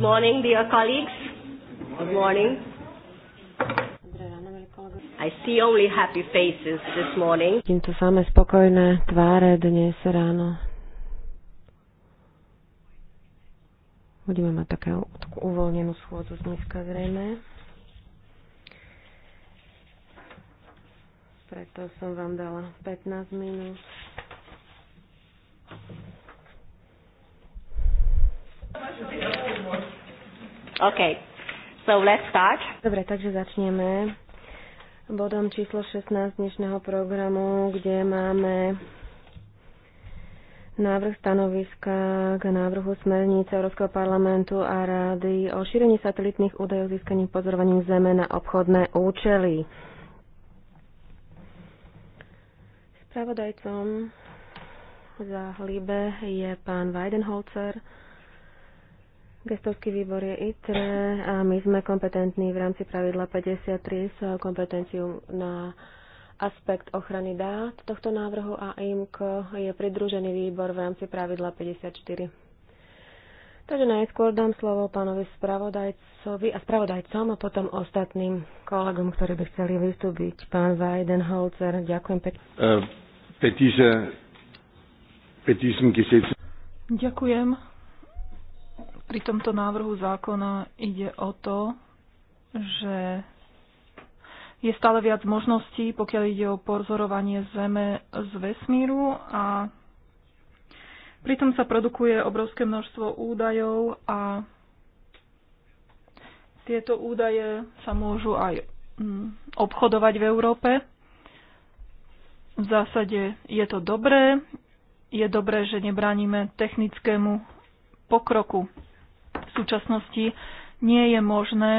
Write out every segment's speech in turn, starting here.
morning, dear colleagues. Good morning. I see only happy faces this morning. Vidím tu samé spokojné tváre dnes ráno. Budeme mať také, takú uvoľnenú schôdzu dneska zrejme. Preto som vám dala 15 minút Okay. So let's start. Dobre, takže začneme bodom číslo 16 dnešného programu, kde máme návrh stanoviska k návrhu smernice Európskeho parlamentu a rády o šírení satelitných údajov získaní pozorovaním Zeme na obchodné účely. Spravodajcom za Libe je pán Weidenholzer. Gestovský výbor je ITRE a my sme kompetentní v rámci pravidla 53 s kompetenciou na aspekt ochrany dát tohto návrhu a IMK je pridružený výbor v rámci pravidla 54. Takže najskôr dám slovo pánovi spravodajcovi a spravodajcom a potom ostatným kolegom, ktorí by chceli vystúpiť. Pán Weidenholzer, ďakujem pekne. Eh, uh, Ďakujem. Pri tomto návrhu zákona ide o to, že je stále viac možností, pokiaľ ide o pozorovanie Zeme z vesmíru a pritom sa produkuje obrovské množstvo údajov a tieto údaje sa môžu aj mm, obchodovať v Európe. V zásade je to dobré. Je dobré, že nebránime technickému pokroku v súčasnosti nie je možné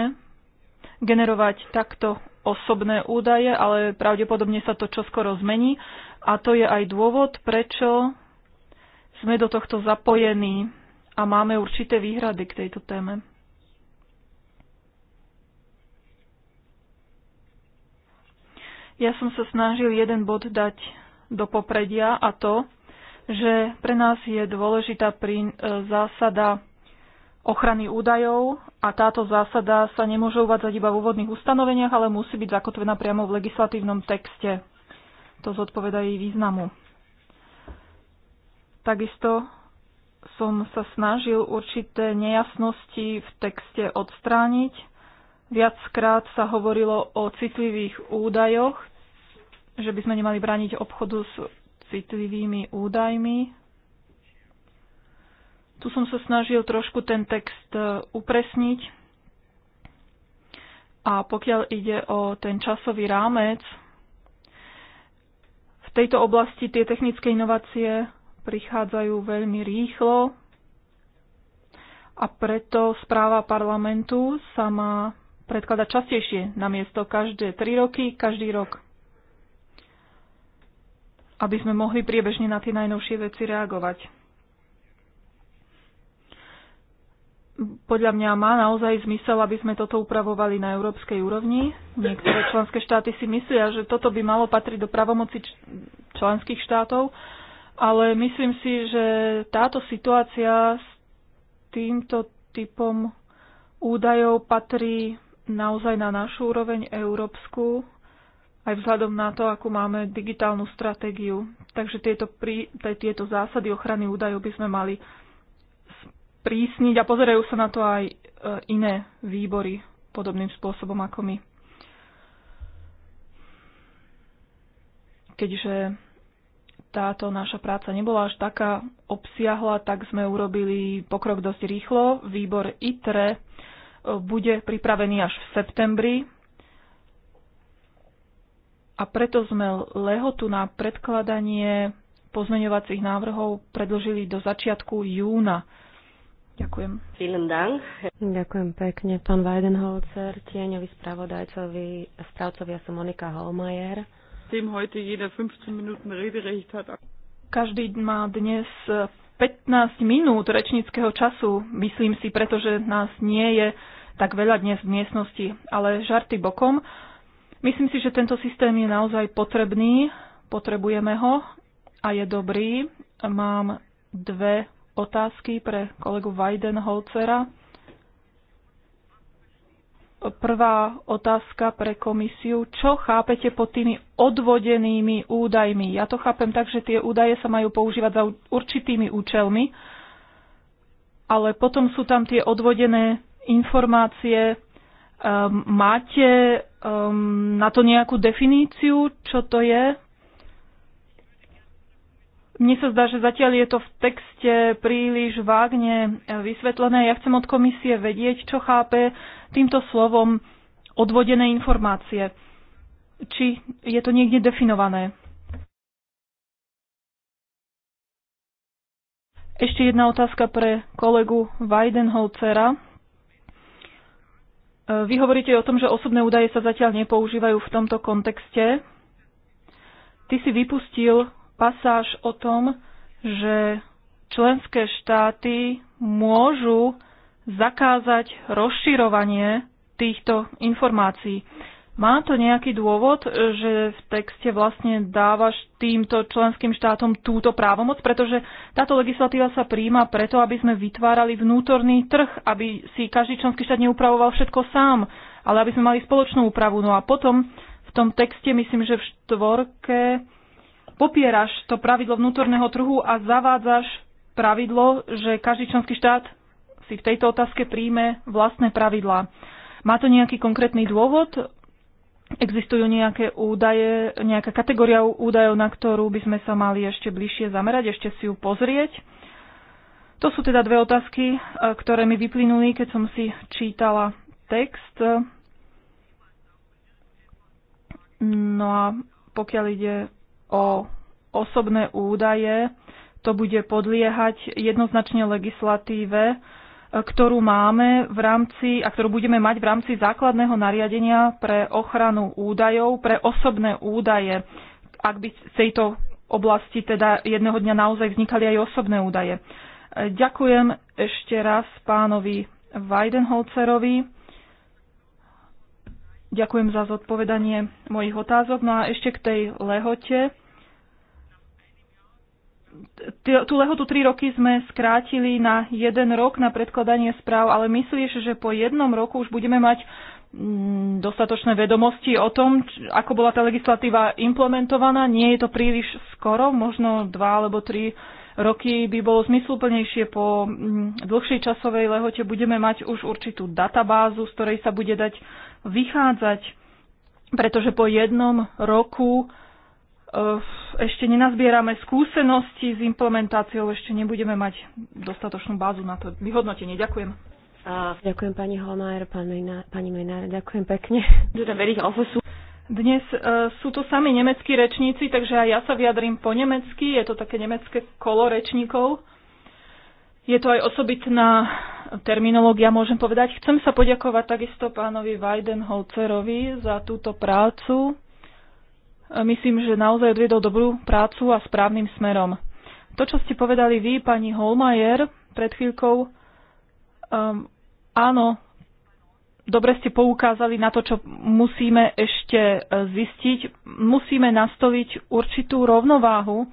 generovať takto osobné údaje, ale pravdepodobne sa to čoskoro zmení a to je aj dôvod, prečo sme do tohto zapojení a máme určité výhrady k tejto téme. Ja som sa snažil jeden bod dať do popredia a to, že pre nás je dôležitá e, zásada ochrany údajov a táto zásada sa nemôže uvádzať iba v úvodných ustanoveniach, ale musí byť zakotvená priamo v legislatívnom texte. To zodpoveda jej významu. Takisto som sa snažil určité nejasnosti v texte odstrániť. Viackrát sa hovorilo o citlivých údajoch, že by sme nemali brániť obchodu s citlivými údajmi, tu som sa snažil trošku ten text e, upresniť. A pokiaľ ide o ten časový rámec, v tejto oblasti tie technické inovácie prichádzajú veľmi rýchlo a preto správa parlamentu sa má predkladať častejšie na miesto každé 3 roky, každý rok aby sme mohli priebežne na tie najnovšie veci reagovať. podľa mňa má naozaj zmysel, aby sme toto upravovali na európskej úrovni. Niektoré členské štáty si myslia, že toto by malo patriť do pravomoci členských štátov, ale myslím si, že táto situácia s týmto typom údajov patrí naozaj na našu úroveň európsku, aj vzhľadom na to, akú máme digitálnu stratégiu. Takže tieto, pri, tieto zásady ochrany údajov by sme mali sprísniť a pozerajú sa na to aj e, iné výbory podobným spôsobom ako my. Keďže táto naša práca nebola až taká obsiahla, tak sme urobili pokrok dosť rýchlo. Výbor ITRE e, bude pripravený až v septembri a preto sme lehotu na predkladanie pozmeňovacích návrhov predložili do začiatku júna. Ďakujem. Ďakujem pekne, pán Weidenholzer, tieňový spravodajcovi, správcovia ja som Monika Holmajer. Každý má dnes 15 minút rečníckého času, myslím si, pretože nás nie je tak veľa dnes v miestnosti, ale žarty bokom. Myslím si, že tento systém je naozaj potrebný, potrebujeme ho a je dobrý. Mám dve otázky pre kolegu Weidenholcera. Prvá otázka pre komisiu. Čo chápete pod tými odvodenými údajmi? Ja to chápem tak, že tie údaje sa majú používať za určitými účelmi, ale potom sú tam tie odvodené informácie. Ehm, máte ehm, na to nejakú definíciu, čo to je? Mne sa zdá, že zatiaľ je to v texte príliš vágne e, vysvetlené. Ja chcem od komisie vedieť, čo chápe týmto slovom odvodené informácie. Či je to niekde definované. Ešte jedna otázka pre kolegu Weidenholcera. E, vy hovoríte o tom, že osobné údaje sa zatiaľ nepoužívajú v tomto kontexte. Ty si vypustil pasáž o tom, že členské štáty môžu zakázať rozširovanie týchto informácií. Má to nejaký dôvod, že v texte vlastne dávaš týmto členským štátom túto právomoc, pretože táto legislatíva sa príjma preto, aby sme vytvárali vnútorný trh, aby si každý členský štát neupravoval všetko sám, ale aby sme mali spoločnú úpravu. No a potom v tom texte, myslím, že v štvorke popieraš to pravidlo vnútorného trhu a zavádzaš pravidlo, že každý členský štát si v tejto otázke príjme vlastné pravidlá. Má to nejaký konkrétny dôvod? Existujú nejaké údaje, nejaká kategória údajov, na ktorú by sme sa mali ešte bližšie zamerať, ešte si ju pozrieť? To sú teda dve otázky, e, ktoré mi vyplynuli, keď som si čítala text. No a pokiaľ ide o osobné údaje, to bude podliehať jednoznačne legislatíve, e, ktorú máme v rámci a ktorú budeme mať v rámci základného nariadenia pre ochranu údajov, pre osobné údaje, ak by v tejto oblasti teda jedného dňa naozaj vznikali aj osobné údaje. E, ďakujem ešte raz pánovi Weidenholcerovi. Ďakujem za zodpovedanie mojich otázok. No a ešte k tej lehote tú lehotu 3 roky sme skrátili na jeden rok na predkladanie správ, ale myslíš, že po jednom roku už budeme mať mm, dostatočné vedomosti o tom, ako bola tá legislatíva implementovaná. Nie je to príliš skoro, možno dva alebo tri roky by bolo zmysluplnejšie. Po mm, dlhšej časovej lehote budeme mať už určitú databázu, z ktorej sa bude dať vychádzať, pretože po jednom roku ešte nenazbierame skúsenosti s implementáciou, ešte nebudeme mať dostatočnú bázu na to vyhodnotenie. Ďakujem. Ďakujem pani Holmajer, pani Menár, ďakujem pekne. Dnes e, sú to sami nemeckí rečníci, takže aj ja sa vyjadrím po nemecky. Je to také nemecké kolo rečníkov. Je to aj osobitná terminológia, môžem povedať. Chcem sa poďakovať takisto pánovi Weidenholcerovi za túto prácu myslím, že naozaj odviedol dobrú prácu a správnym smerom. To, čo ste povedali vy, pani Holmajer, pred chvíľkou, um, áno, dobre ste poukázali na to, čo musíme ešte e, zistiť. Musíme nastoliť určitú rovnováhu.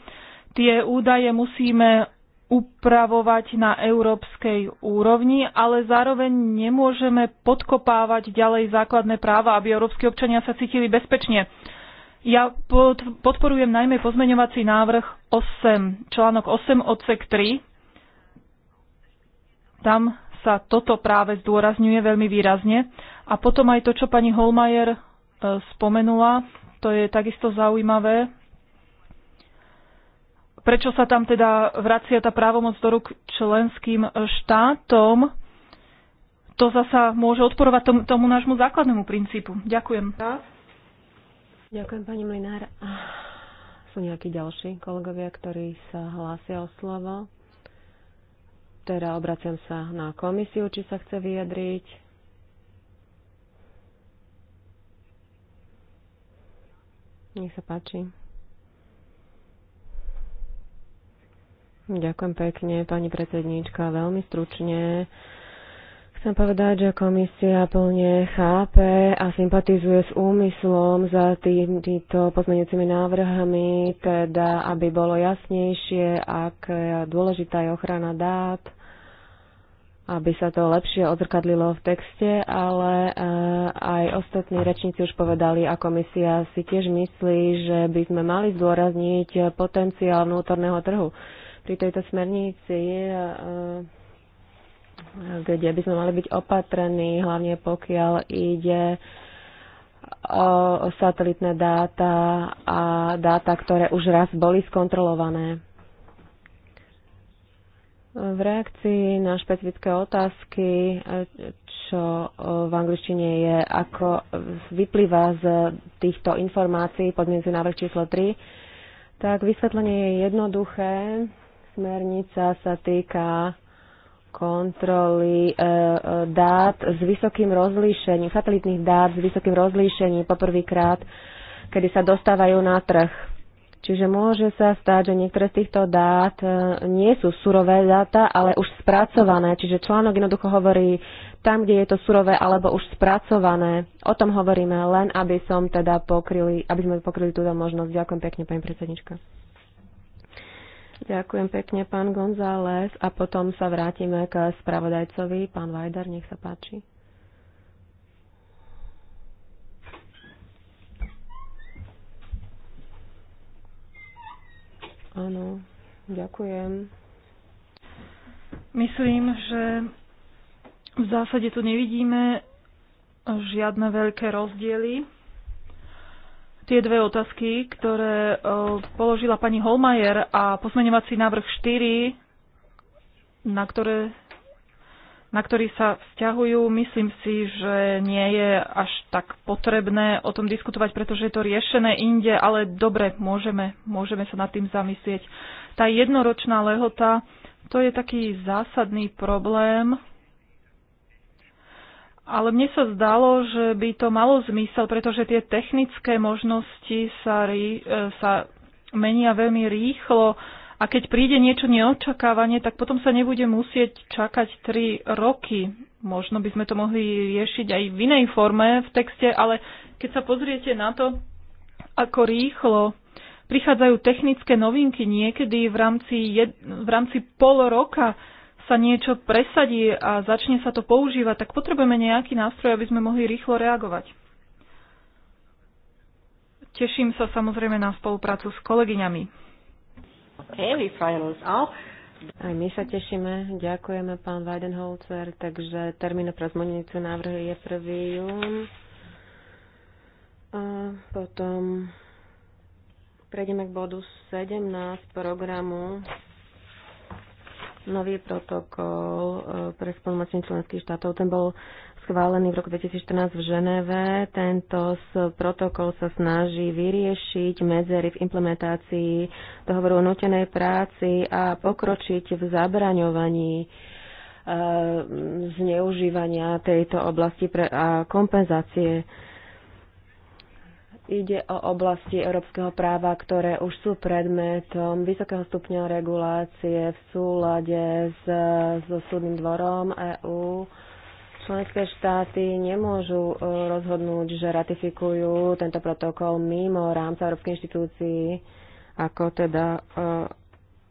Tie údaje musíme upravovať na európskej úrovni, ale zároveň nemôžeme podkopávať ďalej základné práva, aby európsky občania sa cítili bezpečne. Ja podporujem najmä pozmeňovací návrh 8, článok 8 odsek 3. Tam sa toto práve zdôrazňuje veľmi výrazne. A potom aj to, čo pani Holmajer e, spomenula, to je takisto zaujímavé. Prečo sa tam teda vracia tá právomoc do rúk členským štátom? To zasa môže odporovať tomu, tomu nášmu základnému princípu. Ďakujem. Ďakujem, pani Mlinár. Sú nejakí ďalší kolegovia, ktorí sa hlásia o slovo? Teda obraciam sa na komisiu, či sa chce vyjadriť. Nech sa páči. Ďakujem pekne, pani predsedníčka. Veľmi stručne Chcem povedať, že komisia plne chápe a sympatizuje s úmyslom za tý, týmito pozmeňujúcimi návrhami, teda aby bolo jasnejšie, ak dôležitá je ochrana dát, aby sa to lepšie odzrkadlilo v texte, ale eh, aj ostatní rečníci už povedali a komisia si tiež myslí, že by sme mali zdôrazniť potenciál vnútorného trhu. Pri tejto smernici eh, kde by sme mali byť opatrení, hlavne pokiaľ ide o satelitné dáta a dáta, ktoré už raz boli skontrolované. V reakcii na špecifické otázky, čo v angličtine je, ako vyplýva z týchto informácií podmienci návrh číslo 3, tak vysvetlenie je jednoduché. Smernica sa týka kontroly e, e, dát s vysokým rozlíšením, satelitných dát s vysokým rozlíšením poprvýkrát, kedy sa dostávajú na trh. Čiže môže sa stať, že niektoré z týchto dát e, nie sú surové dáta, ale už spracované. Čiže článok jednoducho hovorí tam, kde je to surové alebo už spracované. O tom hovoríme len, aby, som teda pokryli, aby sme pokryli túto možnosť. Ďakujem pekne, pani predsednička. Ďakujem pekne, pán González. A potom sa vrátime k spravodajcovi. Pán Vajdar, nech sa páči. Áno, ďakujem. Myslím, že v zásade tu nevidíme žiadne veľké rozdiely tie dve otázky, ktoré e, položila pani Holmajer a pozmenovací návrh 4, na, ktoré, na ktorý sa vzťahujú, myslím si, že nie je až tak potrebné o tom diskutovať, pretože je to riešené inde, ale dobre, môžeme, môžeme sa nad tým zamyslieť. Tá jednoročná lehota, to je taký zásadný problém, ale mne sa zdalo, že by to malo zmysel, pretože tie technické možnosti sa, rý, e, sa menia veľmi rýchlo a keď príde niečo neočakávanie, tak potom sa nebude musieť čakať 3 roky. Možno by sme to mohli riešiť aj v inej forme v texte, ale keď sa pozriete na to, ako rýchlo prichádzajú technické novinky niekedy v rámci, jed, v rámci pol roka, sa niečo presadí a začne sa to používať, tak potrebujeme nejaký nástroj, aby sme mohli rýchlo reagovať. Teším sa samozrejme na spoluprácu s kolegyňami. aj my sa tešíme. Ďakujeme, pán Weidenholzer. Takže termín pre zmenujúce návrhy je 1. jún. A potom prejdeme k bodu 17 programu nový protokol e, pre spolumocnenie členských štátov. Ten bol schválený v roku 2014 v Ženeve. Tento protokol sa snaží vyriešiť medzery v implementácii dohovoru o nutenej práci a pokročiť v zabraňovaní e, zneužívania tejto oblasti pre, a kompenzácie Ide o oblasti európskeho práva, ktoré už sú predmetom vysokého stupňa regulácie v súlade s, so súdnym dvorom EÚ. Členské štáty nemôžu e, rozhodnúť, že ratifikujú tento protokol mimo rámca európskej inštitúcií, ako teda e,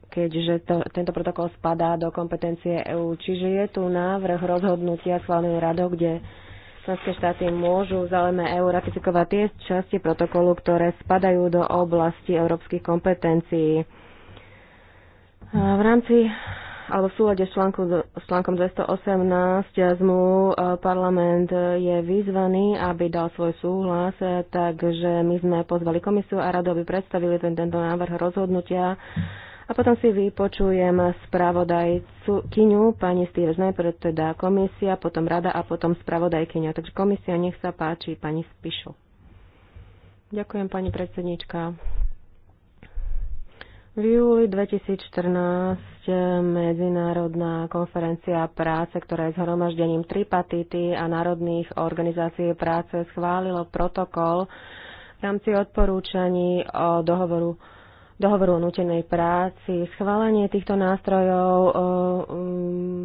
keďže to, tento protokol spadá do kompetencie EÚ. Čiže je tu návrh rozhodnutia schválený radou, kde Členské štáty môžu v záujme EÚ ratifikovať tie časti protokolu, ktoré spadajú do oblasti európskych kompetencií. V rámci alebo v súlade s, článku, s článkom 218 zmluv e, parlament je vyzvaný, aby dal svoj súhlas, e, takže my sme pozvali komisiu a rado, aby predstavili ten, tento návrh rozhodnutia a potom si vypočujem spravodajcu Kyňu, pani Stevens, najprv teda komisia, potom rada a potom spravodajkyňa. Takže komisia, nech sa páči, pani Spišo. Ďakujem, pani predsednička. V júli 2014 Medzinárodná konferencia práce, ktorá je zhromaždením tripatity a národných organizácií práce, schválilo protokol v rámci odporúčaní o dohovoru dohovoru o nutenej práci. Schválenie týchto nástrojov mm,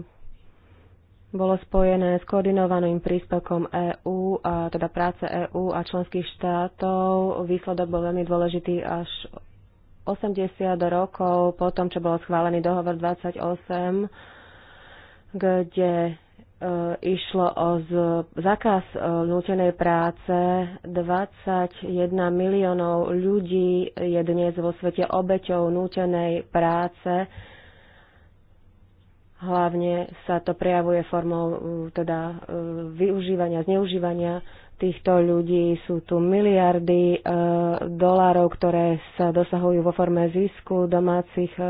bolo spojené s koordinovaným príspevkom EÚ, teda práce EÚ a členských štátov. Výsledok bol veľmi dôležitý až 80 rokov po tom, čo bol schválený dohovor 28, kde E, išlo o z, zákaz e, nútenej práce. 21 miliónov ľudí je dnes vo svete obeťou nútenej práce. Hlavne sa to prejavuje formou e, teda, využívania, zneužívania týchto ľudí. Sú tu miliardy e, dolárov, ktoré sa dosahujú vo forme zisku domácich e,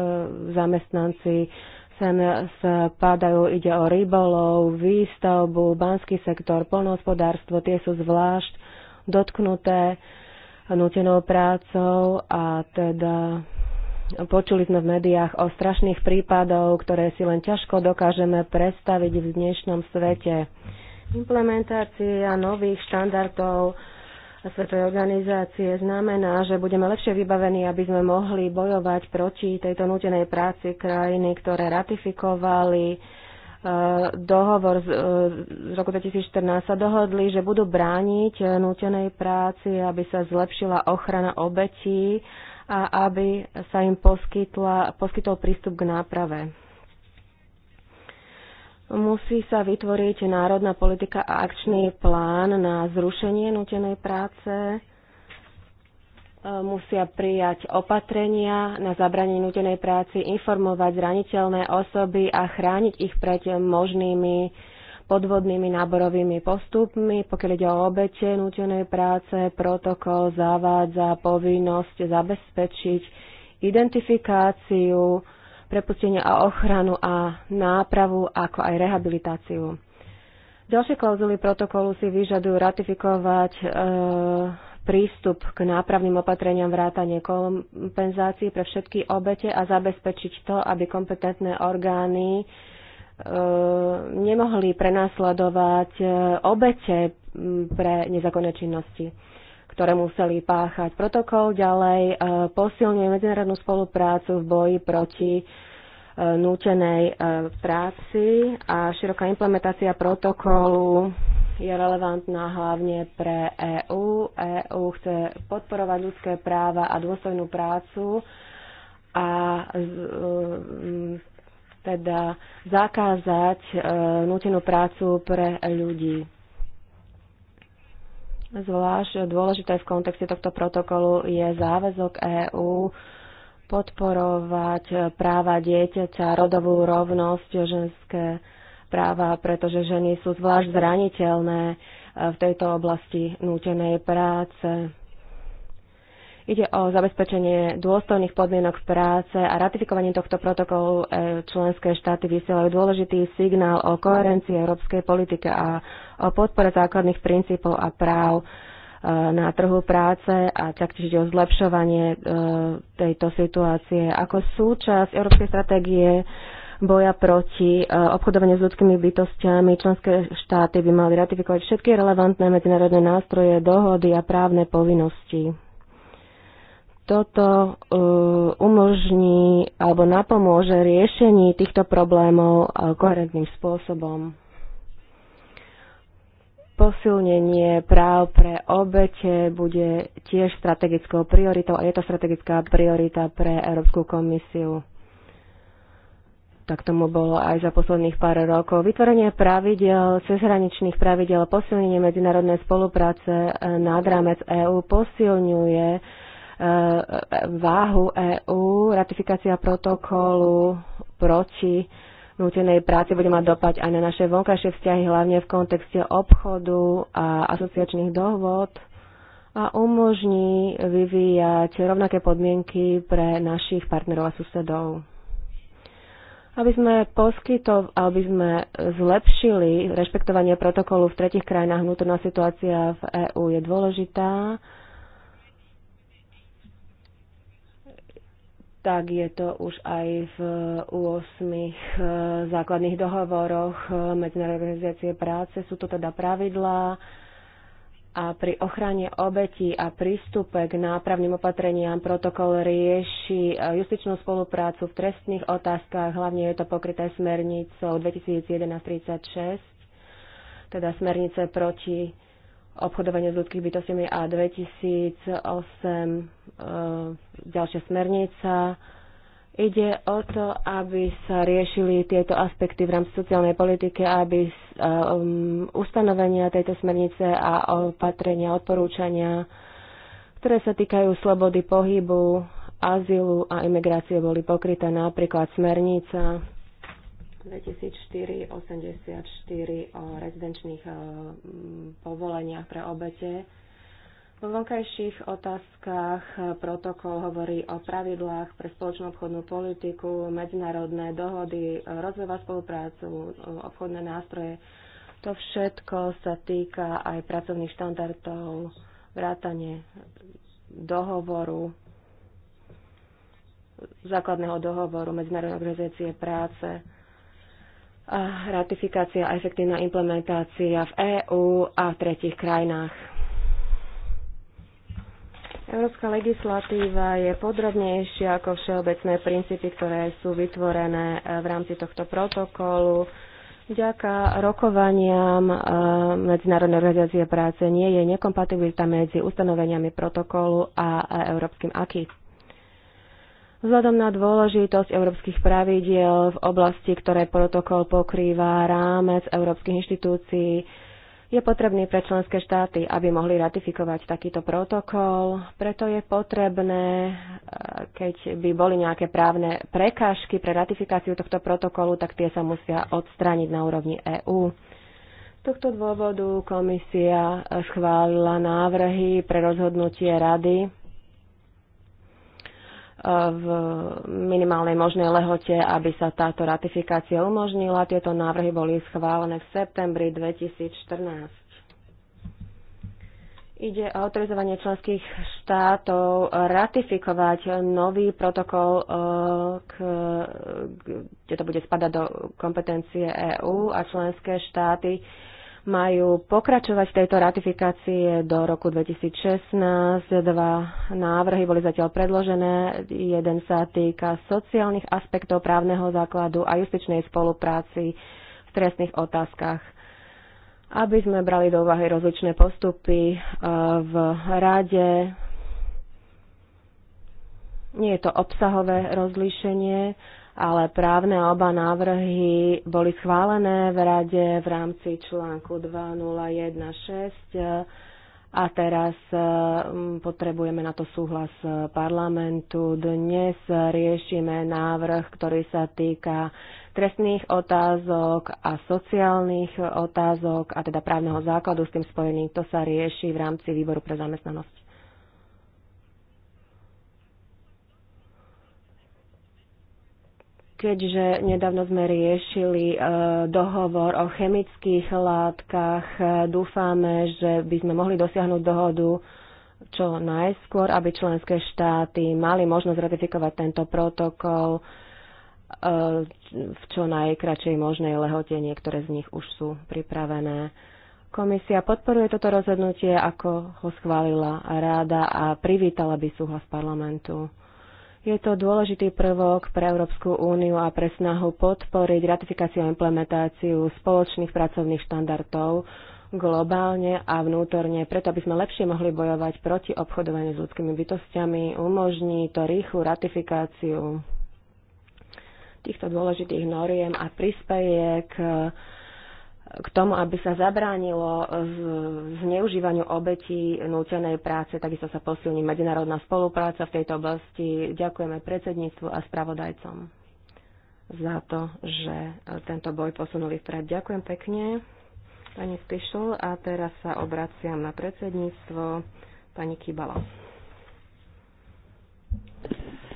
zamestnanci sem spadajú, ide o rybolov, výstavbu, banský sektor, polnohospodárstvo, tie sú zvlášť dotknuté nutenou prácou a teda počuli sme v médiách o strašných prípadoch, ktoré si len ťažko dokážeme predstaviť v dnešnom svete. Implementácia nových štandardov Svetovej organizácie znamená, že budeme lepšie vybavení, aby sme mohli bojovať proti tejto nutenej práci krajiny, ktoré ratifikovali e, dohovor z, e, z roku 2014 sa dohodli, že budú brániť nútenej práci, aby sa zlepšila ochrana obetí a aby sa im poskytla, poskytol prístup k náprave. Musí sa vytvoriť národná politika a akčný plán na zrušenie nutenej práce. E, musia prijať opatrenia na zabranie nutenej práci, informovať zraniteľné osoby a chrániť ich pred možnými podvodnými náborovými postupmi. Pokiaľ ide o obete nútenej práce, protokol zavádza povinnosť zabezpečiť identifikáciu prepustenie a ochranu a nápravu, ako aj rehabilitáciu. Ďalšie klauzuly protokolu si vyžadujú ratifikovať e, prístup k nápravným opatreniam vrátanie kompenzácií pre všetky obete a zabezpečiť to, aby kompetentné orgány e, nemohli prenasledovať e, obete pre nezákonné činnosti ktoré museli páchať. Protokol ďalej e, posilňuje medzinárodnú spoluprácu v boji proti e, nútenej e, práci a široká implementácia protokolu je relevantná hlavne pre EÚ. EÚ chce podporovať ľudské práva a dôstojnú prácu a teda zakázať nútenú prácu pre ľudí. Zvlášť dôležité v kontexte tohto protokolu je záväzok EÚ podporovať práva dieťaťa, rodovú rovnosť, ženské práva, pretože ženy sú zvlášť zraniteľné v tejto oblasti nútenej práce. Ide o zabezpečenie dôstojných podmienok v práce a ratifikovanie tohto protokolu e, členské štáty vysielajú dôležitý signál o koherencii európskej politike a o podpore základných princípov a práv e, na trhu práce a taktiež ide o zlepšovanie e, tejto situácie. Ako súčasť Európskej stratégie boja proti obchodovaniu s ľudskými bytostiami členské štáty by mali ratifikovať všetky relevantné medzinárodné nástroje, dohody a právne povinnosti toto e, umožní alebo napomôže riešení týchto problémov e, koherentným spôsobom. Posilnenie práv pre obete bude tiež strategickou prioritou a je to strategická priorita pre Európsku komisiu. Tak tomu bolo aj za posledných pár rokov. Vytvorenie pravidel, cezhraničných pravidel, posilnenie medzinárodnej spolupráce e, nad rámec EÚ posilňuje váhu EÚ. Ratifikácia protokolu proti nutenej práci bude mať dopať aj na naše vonkajšie vzťahy, hlavne v kontexte obchodu a asociačných dohôd a umožní vyvíjať rovnaké podmienky pre našich partnerov a susedov. Aby sme poskyto, aby sme zlepšili rešpektovanie protokolu v tretich krajinách, vnútorná situácia v EÚ je dôležitá tak je to už aj v 8 eh, základných dohovoroch eh, Medzinárodnej organizácie práce. Sú to teda pravidlá a pri ochrane obetí a prístupe k nápravným opatreniam protokol rieši eh, justičnú spoluprácu v trestných otázkach, hlavne je to pokryté smernicou 2011-36, teda smernice proti obchodovanie s ľudskými bytostiami a 2008 e, ďalšia smernica. Ide o to, aby sa riešili tieto aspekty v rámci sociálnej politiky, aby e, um, ustanovenia tejto smernice a opatrenia, odporúčania, ktoré sa týkajú slobody pohybu, azylu a imigrácie boli pokryté napríklad smernica 2004-84 o rezidenčných eh, povoleniach pre obete. Vo vonkajších otázkach eh, protokol hovorí o pravidlách pre spoločnú obchodnú politiku, medzinárodné dohody, eh, rozvojová spoluprácu, obchodné nástroje. To všetko sa týka aj pracovných štandardov, vrátane dohovoru, základného dohovoru Medzinárodnej organizácie práce ratifikácia a efektívna implementácia v EÚ a v tretich krajinách. Európska legislatíva je podrobnejšia ako všeobecné princípy, ktoré sú vytvorené eh, v rámci tohto protokolu. Vďaka rokovaniam eh, Medzinárodnej organizácie práce nie je nekompatibilita medzi ustanoveniami protokolu a eh, Európskym aký. Vzhľadom na dôležitosť európskych pravidiel v oblasti, ktoré protokol pokrýva rámec európskych inštitúcií, je potrebný pre členské štáty, aby mohli ratifikovať takýto protokol. Preto je potrebné, eh, keď by boli nejaké právne prekážky pre ratifikáciu tohto protokolu, tak tie sa musia odstrániť na úrovni EÚ. Z tohto dôvodu komisia schválila návrhy pre rozhodnutie rady v minimálnej možnej lehote, aby sa táto ratifikácia umožnila. Tieto návrhy boli schválené v septembri 2014. Ide o autorizovanie členských štátov ratifikovať nový protokol, e, k, kde to bude spadať do kompetencie EÚ a členské štáty majú pokračovať v tejto ratifikácie do roku 2016. Dva návrhy boli zatiaľ predložené. Jeden sa týka sociálnych aspektov právneho základu a justičnej spolupráci v trestných otázkach aby sme brali do úvahy rozličné postupy e, v rade. Nie je to obsahové rozlíšenie, ale právne oba návrhy boli schválené v rade v rámci článku 2016 a teraz mm, potrebujeme na to súhlas eh, parlamentu. Dnes riešime návrh, ktorý sa týka trestných otázok a sociálnych otázok a teda právneho základu s tým spojeným. To sa rieši v rámci výboru pre zamestnanosť. keďže nedávno sme riešili e, dohovor o chemických látkach, e, dúfame, že by sme mohli dosiahnuť dohodu čo najskôr, aby členské štáty mali možnosť ratifikovať tento protokol e, v čo najkračej možnej lehote. Niektoré z nich už sú pripravené. Komisia podporuje toto rozhodnutie, ako ho schválila ráda a privítala by súhlas parlamentu. Je to dôležitý prvok pre Európsku úniu a pre snahu podporiť ratifikáciu a implementáciu spoločných pracovných štandardov globálne a vnútorne, preto aby sme lepšie mohli bojovať proti obchodovaniu s ľudskými bytostiami, umožní to rýchlu ratifikáciu týchto dôležitých noriem a prispieje k k tomu, aby sa zabránilo zneužívaniu obetí nútenej práce, takisto sa posilní medzinárodná spolupráca v tejto oblasti. Ďakujeme predsedníctvu a spravodajcom za to, že tento boj posunuli vpred. Ďakujem pekne, pani Spišl. A teraz sa obraciam na predsedníctvo, pani Kibala.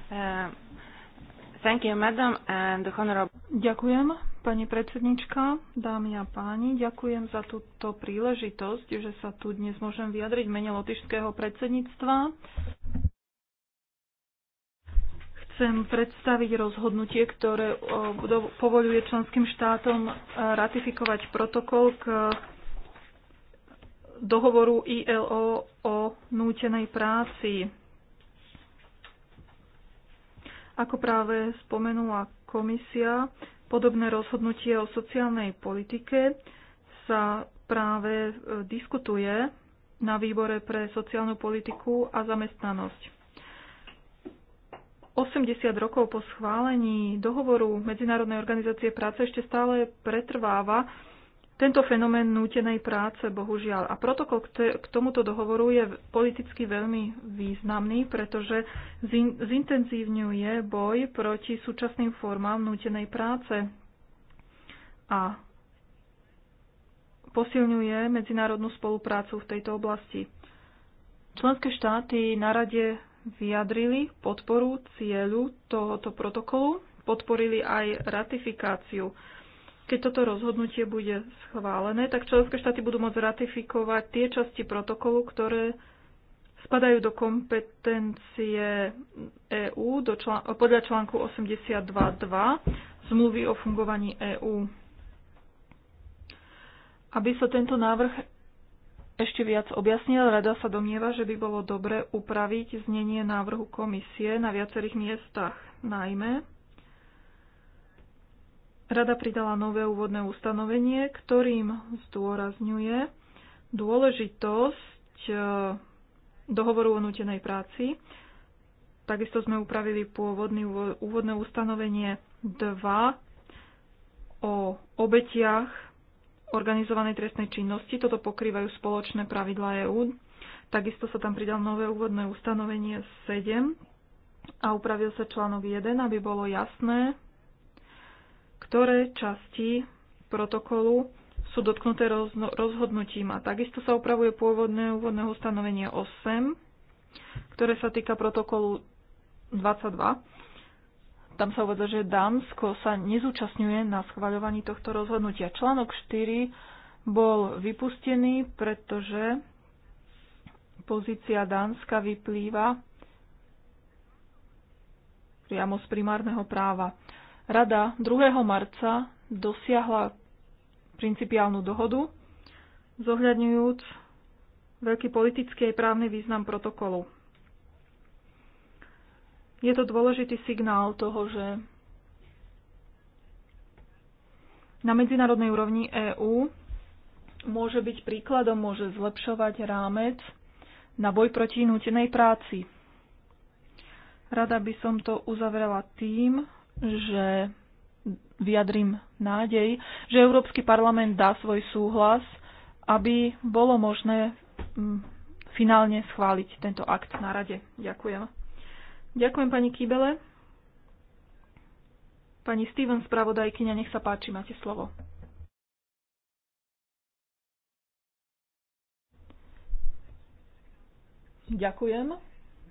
Uh, thank you, madam, and honorable... Ďakujem Pani predsednička, dámy a páni, ďakujem za túto príležitosť, že sa tu dnes môžem vyjadriť mene lotišského predsedníctva. Chcem predstaviť rozhodnutie, ktoré povoluje členským štátom e, ratifikovať protokol k dohovoru ILO o nútenej práci. Ako práve spomenula komisia, Podobné rozhodnutie o sociálnej politike sa práve e, diskutuje na výbore pre sociálnu politiku a zamestnanosť. 80 rokov po schválení dohovoru Medzinárodnej organizácie práce ešte stále pretrváva tento fenomén nútenej práce, bohužiaľ. A protokol k, tomuto dohovoru je politicky veľmi významný, pretože zintenzívňuje boj proti súčasným formám nútenej práce a posilňuje medzinárodnú spoluprácu v tejto oblasti. Členské štáty na rade vyjadrili podporu cieľu tohoto protokolu, podporili aj ratifikáciu. Keď toto rozhodnutie bude schválené, tak členské štáty budú môcť ratifikovať tie časti protokolu, ktoré spadajú do kompetencie EÚ do člán- podľa článku 82.2 zmluvy o fungovaní EÚ. Aby sa tento návrh ešte viac objasnil, rada sa domnieva, že by bolo dobre upraviť znenie návrhu komisie na viacerých miestach, najmä Rada pridala nové úvodné ustanovenie, ktorým zdôrazňuje dôležitosť e, dohovoru o nutenej práci. Takisto sme upravili pôvodný, úvodné ustanovenie 2 o obetiach organizovanej trestnej činnosti. Toto pokrývajú spoločné pravidlá EÚ. Takisto sa tam pridal nové úvodné ustanovenie 7 a upravil sa článok 1, aby bolo jasné, ktoré časti protokolu sú dotknuté rozhodnutím. A takisto sa upravuje pôvodné úvodné ustanovenie 8, ktoré sa týka protokolu 22. Tam sa uvedlo, že Dánsko sa nezúčastňuje na schvaľovaní tohto rozhodnutia. Článok 4 bol vypustený, pretože pozícia Dánska vyplýva priamo z primárneho práva. Rada 2. marca dosiahla principiálnu dohodu, zohľadňujúc veľký politický a právny význam protokolu. Je to dôležitý signál toho, že na medzinárodnej úrovni EÚ môže byť príkladom, môže zlepšovať rámec na boj proti nútenej práci. Rada by som to uzavrela tým, že vyjadrím nádej, že Európsky parlament dá svoj súhlas, aby bolo možné mm, finálne schváliť tento akt na rade. Ďakujem. Ďakujem pani Kýbele. Pani Steven, spravodajkyňa, nech sa páči, máte slovo. Ďakujem,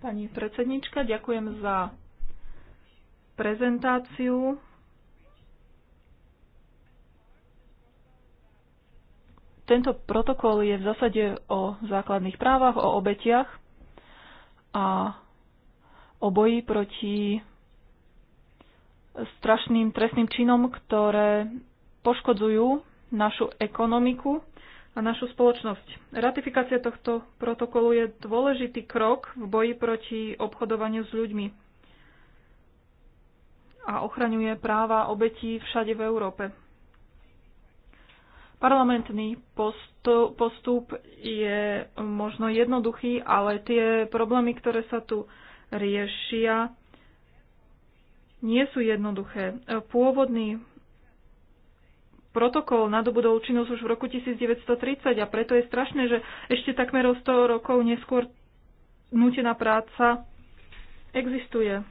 pani predsednička, ďakujem za prezentáciu. Tento protokol je v zásade o základných právach, o obetiach a o boji proti strašným trestným činom, ktoré poškodzujú našu ekonomiku a našu spoločnosť. Ratifikácia tohto protokolu je dôležitý krok v boji proti obchodovaniu s ľuďmi a ochraňuje práva obetí všade v Európe. Parlamentný postup je možno jednoduchý, ale tie problémy, ktoré sa tu riešia, nie sú jednoduché. Pôvodný protokol nadobudol účinnosť už v roku 1930 a preto je strašné, že ešte takmer o 100 rokov neskôr nútená práca existuje.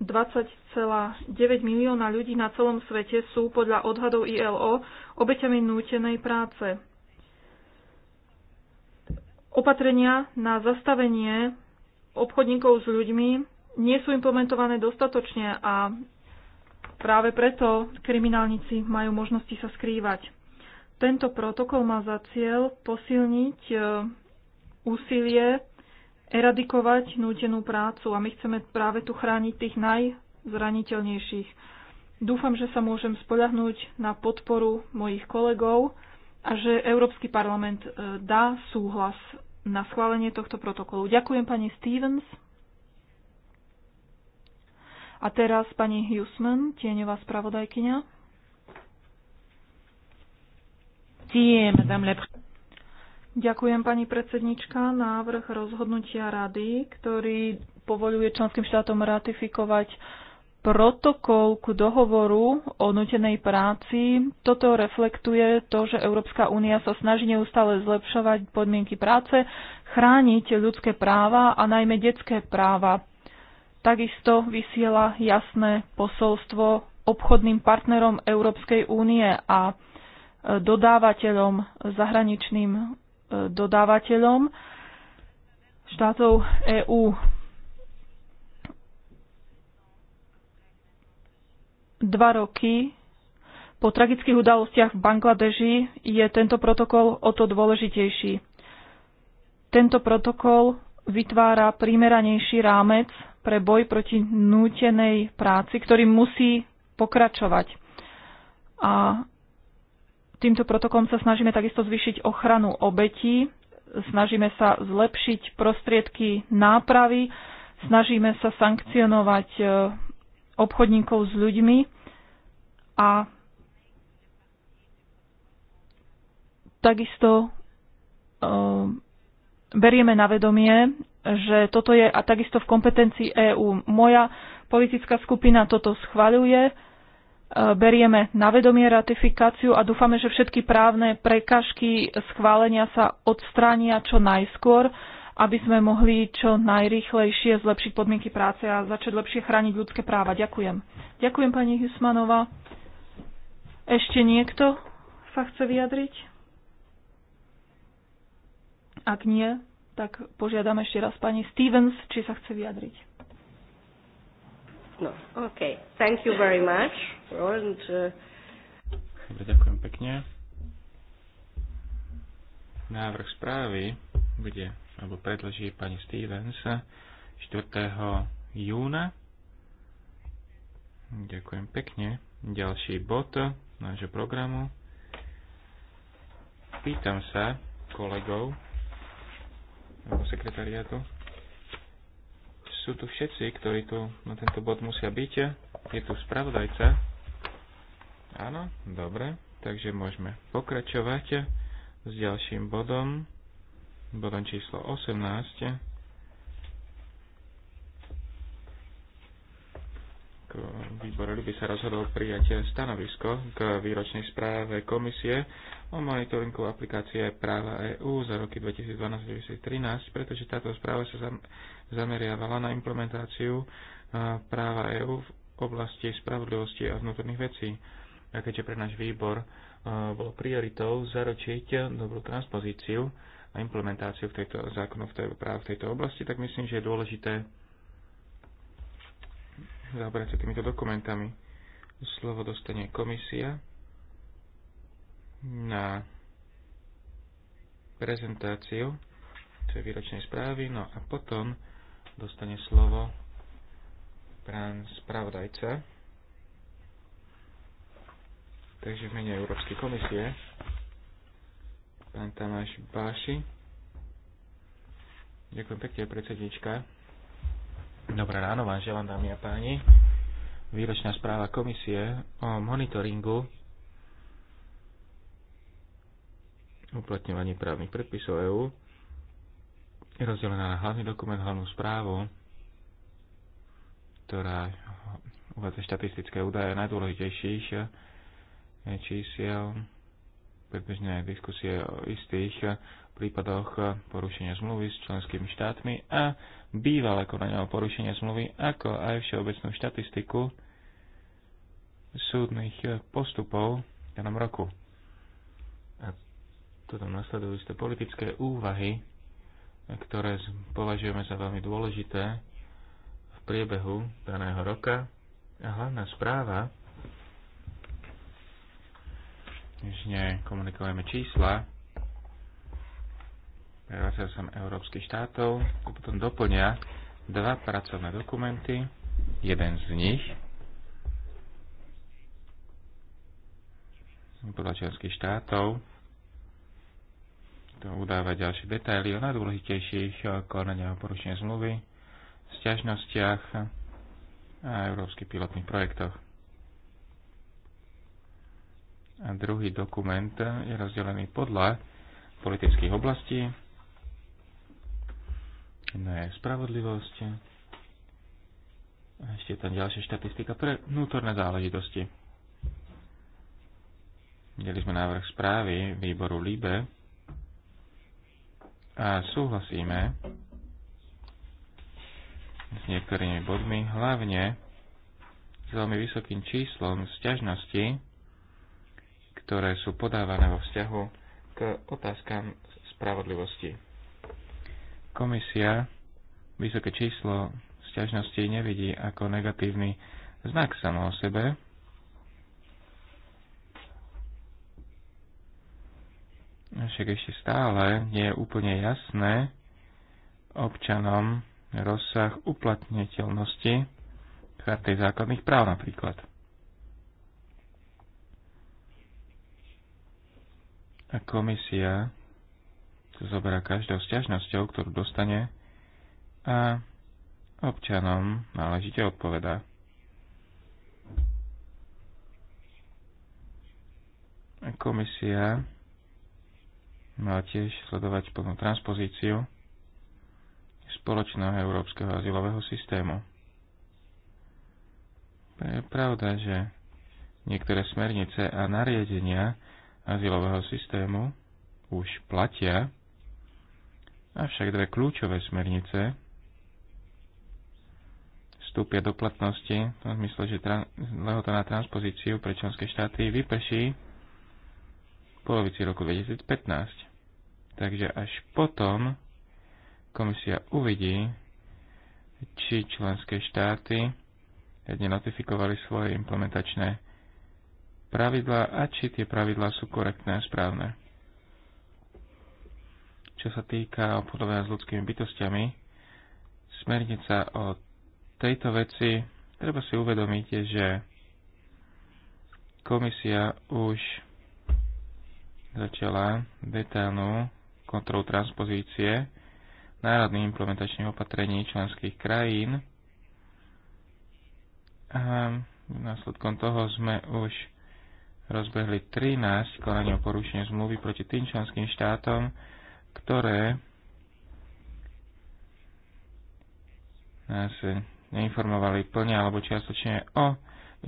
20,9 milióna ľudí na celom svete sú podľa odhadov ILO obeťami nútenej práce. Opatrenia na zastavenie obchodníkov s ľuďmi nie sú implementované dostatočne a práve preto kriminálnici majú možnosti sa skrývať. Tento protokol má za cieľ posilniť e, úsilie eradikovať nútenú prácu a my chceme práve tu chrániť tých najzraniteľnejších. Dúfam, že sa môžem spoľahnúť na podporu mojich kolegov a že Európsky parlament e, dá súhlas na schválenie tohto protokolu. Ďakujem pani Stevens. A teraz pani Husman, tieňová spravodajkyňa. Ďakujem, pani predsednička. Návrh rozhodnutia rady, ktorý povoluje členským štátom ratifikovať protokol ku dohovoru o nutenej práci. Toto reflektuje to, že Európska únia sa snaží neustále zlepšovať podmienky práce, chrániť ľudské práva a najmä detské práva. Takisto vysiela jasné posolstvo obchodným partnerom Európskej únie a dodávateľom zahraničným dodávateľom štátov EÚ. Dva roky po tragických udalostiach v Bangladeži je tento protokol o to dôležitejší. Tento protokol vytvára primeranejší rámec pre boj proti nútenej práci, ktorý musí pokračovať. A Týmto protokolom sa snažíme takisto zvýšiť ochranu obetí, snažíme sa zlepšiť prostriedky nápravy, snažíme sa sankcionovať e, obchodníkov s ľuďmi a takisto e, berieme na vedomie, že toto je a takisto v kompetencii EÚ. Moja politická skupina toto schvaľuje Eh, berieme na vedomie ratifikáciu a dúfame, že všetky právne prekažky schválenia sa odstránia čo najskôr, aby sme mohli čo najrýchlejšie zlepšiť podmienky práce a začať lepšie chrániť ľudské práva. Ďakujem. Ďakujem pani Husmanová. Ešte niekto sa chce vyjadriť? Ak nie, tak požiadam ešte raz pani Stevens, či sa chce vyjadriť. No, OK. Thank you very much. And, uh... Dobre, ďakujem pekne. Návrh správy bude, alebo predloží pani Stevens 4. júna. Ďakujem pekne. Ďalší bod nášho programu. Pýtam sa kolegov alebo sekretariátu sú tu všetci, ktorí tu na tento bod musia byť. Je tu spravodajca. Áno, dobre. Takže môžeme pokračovať s ďalším bodom. Bodom číslo 18. k výbor by sa rozhodol prijať stanovisko k výročnej správe komisie o monitoringu aplikácie práva EÚ za roky 2012-2013, pretože táto správa sa zameriavala na implementáciu práva EÚ v oblasti spravodlivosti a vnútorných vecí. A keďže pre náš výbor bolo prioritou zaročiť dobrú transpozíciu a implementáciu v tejto zákonu v práv v tejto oblasti, tak myslím, že je dôležité zaoberať sa týmito dokumentami. Slovo dostane komisia na prezentáciu tej výročnej správy, no a potom dostane slovo pán spravodajca. Takže v mene Európskej komisie pán Tamáš Báši. Ďakujem pekne, predsednička. Dobré ráno vám želám, dámy a páni. Výročná správa komisie o monitoringu uplatňovanie právnych predpisov EÚ je rozdelená na hlavný dokument, hlavnú správu, ktorá uvádza štatistické údaje najdôležitejších eh, čísiel, predbežné diskusie o istých eh, prípadoch eh, porušenia zmluvy s členskými štátmi a bývalé konania o porušenie zmluvy, ako aj všeobecnú štatistiku súdnych postupov v danom roku. Toto nasledujú isté politické úvahy, ktoré považujeme za veľmi dôležité v priebehu daného roka. A hlavná správa, než nekomunikujeme čísla, 28 európskych štátov, to potom doplňa dva pracovné dokumenty, jeden z nich podľa členských štátov udávať ďalšie detaily o najdôležitejších konaniach o porušení zmluvy, sťažnostiach a európskych pilotných projektoch. A druhý dokument je rozdelený podľa politických oblastí. Jedno je spravodlivosť. A ešte je tam ďalšia štatistika pre vnútorné záležitosti. Videli sme návrh správy výboru LIBE, a súhlasíme s niektorými bodmi, hlavne s veľmi vysokým číslom sťažnosti, ktoré sú podávané vo vzťahu k otázkam spravodlivosti. Komisia vysoké číslo sťažnosti nevidí ako negatívny znak samo o sebe, však ešte stále nie je úplne jasné občanom rozsah uplatniteľnosti charty základných práv napríklad. A komisia to zoberá každou sťažnosťou, ktorú dostane a občanom náležite odpoveda, Komisia mala no tiež sledovať plnú transpozíciu spoločného európskeho azylového systému. Je pravda, že niektoré smernice a nariadenia azylového systému už platia, avšak dve kľúčové smernice vstúpia do platnosti v tom zmysle, že tra- lehota na transpozíciu pre členské štáty vyprší v polovici roku 2015. Takže až potom komisia uvidí, či členské štáty jedne notifikovali svoje implementačné pravidlá a či tie pravidlá sú korektné a správne. Čo sa týka obchodovania s ľudskými bytostiami, smernica o tejto veci treba si uvedomiť, že komisia už začala detailnú kontrolu transpozície národných implementačných opatrení členských krajín. A následkom toho sme už rozbehli 13 konaní o porušenie zmluvy proti tým členským štátom, ktoré nás neinformovali plne alebo čiastočne o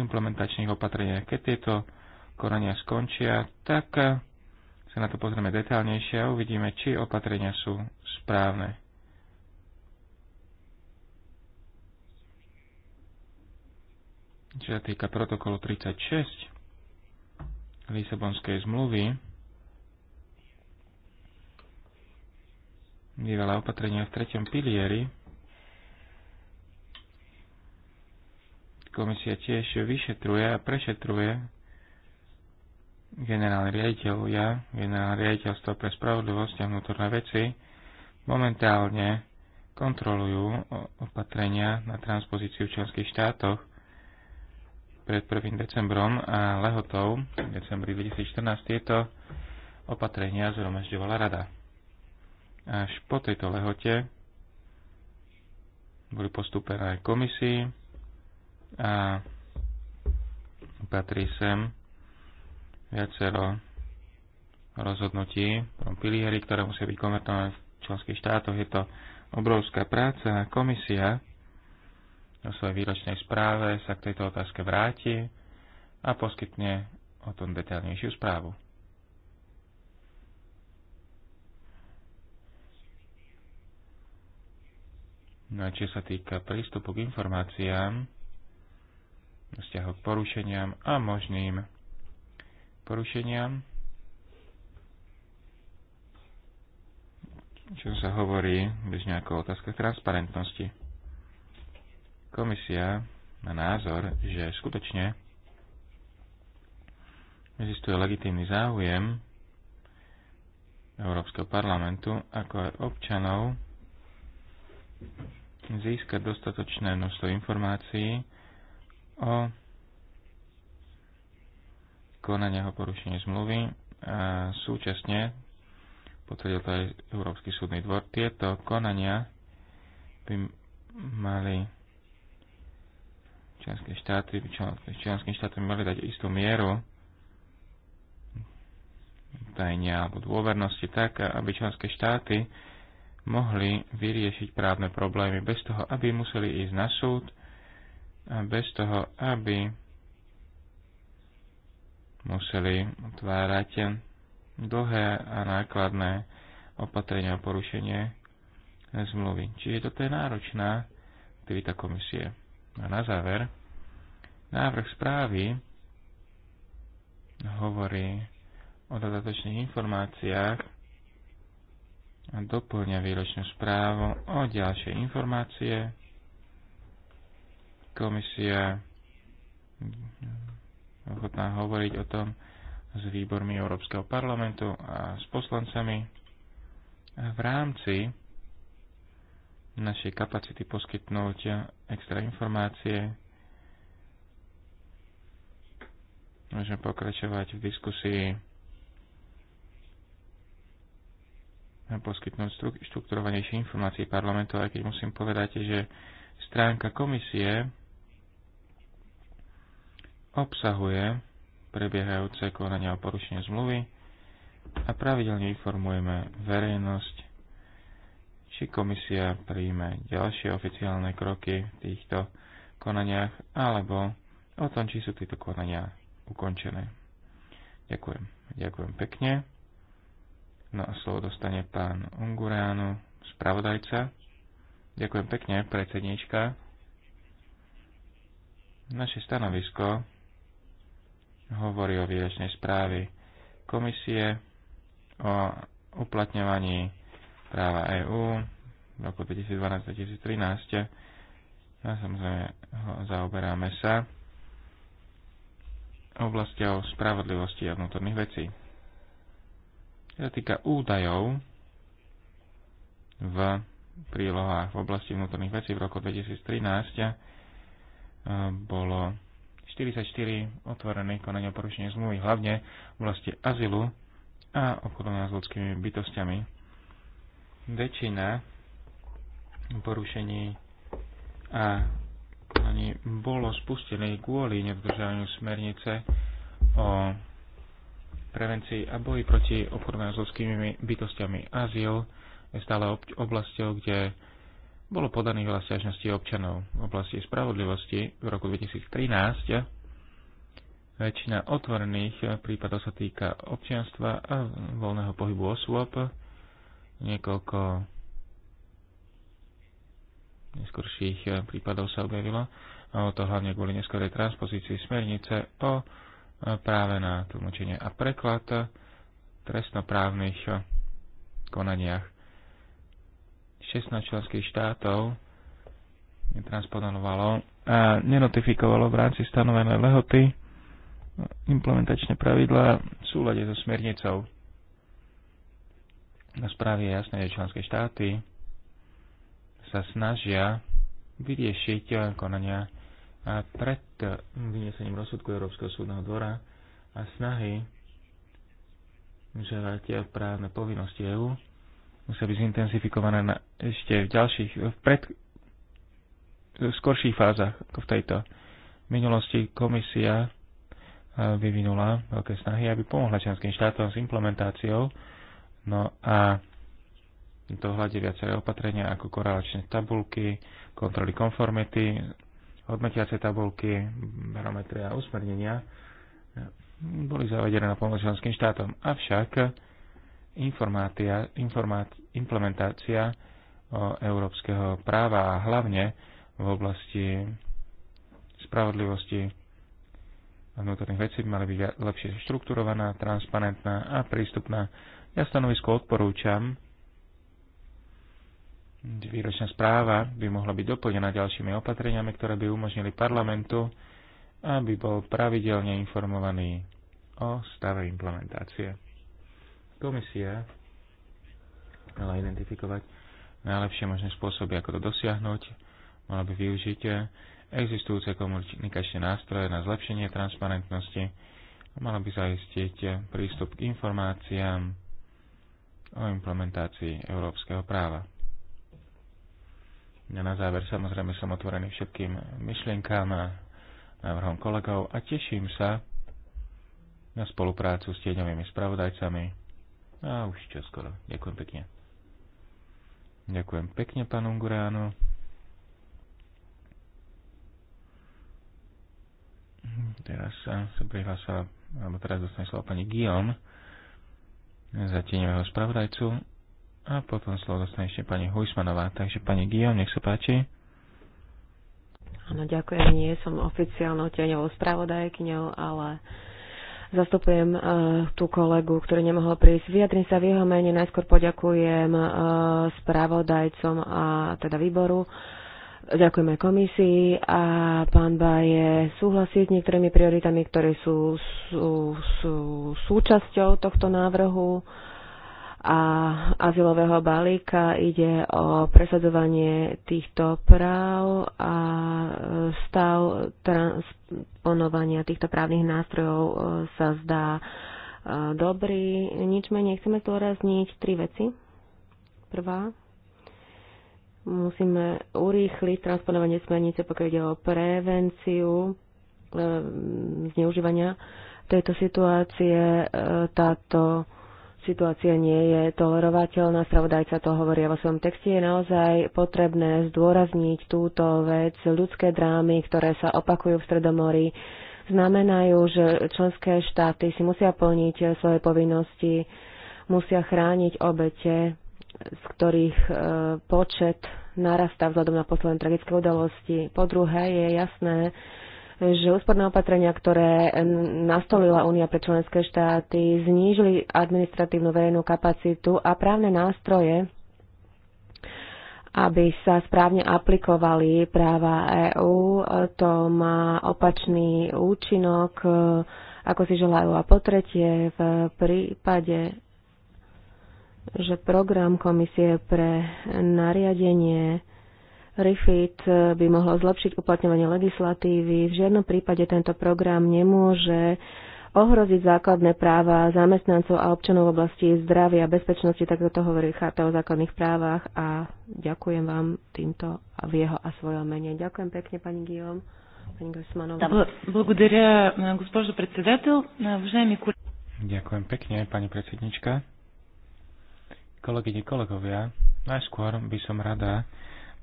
implementačných opatreniach. Keď tieto konania skončia, tak sa na to pozrieme detálnejšie a uvidíme, či opatrenia sú správne. Čo sa týka protokolu 36 Lisabonskej zmluvy, bývalé opatrenia v treťom pilieri, komisia tiež vyšetruje a prešetruje generálny riaditeľ, ja, generálne riaditeľstvo pre spravodlivosť a vnútorné veci, momentálne kontrolujú opatrenia na transpozíciu v členských štátoch pred 1. decembrom a lehotou v decembri 2014 tieto opatrenia zhromažďovala rada. Až po tejto lehote boli postúpené aj komisii a patrí sem viacero rozhodnutí v tom pilieri, ktoré musia byť konvertované v členských štátoch. Je to obrovská práca. Komisia vo svojej výročnej správe sa k tejto otázke vráti a poskytne o tom detaľnejšiu správu. No a čo sa týka prístupu k informáciám, vzťahu k porušeniam a možným porušeniam, čo sa hovorí bežne ako otázka transparentnosti. Komisia má názor, že skutočne existuje legitímny záujem Európskeho parlamentu, ako aj občanov, získať dostatočné množstvo informácií o konania o porušení zmluvy a súčasne potvrdil to aj Európsky súdny dvor. Tieto konania by mali členské štáty, štáty by mali dať istú mieru tajnia alebo dôvernosti tak, aby členské štáty mohli vyriešiť právne problémy bez toho, aby museli ísť na súd a bez toho, aby museli otvárať dlhé a nákladné opatrenia a porušenie zmluvy. Čiže toto je náročná aktivita komisie. A na záver, návrh správy hovorí o dodatočných informáciách a doplňa výročnú správu o ďalšie informácie. Komisia ochotná hovoriť o tom s výbormi Európskeho parlamentu a s poslancami v rámci našej kapacity poskytnúť extra informácie. Môžeme pokračovať v diskusii a poskytnúť štrukturovanejšie informácie parlamentu, aj keď musím povedať, že stránka komisie obsahuje prebiehajúce konania o porušenie zmluvy a pravidelne informujeme verejnosť, či komisia príjme ďalšie oficiálne kroky v týchto konaniach alebo o tom, či sú tieto konania ukončené. Ďakujem. Ďakujem pekne. No a slovo dostane pán Unguránu, spravodajca. Ďakujem pekne, predsednička. Naše stanovisko hovorí o výročnej správy komisie o uplatňovaní práva EÚ v roku 2012-2013. A samozrejme zaoberáme sa oblasťou spravodlivosti a vnútorných vecí. Čo sa týka údajov v prílohách v oblasti vnútorných vecí v roku 2013 eh, bolo 44 otvorené konania o porušení zmluvy, hlavne v oblasti azylu a obchodovania s ľudskými bytostiami. Väčšina porušení a konaní bolo spustené kvôli nedodržaniu smernice o prevencii a boji proti obchodovaniu s ľudskými bytostiami. Azyl je stále oblasťou, kde bolo podaných veľa stiažností občanov. V oblasti spravodlivosti v roku 2013 väčšina otvorených prípadov sa týka občianstva a voľného pohybu osôb. Niekoľko neskorších prípadov sa objavilo. A to hlavne kvôli neskorej transpozícii smernice o práve na tlmočenie a preklad trestnoprávnych konaniach. 16 členských štátov netransponovalo a nenotifikovalo v rámci stanovené lehoty implementačné pravidlá v súlade so smernicou. Na správe je jasné, že členské štáty sa snažia vyriešiť konania a pred vyniesením rozsudku Európskeho súdneho dvora a snahy vyžerať právne povinnosti EÚ musia byť zintenzifikované na, ešte v ďalších, v, pred, v skorších fázach ako v tejto. V minulosti komisia e, vyvinula veľké snahy, aby pomohla členským štátom s implementáciou. No a to hľadí viaceré opatrenia ako korelačné tabulky, kontroly konformity, hodnotiace tabulky, barometre a usmernenia boli zavedené na pomoc členským štátom. Avšak implementácia európskeho práva a hlavne v oblasti spravodlivosti a vnútorných vecí by mali byť lepšie štrukturovaná, transparentná a prístupná. Ja stanovisko odporúčam. Výročná správa by mohla byť doplnená ďalšími opatreniami, ktoré by umožnili parlamentu, aby bol pravidelne informovaný o stave implementácie. Komisia mala identifikovať najlepšie možné spôsoby, ako to dosiahnuť, mala by využiť existujúce komunikačné nástroje na zlepšenie transparentnosti, mala by zaistiť prístup k informáciám o implementácii európskeho práva. A na záver samozrejme som otvorený všetkým myšlienkám a návrhom kolegov a teším sa na spoluprácu s tieňovými spravodajcami a už čo skoro. Ďakujem pekne. Ďakujem pekne, pán Unguráno. Teraz sa, sa prihlásila, alebo teraz dostane slovo pani Guillaume za tieňového spravodajcu a potom slovo dostane ešte pani Hujsmanová. Takže pani Guillaume, nech sa páči. Áno, ďakujem. Nie som oficiálnou tieňovou spravodajkňou, ale uh, Zastupujem eh, tú kolegu, ktorý nemohol prísť. Vyjadrím sa v jeho mene. Najskôr poďakujem eh, správodajcom a teda výboru. Ďakujeme komisii a pán Baje súhlasí s niektorými prioritami, ktoré sú, sú, sú súčasťou tohto návrhu a azylového balíka. Ide o presadzovanie týchto práv a stav transponovania týchto právnych nástrojov e, sa zdá e, dobrý. Nič menej chceme zdôrazniť tri veci. Prvá, musíme urýchliť transponovanie smernice, pokiaľ ide o prevenciu e, zneužívania tejto situácie. Táto Situácia nie je tolerovateľná, spravodajca to hovoria vo svojom texte. Je naozaj potrebné zdôrazniť túto vec. Ľudské drámy, ktoré sa opakujú v Stredomorí, znamenajú, že členské štáty si musia plniť svoje povinnosti, musia chrániť obete, z ktorých e, počet narastá vzhľadom na posledné tragické udalosti. Po druhé, je jasné, že úsporné opatrenia, ktoré nastolila Únia pre členské štáty, znížili administratívnu verejnú kapacitu a právne nástroje, aby sa správne aplikovali práva EÚ. To má opačný účinok, e, ako si želajú. A po tretie, v prípade, že program komisie pre nariadenie REFIT e, by mohlo zlepšiť uplatňovanie legislatívy. V žiadnom prípade tento program nemôže ohroziť základné práva zamestnancov a občanov v oblasti zdravia a bezpečnosti, tak to hovorí Charta o základných právach a ďakujem vám týmto a v jeho a svojom mene. Ďakujem pekne, pani Guillaume. Pani Gosmanová. Благодаря, председател. Уважаеми Ďakujem pekne, pani predsednička. Kolegyne, kolegovia, najskôr by som rada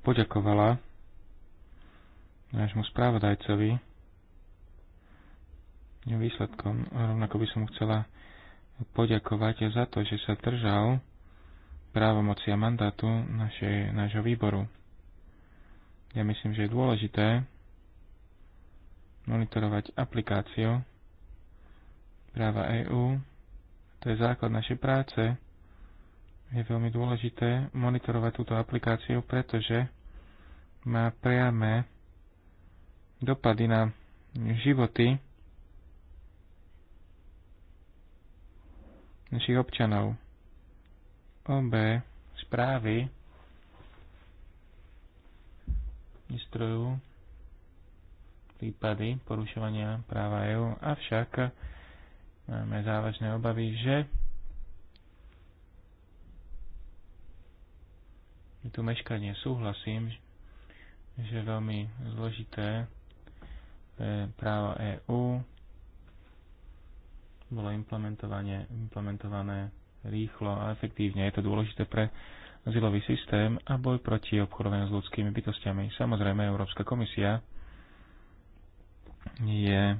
poďakovala nášmu správodajcovi výsledkom. Rovnako by som chcela poďakovať za to, že sa držal právomoci a mandátu našej, nášho výboru. Ja myslím, že je dôležité monitorovať aplikáciu práva EÚ. To je základ našej práce je veľmi dôležité monitorovať túto aplikáciu, pretože má priame dopady na životy našich občanov. Obe správy istrujú prípady porušovania práva EÚ, avšak máme závažné obavy, že Je tu meškanie, súhlasím, že veľmi zložité e, právo EÚ bolo implementovanie, implementované rýchlo a efektívne. Je to dôležité pre zilový systém a boj proti obchodovaniu s ľudskými bytostiami. Samozrejme, Európska komisia je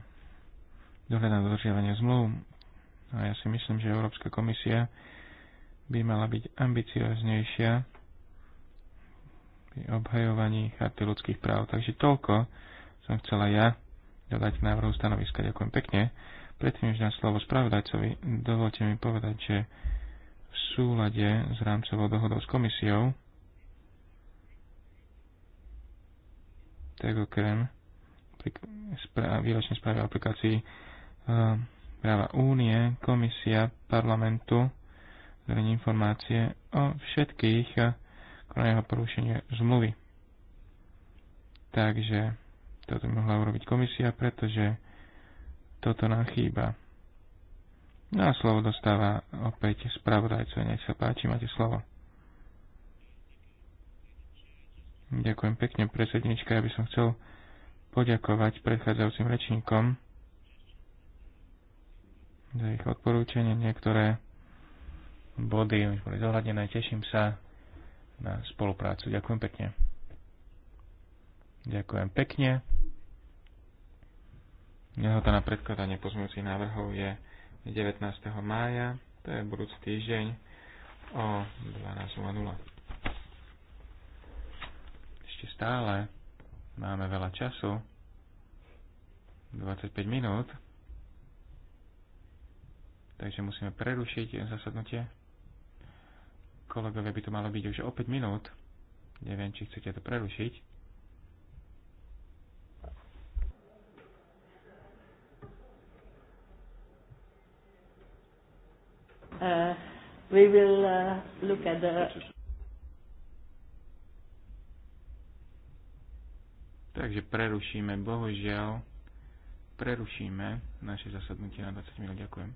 dohľad na dodržiavanie zmluv a ja si myslím, že Európska komisia by mala byť ambicioznejšia pri obhajovaní charty ľudských práv. Takže toľko som chcela ja dodať k návrhu stanoviska. Ďakujem pekne. Predtým, než dám slovo spravodajcovi, dovolte mi povedať, že v súlade s rámcovou dohodou s komisiou tego krem výročnej správy aplikácií aplikácii eh, práva únie, komisia parlamentu zverejní informácie o všetkých eh, jeho porušenie zmluvy. Takže toto by mohla urobiť komisia, pretože toto nám chýba. No a slovo dostáva opäť spravodajcov. Nech sa páči, máte slovo. Ďakujem pekne, predsednička. Ja by som chcel poďakovať predchádzajúcim rečníkom za ich odporúčanie. Niektoré body už boli zohľadené. Teším sa na spoluprácu. Ďakujem pekne. Ďakujem pekne. Nehota na predkladanie pozmúcich návrhov je 19. mája, to je budúci týždeň o 12.00. Ešte stále máme veľa času, 25 minút, takže musíme prerušiť zasadnutie. Kolegovia, by to malo byť už o 5 minút. Neviem, či chcete to prerušiť. Uh, we will uh, look at the Takže prerušíme, bohužiaľ, prerušíme naše zasadnutie na 20 minút. Ďakujem.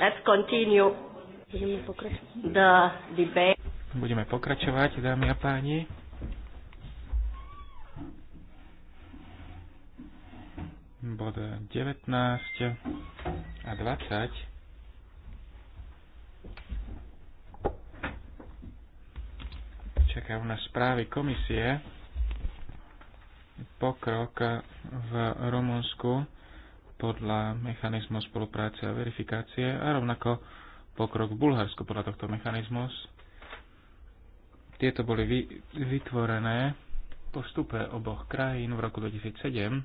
Let's continue Budeme pokračovať. the debate. Budeme pokračovať, dámy a páni. Bod 19 a 20 čakajú na správy komisie pokrok v Rumunsku podľa mechanizmu spolupráce a verifikácie a rovnako pokrok v Bulharsku podľa tohto mechanizmu. Tieto boli vytvorené po vstupe oboch krajín v roku 2007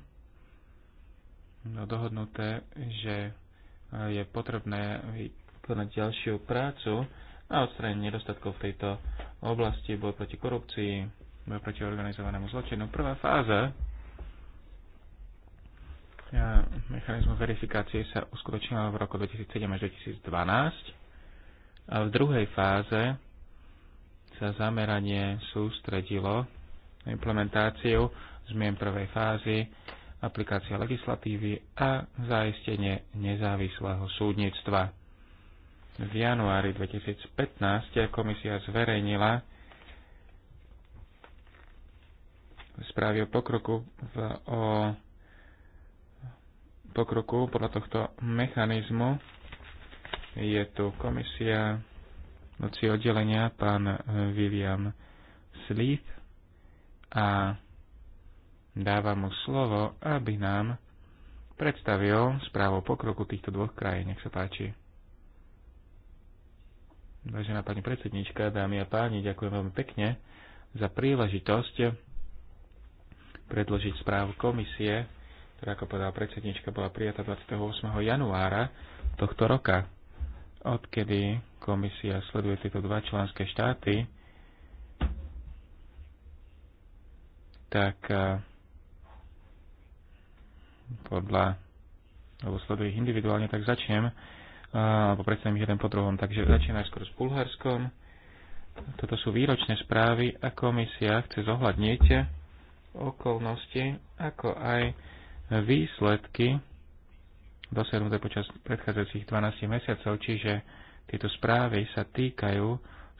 no dohodnuté, že je potrebné vykonať ďalšiu prácu na odstranenie nedostatkov v tejto oblasti, boj proti korupcii, boj proti organizovanému zločinu. Prvá fáza Mechanizmus verifikácie sa uskutočnil v roku 2007 až 2012 a v druhej fáze sa zameranie sústredilo na implementáciu zmien prvej fázy, aplikácia legislatívy a zaistenie nezávislého súdnictva. V januári 2015 komisia zverejnila správy o pokroku v, o pokroku podľa tohto mechanizmu. Je tu komisia noci oddelenia pán William e, Sleep a dávam mu slovo, aby nám predstavil správu pokroku týchto dvoch krajín. Nech sa páči. Vážená pani predsednička, dámy a páni, ďakujem veľmi pekne za príležitosť predložiť správu komisie ktorá, ako povedala predsednička, bola prijatá 28. januára tohto roka. Odkedy komisia sleduje tieto dva členské štáty, tak eh, podľa, alebo sleduje ich individuálne, tak začnem, eh, alebo predstavím ich jeden po druhom. Takže začnem najskôr s Bulharskom. Toto sú výročné správy a komisia chce zohľadniť okolnosti, ako aj výsledky dosiahnuté počas predchádzajúcich 12 mesiacov, čiže tieto správy sa týkajú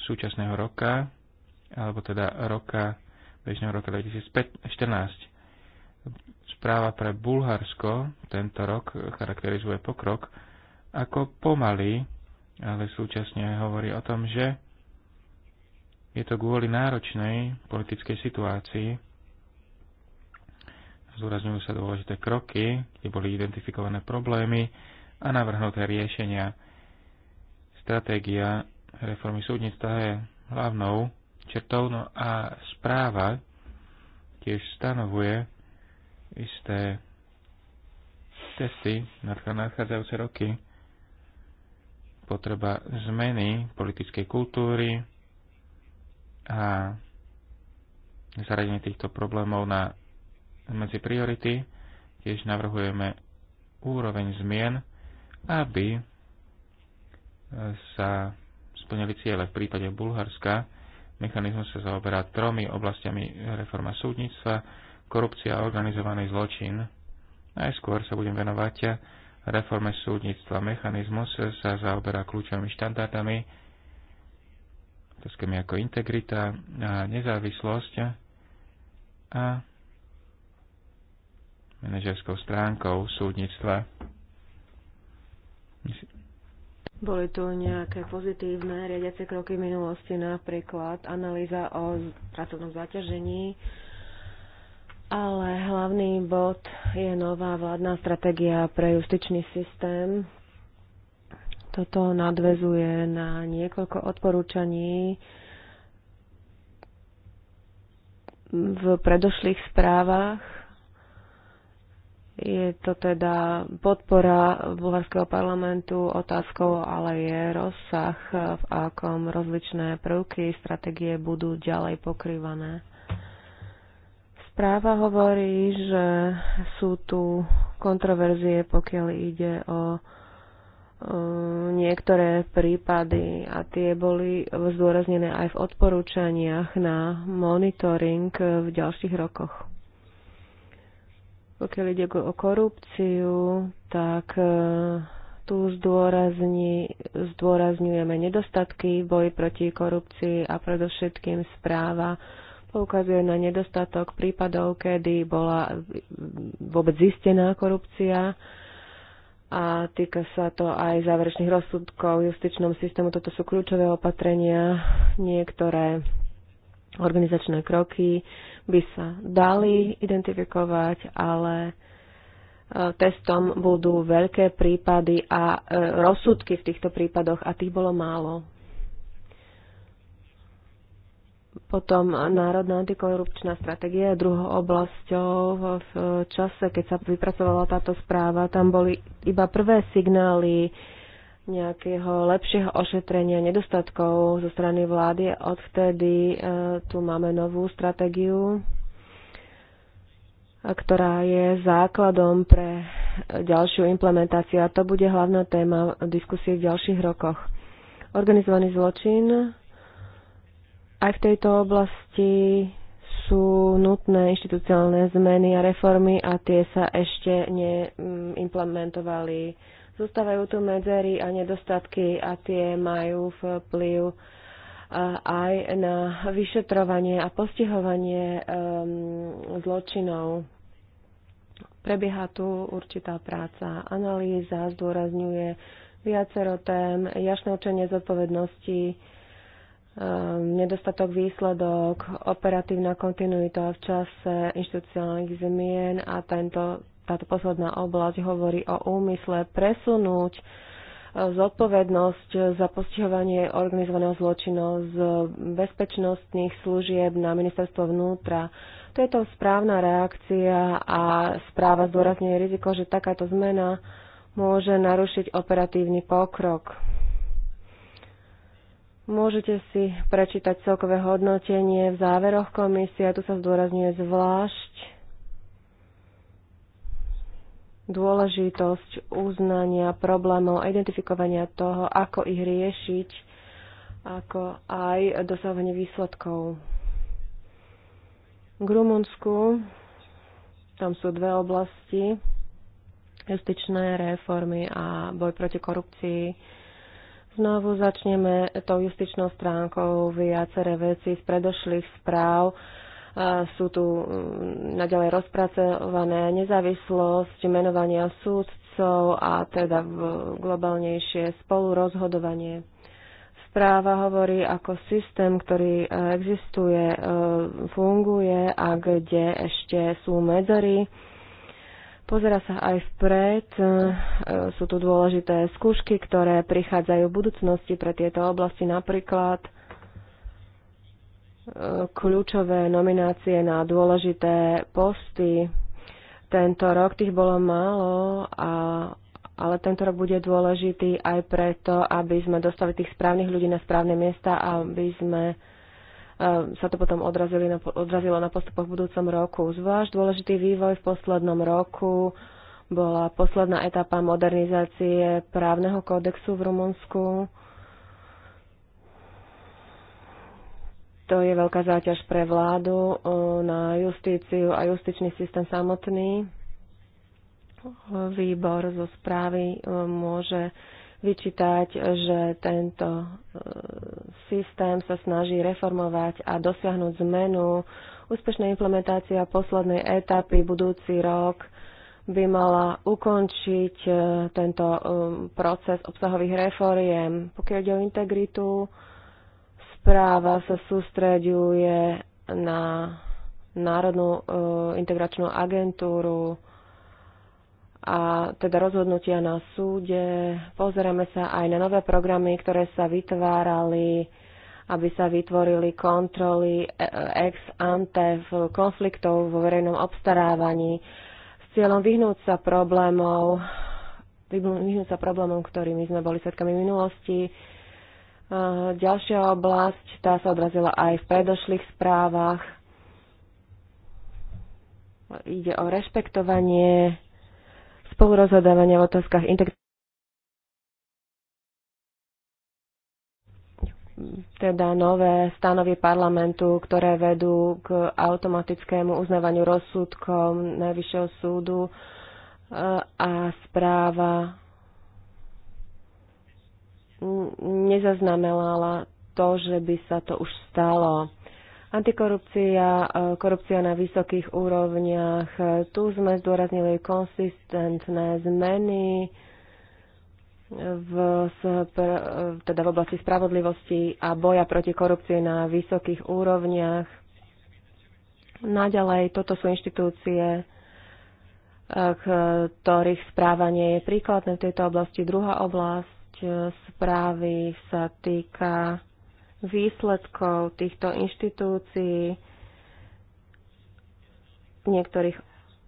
súčasného roka, alebo teda roka, bežného roka 2014. Správa pre Bulharsko tento rok charakterizuje pokrok ako pomalý, ale súčasne hovorí o tom, že je to kvôli náročnej politickej situácii, Zúrazňujú sa dôležité kroky, kde boli identifikované problémy a navrhnuté riešenia. Stratégia reformy súdnictva je hlavnou čertou no a správa tiež stanovuje isté cesty na nadchádzajúce roky. Potreba zmeny politickej kultúry a zaradenie týchto problémov na medzi priority tiež navrhujeme úroveň zmien, aby sa splnili ciele. V prípade Bulharska mechanizmus sa zaoberá tromi oblastiami reforma súdnictva, korupcia a organizovaný zločin. Najskôr sa budem venovať reforme súdnictva. Mechanizmus sa zaoberá kľúčovými štandardami, otázkami ako integrita a nezávislosť a manažerskou stránkou súdnictva. Boli tu nejaké pozitívne riadiace kroky v minulosti, napríklad analýza o pracovnom zaťažení, ale hlavný bod je nová vládna stratégia pre justičný systém. Toto nadvezuje na niekoľko odporúčaní v predošlých správach je to teda podpora bulharského parlamentu otázkou, ale je rozsah, v akom rozličné prvky stratégie budú ďalej pokrývané. Správa hovorí, že sú tu kontroverzie, pokiaľ ide o niektoré prípady a tie boli zdôraznené aj v odporúčaniach na monitoring v ďalších rokoch. Pokiaľ ide o korupciu, tak e, tu zdôrazni, zdôrazňujeme nedostatky v boji proti korupcii a predovšetkým správa poukazuje na nedostatok prípadov, kedy bola vôbec zistená korupcia a týka sa to aj záverečných rozsudkov v justičnom systému. Toto sú kľúčové opatrenia. Niektoré Organizačné kroky by sa dali identifikovať, ale e, testom budú veľké prípady a e, rozsudky v týchto prípadoch a tých bolo málo. Potom Národná antikorupčná stratégia je druhou oblasťou. V čase, keď sa vypracovala táto správa, tam boli iba prvé signály nejakého lepšieho ošetrenia nedostatkov zo strany vlády. Odvtedy e, tu máme novú stratégiu, ktorá je základom pre ďalšiu implementáciu a to bude hlavná téma diskusie v ďalších rokoch. Organizovaný zločin aj v tejto oblasti sú nutné inštitucionálne zmeny a reformy a tie sa ešte neimplementovali Zostávajú tu medzery a nedostatky a tie majú vplyv e, aj na vyšetrovanie a postihovanie e, zločinov. Prebieha tu určitá práca. Analýza zdôrazňuje viacero tém, jašné učenie zodpovednosti, e, nedostatok výsledok, operatívna kontinuita v čase inštitucionálnych zmien a tento táto posledná oblasť hovorí o úmysle presunúť e, zodpovednosť za postihovanie organizovaného zločinu z bezpečnostných služieb na ministerstvo vnútra. To je to správna reakcia a správa zdôrazňuje riziko, že takáto zmena môže narušiť operatívny pokrok. Môžete si prečítať celkové hodnotenie v záveroch komisie, tu sa zdôrazňuje zvlášť dôležitosť uznania problémov a identifikovania toho, ako ich riešiť, ako aj dosahovanie výsledkov. K Rumunsku tam sú dve oblasti, justičné reformy a boj proti korupcii. Znovu začneme tou justičnou stránkou viaceré veci z predošlých správ sú tu mm, naďalej rozpracované nezávislosť, menovania súdcov a teda v globálnejšie spolurozhodovanie. Správa hovorí, ako systém, ktorý e, existuje, e, funguje a kde ešte sú medzery. Pozera sa aj vpred. E, sú tu dôležité skúšky, ktoré prichádzajú v budúcnosti pre tieto oblasti, napríklad kľúčové nominácie na dôležité posty. Tento rok tých bolo málo, a, ale tento rok bude dôležitý aj preto, aby sme dostali tých správnych ľudí na správne miesta a aby sme e, sa to potom odrazili na, odrazilo na postupoch v budúcom roku. Zvlášť dôležitý vývoj v poslednom roku bola posledná etapa modernizácie právneho kódexu v Rumunsku To je veľká záťaž pre vládu na justíciu a justičný systém samotný. Výbor zo správy môže vyčítať, že tento systém sa snaží reformovať a dosiahnuť zmenu. Úspešná implementácia poslednej etapy budúci rok by mala ukončiť e, tento proces obsahových reforiem. Pokiaľ ide o integritu, správa sa sústreďuje na Národnú e, integračnú agentúru a teda rozhodnutia na súde. Pozeráme sa aj na nové programy, ktoré sa vytvárali, aby sa vytvorili kontroly e, ex ante v konfliktov vo verejnom obstarávaní s cieľom vyhnúť sa problémov, vyhnúť sa problémom, ktorými sme boli svetkami minulosti, Eh, ďalšia oblasť, tá sa odrazila aj v predošlých správach. Ide o rešpektovanie spolurozhodávania v otázkach integrácie. teda nové stanovy parlamentu, ktoré vedú k automatickému uznávaniu rozsudkom Najvyššieho súdu eh, a správa nezaznamenala to, že by sa to už stalo. Antikorupcia, e, korupcia na vysokých úrovniach. E, tu sme zdôraznili konsistentné zmeny v, e, teda v oblasti spravodlivosti a boja proti korupcii na vysokých úrovniach. Naďalej, toto sú inštitúcie, ktorých správanie je príkladné v tejto oblasti. Druhá oblasť správy sa týka výsledkov týchto inštitúcií. V niektorých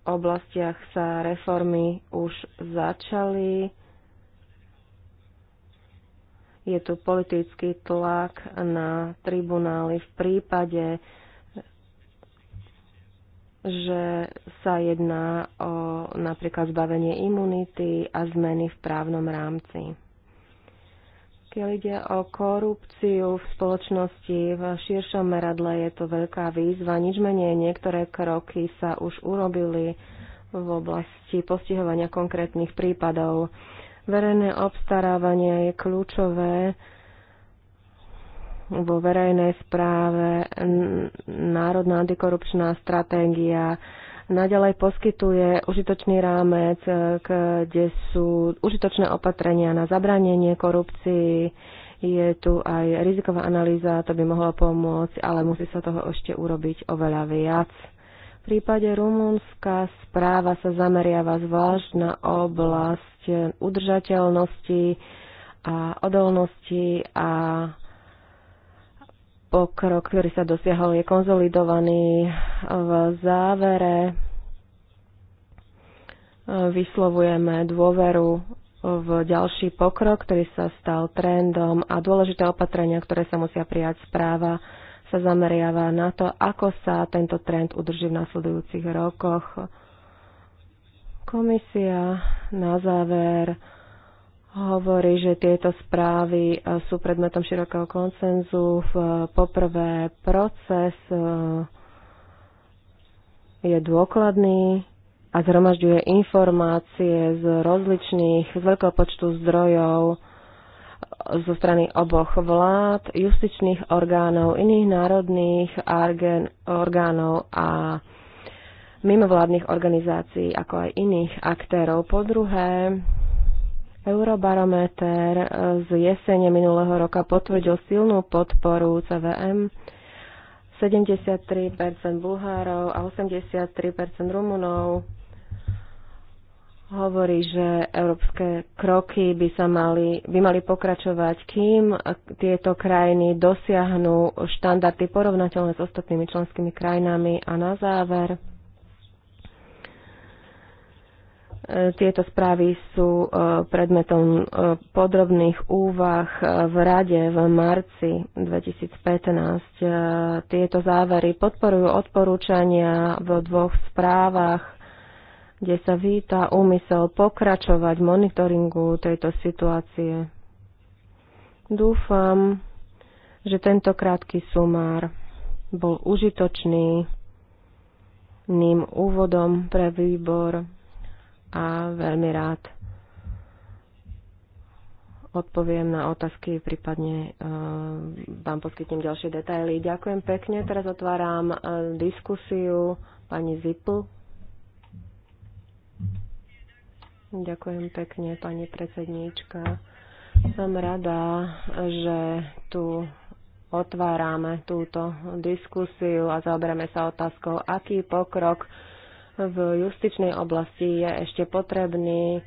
oblastiach sa reformy už začali. Je tu politický tlak na tribunály v prípade, že sa jedná o napríklad zbavenie imunity a zmeny v právnom rámci. Keď ide o korupciu v spoločnosti v širšom meradle, je to veľká výzva. Nič menej niektoré kroky sa už urobili v oblasti postihovania konkrétnych prípadov. Verejné obstarávanie je kľúčové vo verejnej správe, národná antikorupčná stratégia, naďalej poskytuje užitočný rámec, e, kde sú užitočné opatrenia na zabranenie korupcii. Je tu aj riziková analýza, to by mohlo pomôcť, ale musí sa toho ešte urobiť oveľa viac. V prípade Rumunska správa sa zameriava zvlášť na oblasť udržateľnosti a odolnosti a Pokrok, ktorý sa dosiahol, je konzolidovaný v závere. Vyslovujeme dôveru v ďalší pokrok, ktorý sa stal trendom a dôležité opatrenia, ktoré sa musia prijať správa, sa zameriava na to, ako sa tento trend udrží v nasledujúcich rokoch. Komisia na záver hovorí, že tieto správy e, sú predmetom širokého koncenzu. E, poprvé, proces e, je dôkladný a zhromažďuje informácie z rozličných, z veľkého počtu zdrojov zo strany oboch vlád, justičných orgánov, iných národných orgánov a mimovládnych organizácií, ako aj iných aktérov. Po druhé, Eurobarometer eh, z jesene minulého roka potvrdil silnú podporu CVM. 73% Bulhárov a 83% Rumunov hovorí, že európske kroky by, sa mali, by mali pokračovať, kým tieto krajiny dosiahnu štandardy porovnateľné s ostatnými členskými krajinami. A na záver, Tieto správy sú e, predmetom e, podrobných úvah e, v Rade v marci 2015. Tieto závery podporujú odporúčania v dvoch správach, kde sa víta úmysel pokračovať monitoringu tejto situácie. Dúfam, že tento krátky sumár bol užitočný ním úvodom pre výbor a veľmi rád odpoviem na otázky, prípadne e, vám poskytnem ďalšie detaily. Ďakujem pekne, teraz otváram e, diskusiu pani Zipl. Ďakujem pekne, pani predsedníčka. Som rada, že tu otvárame túto diskusiu a zaoberáme sa otázkou, aký pokrok v justičnej oblasti je ešte potrebný.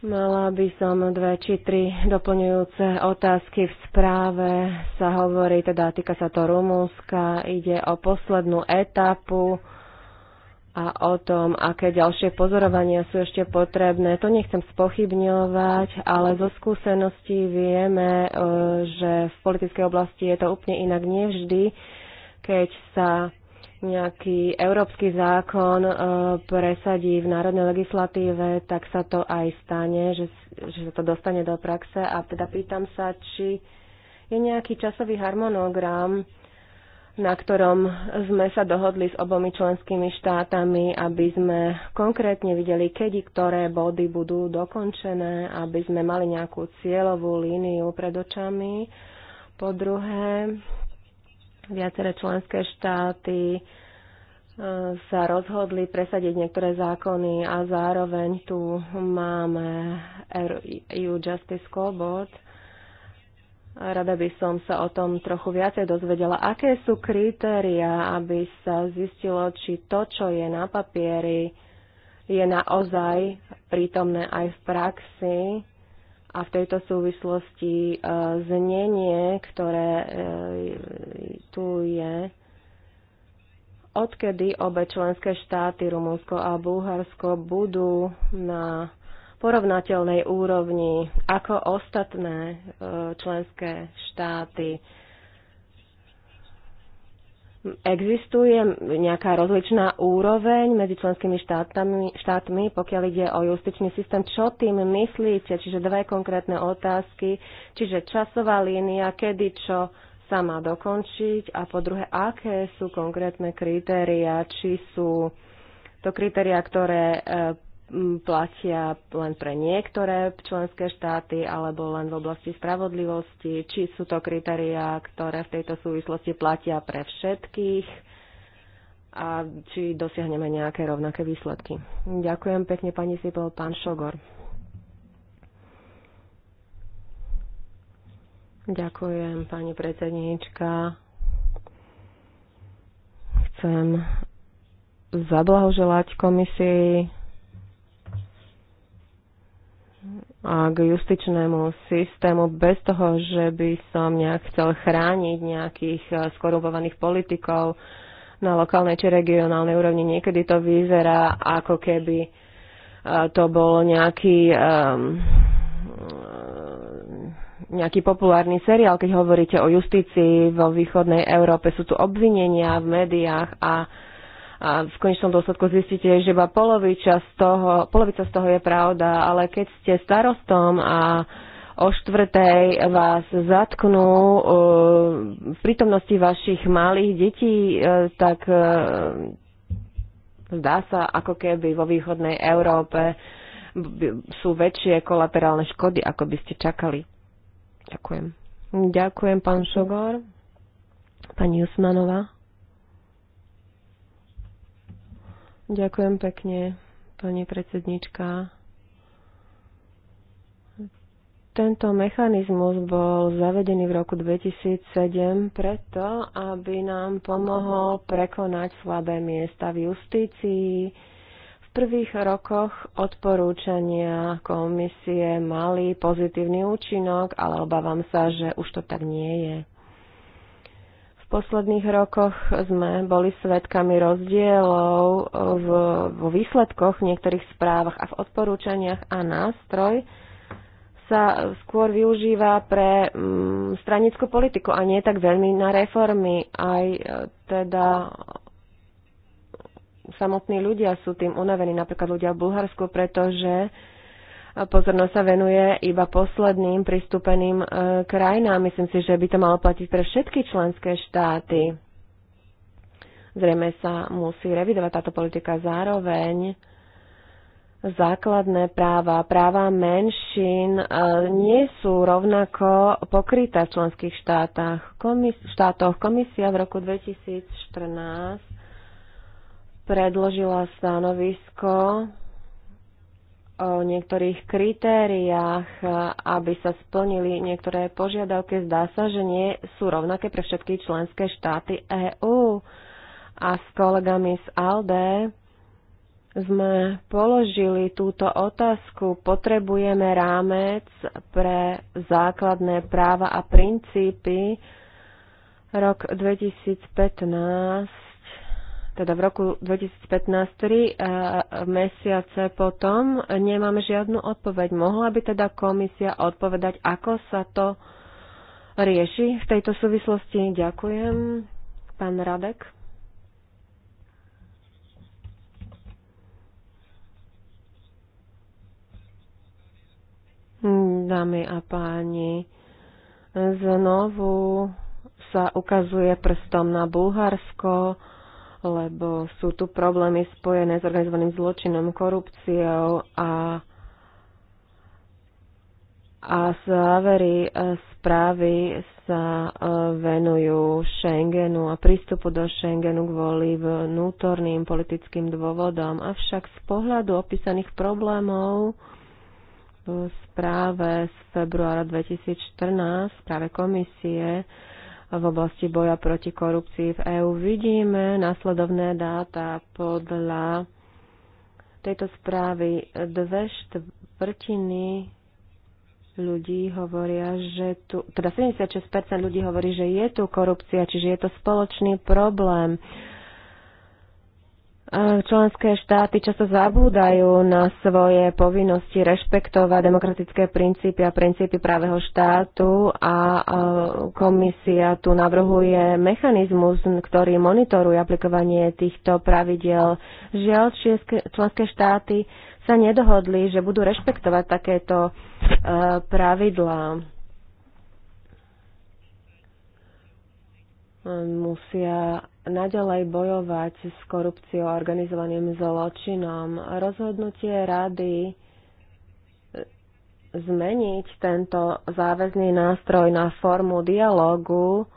Mala by som dve či tri doplňujúce otázky. V správe sa hovorí, teda týka sa to Rumúnska, ide o poslednú etapu a o tom, aké ďalšie pozorovania sú ešte potrebné. To nechcem spochybňovať, ale zo skúseností vieme, e, že v politickej oblasti je to úplne inak nevždy, keď sa nejaký európsky zákon e, presadí v národnej legislatíve, tak sa to aj stane, že, že sa to dostane do praxe. A teda pýtam sa, či je nejaký časový harmonogram, na ktorom sme sa dohodli s obomi členskými štátami, aby sme konkrétne videli, kedy ktoré body budú dokončené, aby sme mali nejakú cieľovú líniu pred očami. Po druhé, Viaceré členské štáty e, sa rozhodli presadiť niektoré zákony a zároveň tu máme EU Justice Scoreboard. Rada by som sa o tom trochu viacej dozvedela. Aké sú kritéria, aby sa zistilo, či to, čo je na papieri, je naozaj prítomné aj v praxi? A v tejto súvislosti e, znenie, ktoré e, tu je, odkedy obe členské štáty, Rumunsko a Bulharsko, budú na porovnateľnej úrovni ako ostatné e, členské štáty Existuje nejaká rozličná úroveň medzi členskými štátami, štátmi, pokiaľ ide o justičný systém. Čo tým myslíte? Čiže dve konkrétne otázky. Čiže časová línia, kedy čo sa má dokončiť a po druhé, aké sú konkrétne kritéria, či sú to kritéria, ktoré e, platia len pre niektoré členské štáty alebo len v oblasti spravodlivosti, či sú to kritériá, ktoré v tejto súvislosti platia pre všetkých a či dosiahneme nejaké rovnaké výsledky. Ďakujem pekne pani Sipol, pán Šogor. Ďakujem pani predsednička. Chcem zablahoželať komisii a k justičnému systému bez toho, že by som nejak chcel chrániť nejakých eh, skorumpovaných politikov na lokálnej či regionálnej úrovni. Niekedy to vyzerá, ako keby eh, to bol nejaký, um, nejaký populárny seriál, keď hovoríte o justícii vo východnej Európe. Sú tu obvinenia v médiách a a v konečnom dôsledku zistíte, že iba polovica z toho, polovica z toho je pravda, ale keď ste starostom a o štvrtej vás zatknú eh, v prítomnosti vašich malých detí, eh, tak eh, zdá sa, ako keby vo východnej Európe sú väčšie kolaterálne škody, ako by ste čakali. Ďakujem. Ďakujem, pán Šogor. Pani Usmanová. Ďakujem pekne, pani predsednička. Tento mechanizmus bol zavedený v roku 2007 preto, aby nám pomohol prekonať slabé miesta v justícii. V prvých rokoch odporúčania komisie mali pozitívny účinok, ale obávam sa, že už to tak nie je posledných rokoch sme boli svedkami rozdielov v, v výsledkoch v niektorých správach a v odporúčaniach a nástroj sa skôr využíva pre mm, stranickú politiku a nie tak veľmi na reformy. Aj e, teda samotní ľudia sú tým unavení, napríklad ľudia v Bulharsku, pretože uh, pozornosť sa venuje iba posledným pristúpeným e, krajinám. Myslím si, že by to malo platiť pre všetky členské štáty. Zrejme sa musí revidovať táto politika zároveň. Základné práva, práva menšín e, nie sú rovnako pokryté v členských štátach. Komis, štátoch komisia v roku 2014 predložila stanovisko o niektorých kritériách, e, aby sa splnili niektoré požiadavky. Zdá sa, že nie sú rovnaké pre všetky členské štáty EÚ. A s kolegami z ALDE sme položili túto otázku. Potrebujeme rámec pre základné práva a princípy. Rok 2015 teda v roku 2015, tri e, mesiace potom, nemáme žiadnu odpoveď. Mohla by teda komisia odpovedať, ako sa to rieši v tejto súvislosti? Ďakujem. Pán Radek. Dámy a páni, znovu sa ukazuje prstom na Bulharsko, lebo sú tu problémy spojené s organizovaným zločinom, korupciou a a závery e, správy sa e, venujú Schengenu a prístupu do Schengenu kvôli vnútorným politickým dôvodom. Avšak z pohľadu opísaných problémov v správe z februára 2014, správe komisie, v oblasti boja proti korupcii v EÚ. Vidíme následovné dáta podľa tejto správy. Dve štvrtiny ľudí hovoria, že tu, teda 76% ľudí hovorí, že je tu korupcia, čiže je to spoločný problém. Uh, Eh, členské štáty často zabúdajú na svoje povinnosti rešpektovať demokratické princípy a princípy právého štátu a eh, komisia tu navrhuje mechanizmus, ktorý monitoruje aplikovanie týchto pravidel. Žiaľ, členské štáty sa nedohodli, že budú rešpektovať takéto eh, pravidlá. Musia naďalej bojovať s korupciou a organizovaným zločinom. Rozhodnutie rady e, zmeniť tento záväzný nástroj na formu dialogu,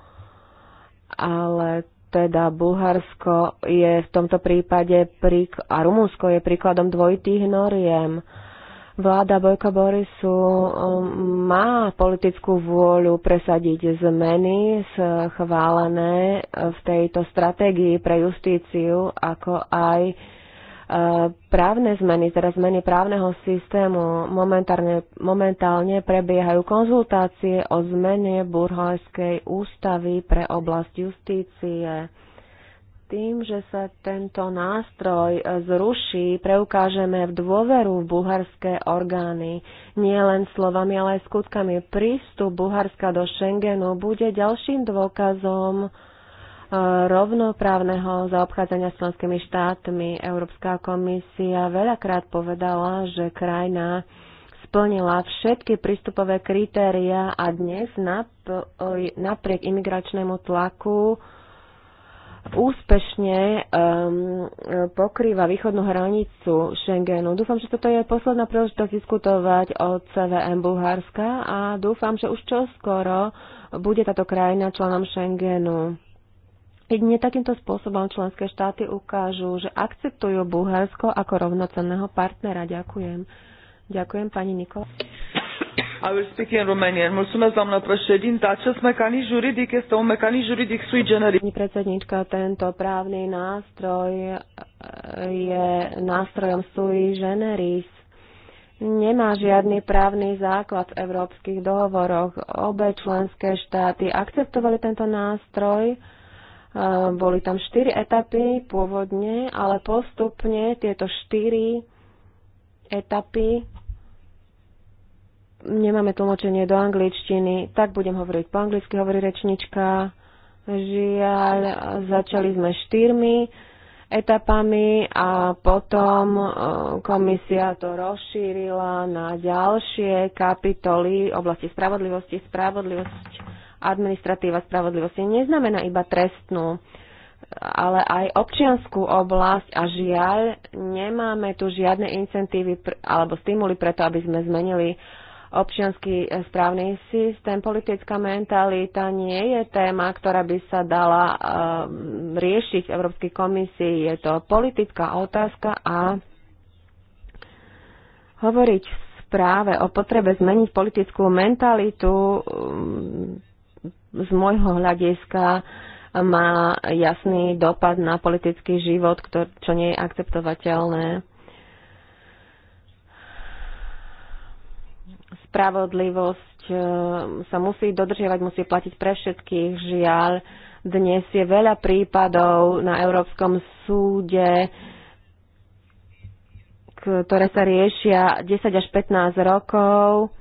ale teda Bulharsko je v tomto prípade prík- a Rumúnsko je príkladom dvojitých noriem. Vláda Bojka Borisu um, má politickú vôľu presadiť zmeny schválené v tejto stratégii pre justíciu, ako aj e, právne zmeny, teda zmeny právneho systému. Momentálne, momentálne prebiehajú konzultácie o zmene burhojskej ústavy pre oblasť justície tým, že sa tento nástroj zruší, preukážeme v dôveru v bulharské orgány. Nie len slovami, ale aj skutkami. Prístup Bulharska do Schengenu bude ďalším dôkazom e, rovnoprávneho zaobchádzania s členskými štátmi. Európska komisia veľakrát povedala, že krajina splnila všetky prístupové kritéria a dnes napriek imigračnému tlaku úspešne um, pokrýva východnú hranicu Schengenu. Dúfam, že toto je posledná príležitosť diskutovať o CVM Bulharska a dúfam, že už čoskoro bude táto krajina členom Schengenu. Jedine takýmto spôsobom členské štáty ukážu, že akceptujú Bulharsko ako rovnocenného partnera. Ďakujem. Ďakujem pani Nikola. I will speak in Romanian. Mulțumesc, doamnă președinte. Acest mecanism juridic este un mecanism juridic sui generis. Pani predsednička, tento právny nástroj eh, je nástrojom sui generis. Nemá žiadny právny základ v európskych dohovoroch. Obe členské štáty akceptovali tento nástroj. Eh, boli tam štyri etapy pôvodne, ale postupne tieto štyri etapy nemáme tlmočenie do angličtiny, tak budem hovoriť po anglicky, hovorí rečnička. Žiaľ, začali sme štyrmi etapami a potom e, komisia to rozšírila na ďalšie kapitoly oblasti spravodlivosti. Spravodlivosť, administratíva spravodlivosti neznamená iba trestnú ale aj občianskú oblasť a žiaľ, nemáme tu žiadne incentívy alebo stimuly preto, aby sme zmenili občianský e, správny systém. Politická mentalita nie je téma, ktorá by sa dala e, riešiť v Európskej komisii. Je to politická otázka a hovoriť v správe o potrebe zmeniť politickú mentalitu e, z môjho hľadiska má jasný dopad na politický život, čo nie je akceptovateľné. spravodlivosť e, sa musí dodržiavať, musí platiť pre všetkých. Žiaľ, dnes je veľa prípadov na Európskom súde, ktoré sa riešia 10 až 15 rokov.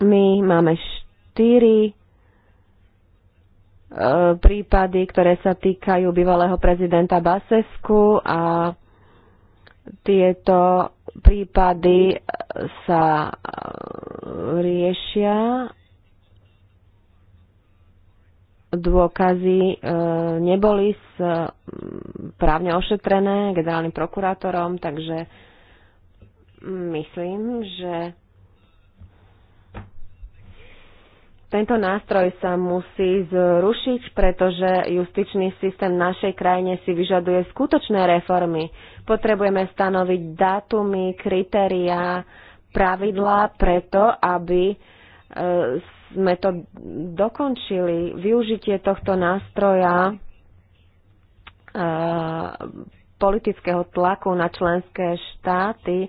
My máme 4 e, prípady, ktoré sa týkajú bývalého prezidenta Basesku a tieto prípady sa e, riešia, dôkazy e, neboli s, e, právne ošetrené generálnym prokurátorom, takže myslím, že Tento nástroj sa musí zrušiť, pretože justičný systém v našej krajine si vyžaduje skutočné reformy. Potrebujeme stanoviť dátumy, kritériá, pravidlá preto, aby e, sme to dokončili. Využitie tohto nástroja e, politického tlaku na členské štáty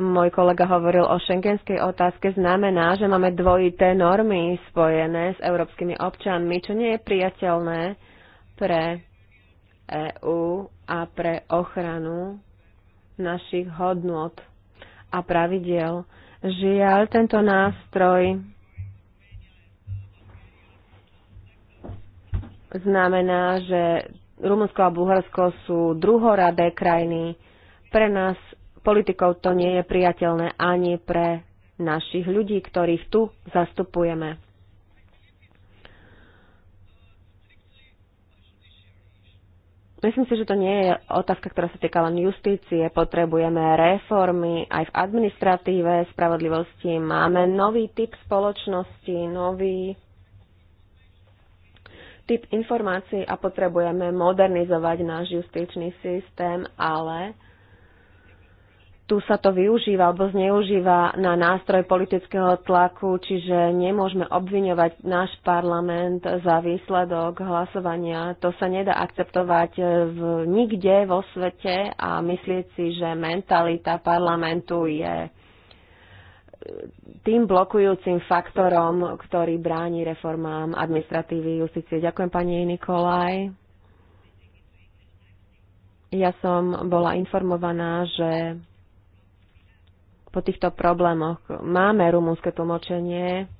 môj kolega hovoril o šengenskej otázke, znamená, že máme dvojité normy spojené s európskymi občanmi, čo nie je priateľné pre EÚ a pre ochranu našich hodnot a pravidiel. Žiaľ, tento nástroj znamená, že Rumunsko a Bulharsko sú druhoradé krajiny. Pre nás politikov to nie je priateľné ani pre našich ľudí, ktorých tu zastupujeme. Myslím si, že to nie je otázka, ktorá sa týka len justície. Potrebujeme reformy aj v administratíve, spravodlivosti. Máme nový typ spoločnosti, nový typ informácií a potrebujeme modernizovať náš justičný systém, ale tu sa to využíva alebo zneužíva na nástroj politického tlaku, čiže nemôžeme obviňovať náš parlament za výsledok hlasovania. To sa nedá akceptovať e, v, nikde vo svete a myslieť si, že mentalita parlamentu je e, tým blokujúcim faktorom, ktorý bráni reformám administratívy justície. Ďakujem pani Nikolaj. Ja som bola informovaná, že po týchto problémoch. Máme rumúnske tlmočenie.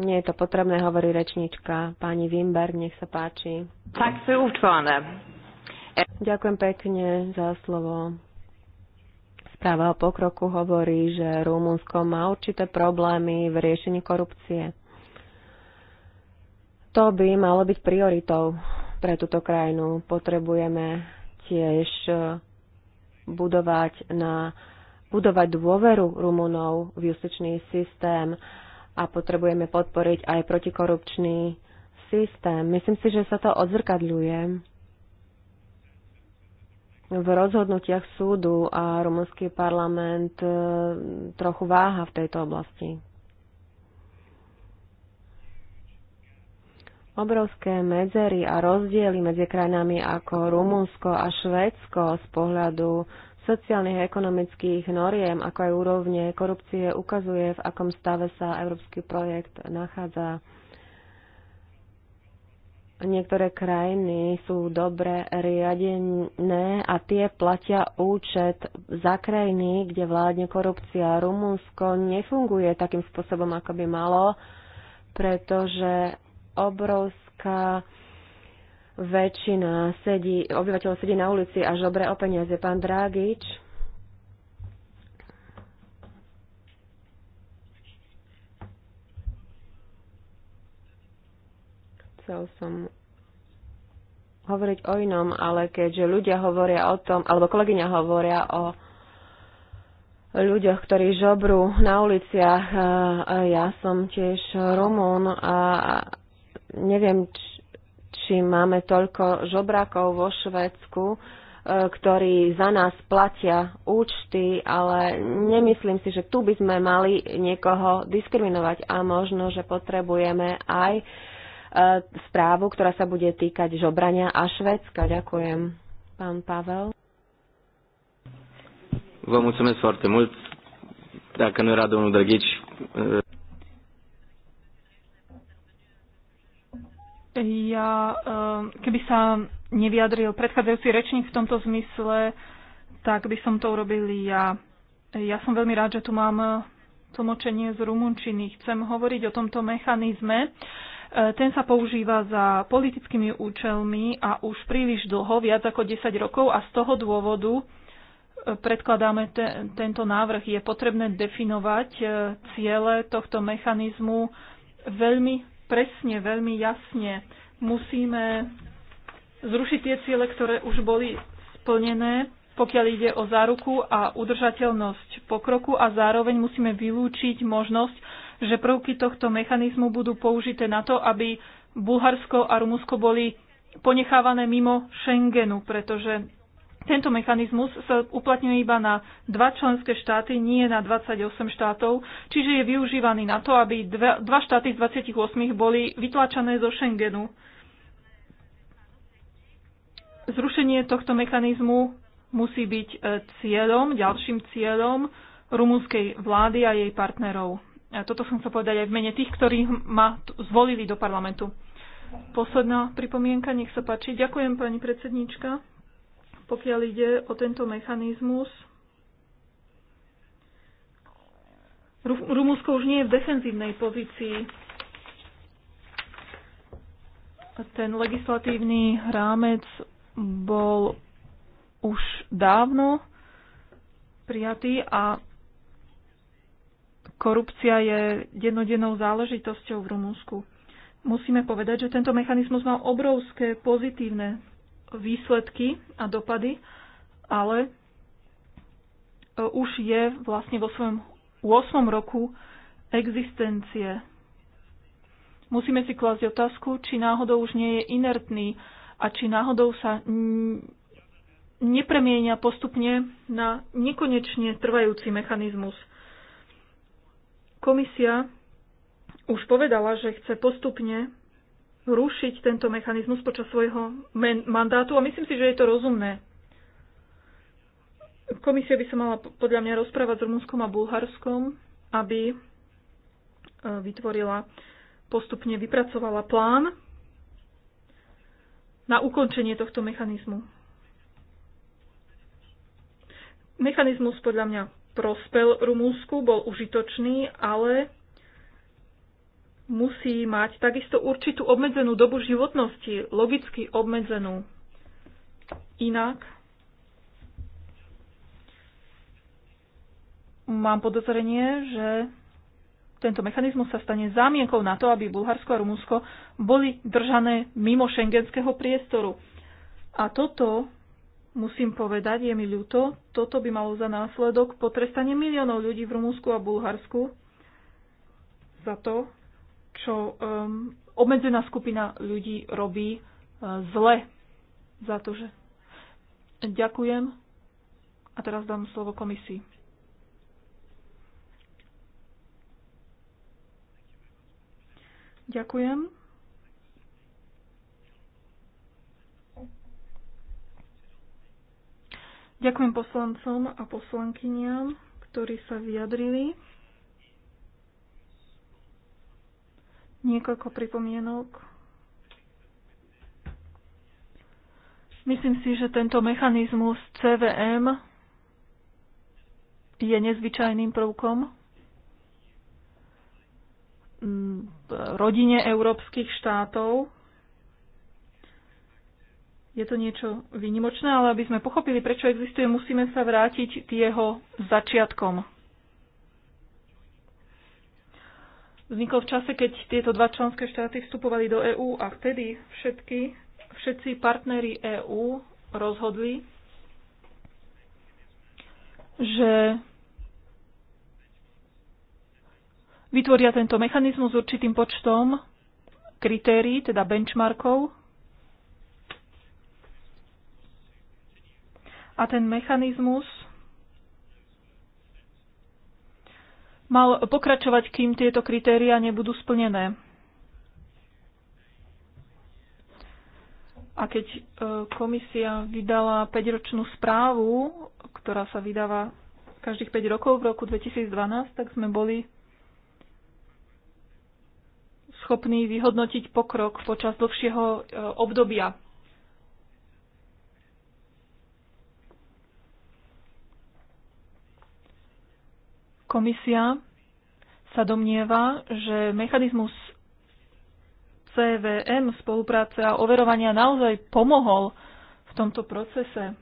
Nie je to potrebné, hovorí rečníčka. Pani Wimberg, nech sa páči. Tak si účvane. Ďakujem pekne za slovo. Správa o pokroku hovorí, že Rumunsko má určité problémy v riešení korupcie. To by malo byť prioritou pre túto krajinu. Potrebujeme tiež budovať na budovať dôveru Rumunov v justičný systém a potrebujeme podporiť aj protikorupčný systém. Myslím si, že sa to odzrkadľuje v rozhodnutiach súdu a rumunský parlament eh, trochu váha v tejto oblasti. obrovské medzery a rozdiely medzi krajinami ako Rumunsko a Švédsko z pohľadu sociálnych a ekonomických noriem, ako aj úrovne korupcie, ukazuje, v akom stave sa európsky projekt nachádza. Niektoré krajiny sú dobre riadené a tie platia účet za krajiny, kde vládne korupcia. Rumunsko nefunguje takým spôsobom, ako by malo, pretože obrovská väčšina sedí, obyvateľov sedí na ulici a žobre o peniaze. Pán Drágič, chcel som hovoriť o inom, ale keďže ľudia hovoria o tom, alebo kolegyňa hovoria o ľuďoch, ktorí žobrú na uliciach. E, ja som tiež Rumún a neviem, či máme toľko žobrakov vo Švedsku, e, ktorí za nás platia účty, ale nemyslím si, že tu by sme mali niekoho diskriminovať a možno, že potrebujeme aj e, správu, ktorá sa bude týkať žobrania a Švedska. Ďakujem. Pán Pavel. Vám mulțumesc foarte mult. Dacă nu era Ja, ehm, keby sa nevyjadril predchádzajúci rečník v tomto zmysle, tak by som to urobil ja. Ja som veľmi rád, že tu mám e, tlmočenie z rumunčiny. Chcem hovoriť o tomto mechanizme. E, ten sa používa za politickými účelmi a už príliš dlho, viac ako 10 rokov a z toho dôvodu e, predkladáme te, tento návrh. Je potrebné definovať ciele tohto mechanizmu veľmi presne, veľmi jasne. Musíme zrušiť tie ciele, ktoré už boli splnené, pokiaľ ide o záruku a udržateľnosť pokroku a zároveň musíme vylúčiť možnosť, že prvky tohto mechanizmu budú použité na to, aby Bulharsko a Rumunsko boli ponechávané mimo Schengenu, pretože tento mechanizmus sa uplatňuje iba na dva členské štáty, nie na 28 štátov, čiže je využívaný na to, aby dva, dva štáty z 28 boli vytlačené zo Schengenu. Zrušenie tohto mechanizmu musí byť e, cieľom, ďalším cieľom rumunskej vlády a jej partnerov. A toto som chcel povedať aj v mene tých, ktorí ma zvolili do parlamentu. Posledná pripomienka, nech sa páči. Ďakujem, pani predsedníčka pokiaľ ide o tento mechanizmus. Rumúnsko už nie je v defenzívnej pozícii. Ten legislatívny rámec bol už dávno prijatý a korupcia je dennodennou záležitosťou v Rumúnsku. Musíme povedať, že tento mechanizmus mal obrovské pozitívne výsledky a dopady, ale e, už je vlastne vo svojom 8. roku existencie. Musíme si klásť otázku, či náhodou už nie je inertný a či náhodou sa nepremienia postupne na nekonečne trvajúci mechanizmus. Komisia už povedala, že chce postupne rušiť tento mechanizmus počas svojho mandátu a myslím si, že je to rozumné. Komisia by sa mala podľa mňa rozprávať s Rumunskom a Bulharskom, aby e, vytvorila, postupne vypracovala plán na ukončenie tohto mechanizmu. Mechanizmus podľa mňa prospel Rumúnsku, bol užitočný, ale musí mať takisto určitú obmedzenú dobu životnosti, logicky obmedzenú. Inak mám podozrenie, že tento mechanizmus sa stane zámienkou na to, aby Bulharsko a Rumunsko boli držané mimo šengenského priestoru. A toto, musím povedať, je mi ľúto, toto by malo za následok potrestanie miliónov ľudí v Rumunsku a Bulharsku za to, čo um, obmedzená skupina ľudí robí uh, zle za to, že. Ďakujem. A teraz dám slovo komisii. Ďakujem. Ďakujem poslancom a poslankyniam, ktorí sa vyjadrili. Niekoľko pripomienok. Myslím si, že tento mechanizmus CVM je nezvyčajným prvkom v rodine európskych štátov. Je to niečo výnimočné, ale aby sme pochopili, prečo existuje, musíme sa vrátiť k jeho začiatkom. vznikol v čase, keď tieto dva členské štáty vstupovali do EÚ a vtedy všetky, všetci partnery EÚ rozhodli, že vytvoria tento mechanizmus s určitým počtom kritérií, teda benchmarkov. A ten mechanizmus mal pokračovať, kým tieto kritéria nebudú splnené. A keď e, komisia vydala 5-ročnú správu, ktorá sa vydáva každých 5 rokov v roku 2012, tak sme boli schopní vyhodnotiť pokrok počas dlhšieho e, obdobia. Komisia sa domnieva, že mechanizmus CVM spolupráce a overovania naozaj pomohol v tomto procese.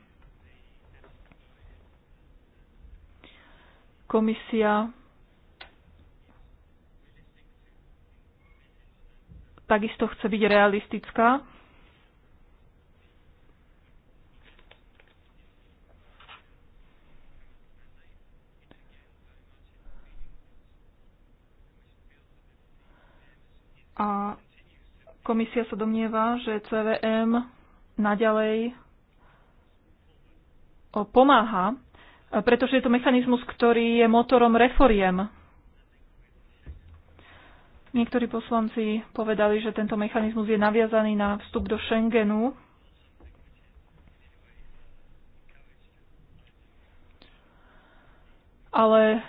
Komisia takisto chce byť realistická A komisia sa domnieva, že CVM naďalej pomáha, pretože je to mechanizmus, ktorý je motorom reforiem. Niektorí poslanci povedali, že tento mechanizmus je naviazaný na vstup do Schengenu. Ale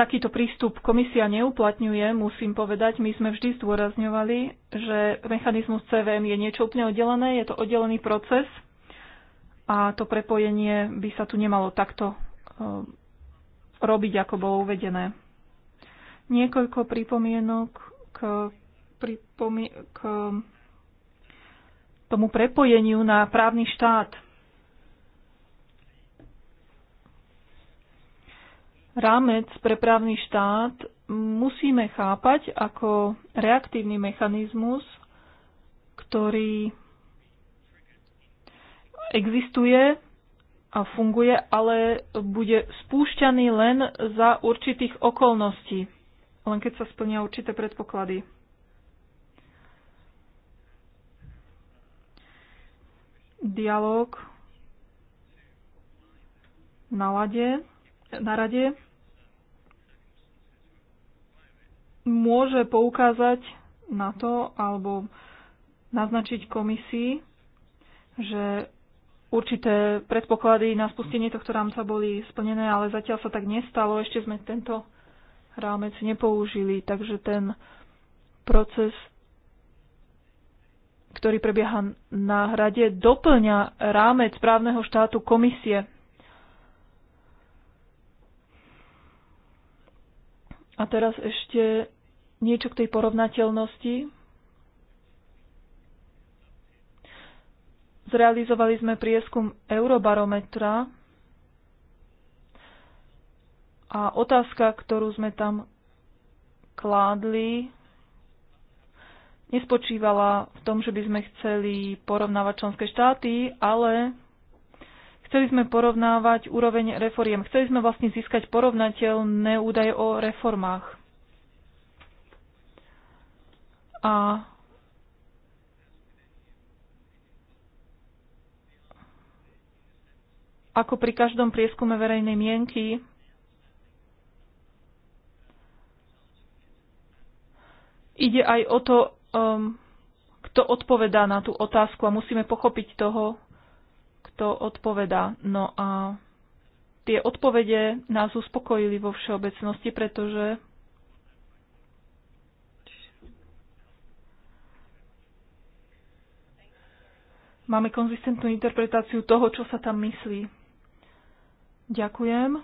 takýto prístup komisia neuplatňuje, musím povedať. My sme vždy zdôrazňovali, že mechanizmus CVM je niečo úplne oddelené, je to oddelený proces a to prepojenie by sa tu nemalo takto e, robiť, ako bolo uvedené. Niekoľko pripomienok k, pripomie- k tomu prepojeniu na právny štát. rámec pre právny štát musíme chápať ako reaktívny mechanizmus, ktorý existuje a funguje, ale bude spúšťaný len za určitých okolností, len keď sa splnia určité predpoklady. Dialóg na lade na rade môže poukázať na to alebo naznačiť komisii, že určité predpoklady na spustenie tohto rámca boli splnené, ale zatiaľ sa tak nestalo. Ešte sme tento rámec nepoužili, takže ten proces, ktorý prebieha na hrade, doplňa rámec právneho štátu komisie A teraz ešte niečo k tej porovnateľnosti. Zrealizovali sme prieskum Eurobarometra a otázka, ktorú sme tam kládli, nespočívala v tom, že by sme chceli porovnávať členské štáty, ale Chceli sme porovnávať úroveň reforiem. Chceli sme vlastne získať porovnateľné údaje o reformách. A ako pri každom prieskume verejnej mienky, ide aj o to, um, kto odpovedá na tú otázku a musíme pochopiť toho, to odpoveda. No a tie odpovede nás uspokojili vo všeobecnosti, pretože máme konzistentnú interpretáciu toho, čo sa tam myslí. Ďakujem.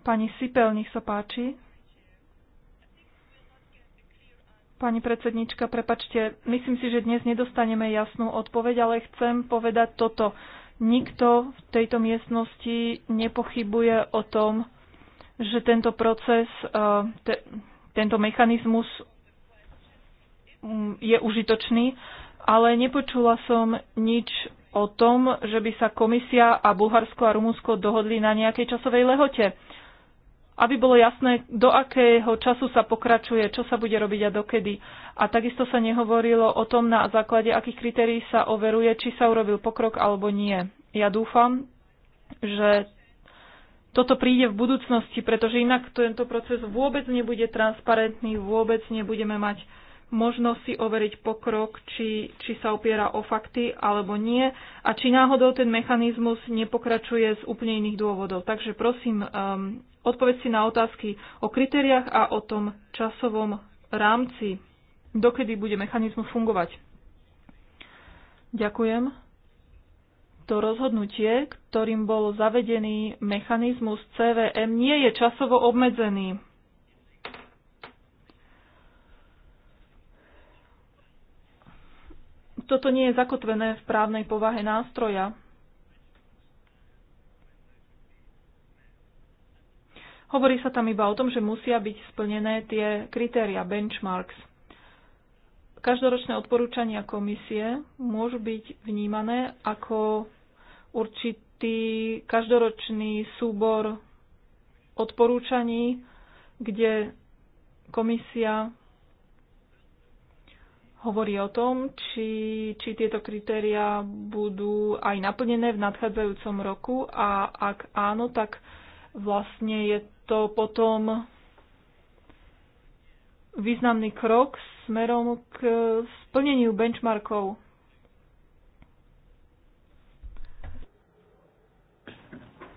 Pani Sipel, nech sa páči. Pani predsednička, prepačte, myslím si, že dnes nedostaneme jasnú odpoveď, ale chcem povedať toto. Nikto v tejto miestnosti nepochybuje o tom, že tento proces, eh, te, tento mechanizmus mm, je užitočný, ale nepočula som nič o tom, že by sa komisia a Bulharsko a Rumunsko dohodli na nejakej časovej lehote aby bolo jasné, do akého času sa pokračuje, čo sa bude robiť a dokedy. A takisto sa nehovorilo o tom, na základe akých kritérií sa overuje, či sa urobil pokrok alebo nie. Ja dúfam, že toto príde v budúcnosti, pretože inak tento proces vôbec nebude transparentný, vôbec nebudeme mať možnosť si overiť pokrok, či, či sa opiera o fakty alebo nie a či náhodou ten mechanizmus nepokračuje z úplne iných dôvodov. Takže prosím, um, odpoveď si na otázky o kritériách a o tom časovom rámci, dokedy bude mechanizmus fungovať. Ďakujem. To rozhodnutie, ktorým bol zavedený mechanizmus CVM, nie je časovo obmedzený. Toto nie je zakotvené v právnej povahe nástroja. Hovorí sa tam iba o tom, že musia byť splnené tie kritéria, benchmarks. Každoročné odporúčania komisie môžu byť vnímané ako určitý každoročný súbor odporúčaní, kde komisia hovorí o tom, či, či tieto kritéria budú aj naplnené v nadchádzajúcom roku a ak áno, tak vlastne je to potom významný krok smerom k splneniu benchmarkov.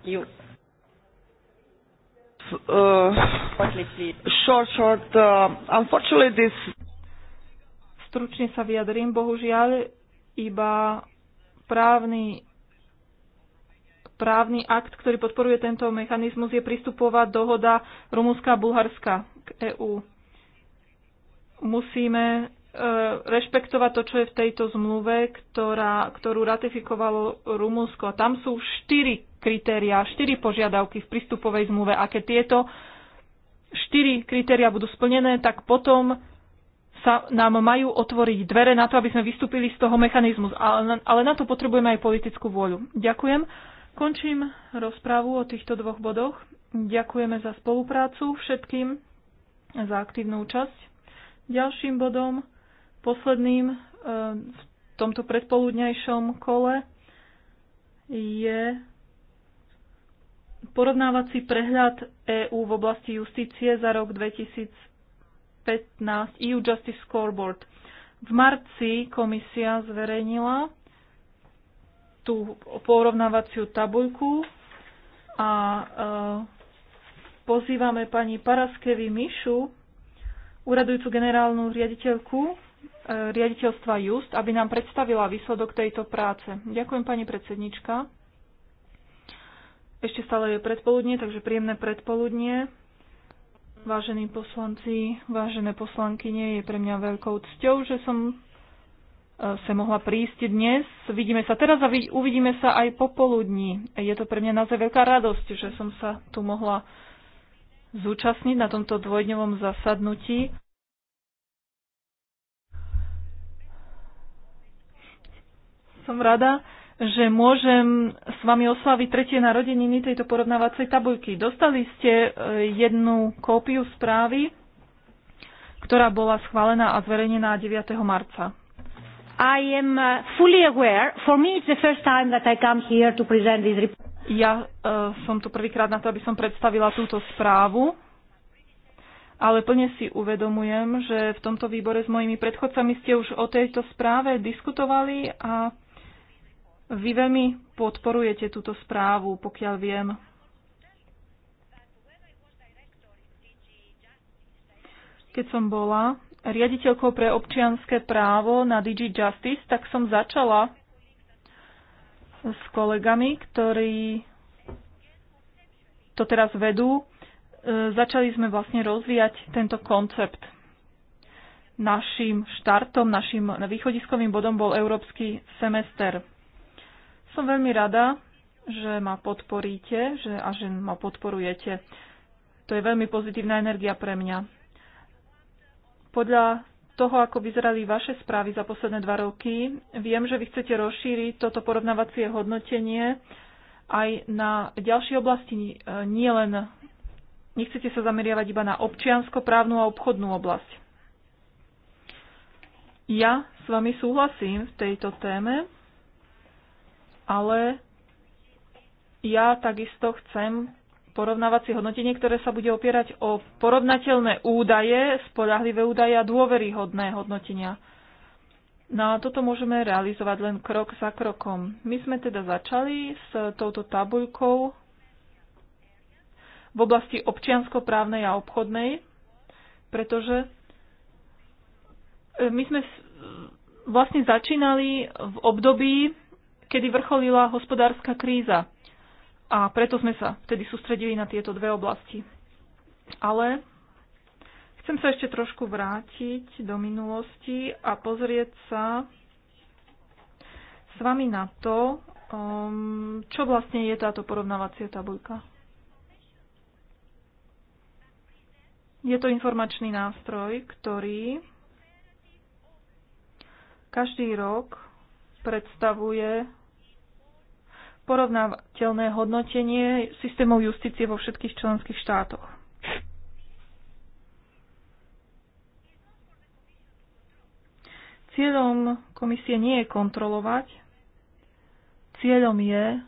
You. Uh, short, short. Uh, unfortunately, this. Stručne sa vyjadrím, bohužiaľ, iba právny právny akt, ktorý podporuje tento mechanizmus, je prístupová dohoda Rumúnska a Bulharska k EÚ. Musíme e, rešpektovať to, čo je v tejto zmluve, ktorá, ktorú ratifikovalo Rumúnsko. A tam sú štyri kritéria, štyri požiadavky v prístupovej zmluve. A keď tieto štyri kritéria budú splnené, tak potom sa nám majú otvoriť dvere na to, aby sme vystúpili z toho mechanizmu. Ale, ale na to potrebujeme aj politickú vôľu. Ďakujem. Končím rozprávu o týchto dvoch bodoch. Ďakujeme za spoluprácu všetkým, za aktívnu účasť. Ďalším bodom, posledným e, v tomto predpoludnejšom kole je porovnávací prehľad EÚ v oblasti justície za rok 2015 EU Justice Scoreboard. V marci komisia zverejnila tú porovnávaciu tabuľku a e, pozývame pani Paraskevi Mišu, úradujúcu generálnu riaditeľku e, riaditeľstva Just, aby nám predstavila výsledok tejto práce. Ďakujem pani predsednička. Ešte stále je predpoludnie, takže príjemné predpoludnie. Vážení poslanci, vážené poslankyne, je pre mňa veľkou cťou, že som sa mohla prísť dnes. Vidíme sa teraz a uvidíme sa aj popoludní. Je to pre mňa naozaj veľká radosť, že som sa tu mohla zúčastniť na tomto dvojdňovom zasadnutí. Som rada, že môžem s vami oslaviť tretie narodeniny tejto porovnávacej tabuľky. Dostali ste e, jednu kópiu správy, ktorá bola schválená a zverejnená 9. marca. I am uh, fully aware. For me, it's the first time that I come here to present this report. Ja uh, som tu prvýkrát na to, aby som predstavila túto správu, ale plne si uvedomujem, že v tomto výbore s mojimi predchodcami ste už o tejto správe diskutovali a vy veľmi podporujete túto správu, pokiaľ viem. Keď som bola riaditeľkou pre občianské právo na Digi Justice, tak som začala s kolegami, ktorí to teraz vedú. E, začali sme vlastne rozvíjať tento koncept. Naším štartom, našim východiskovým bodom bol európsky semester. Som veľmi rada, že ma podporíte že, a že ma podporujete. To je veľmi pozitívna energia pre mňa. Podľa toho, ako vyzerali vaše správy za posledné dva roky, viem, že vy chcete rozšíriť toto porovnávacie hodnotenie aj na ďalšie oblasti, nie len nechcete sa zameriavať iba na občiansko-právnu a obchodnú oblasť. Ja s vami súhlasím v tejto téme, ale ja takisto chcem porovnávacie hodnotenie, ktoré sa bude opierať o porovnateľné údaje, spolahlivé údaje a dôveryhodné hodnotenia. No a toto môžeme realizovať len krok za krokom. My sme teda začali s touto tabuľkou v oblasti občianskoprávnej a obchodnej, pretože e, my sme vlastne začínali v období, kedy vrcholila hospodárska kríza. A preto sme sa vtedy sústredili na tieto dve oblasti. Ale chcem sa ešte trošku vrátiť do minulosti a pozrieť sa s vami na to, um, čo vlastne je táto porovnávacia tabuľka. Je to informačný nástroj, ktorý každý rok predstavuje porovnateľné hodnotenie systémov justície vo všetkých členských štátoch. Cieľom komisie nie je kontrolovať, cieľom je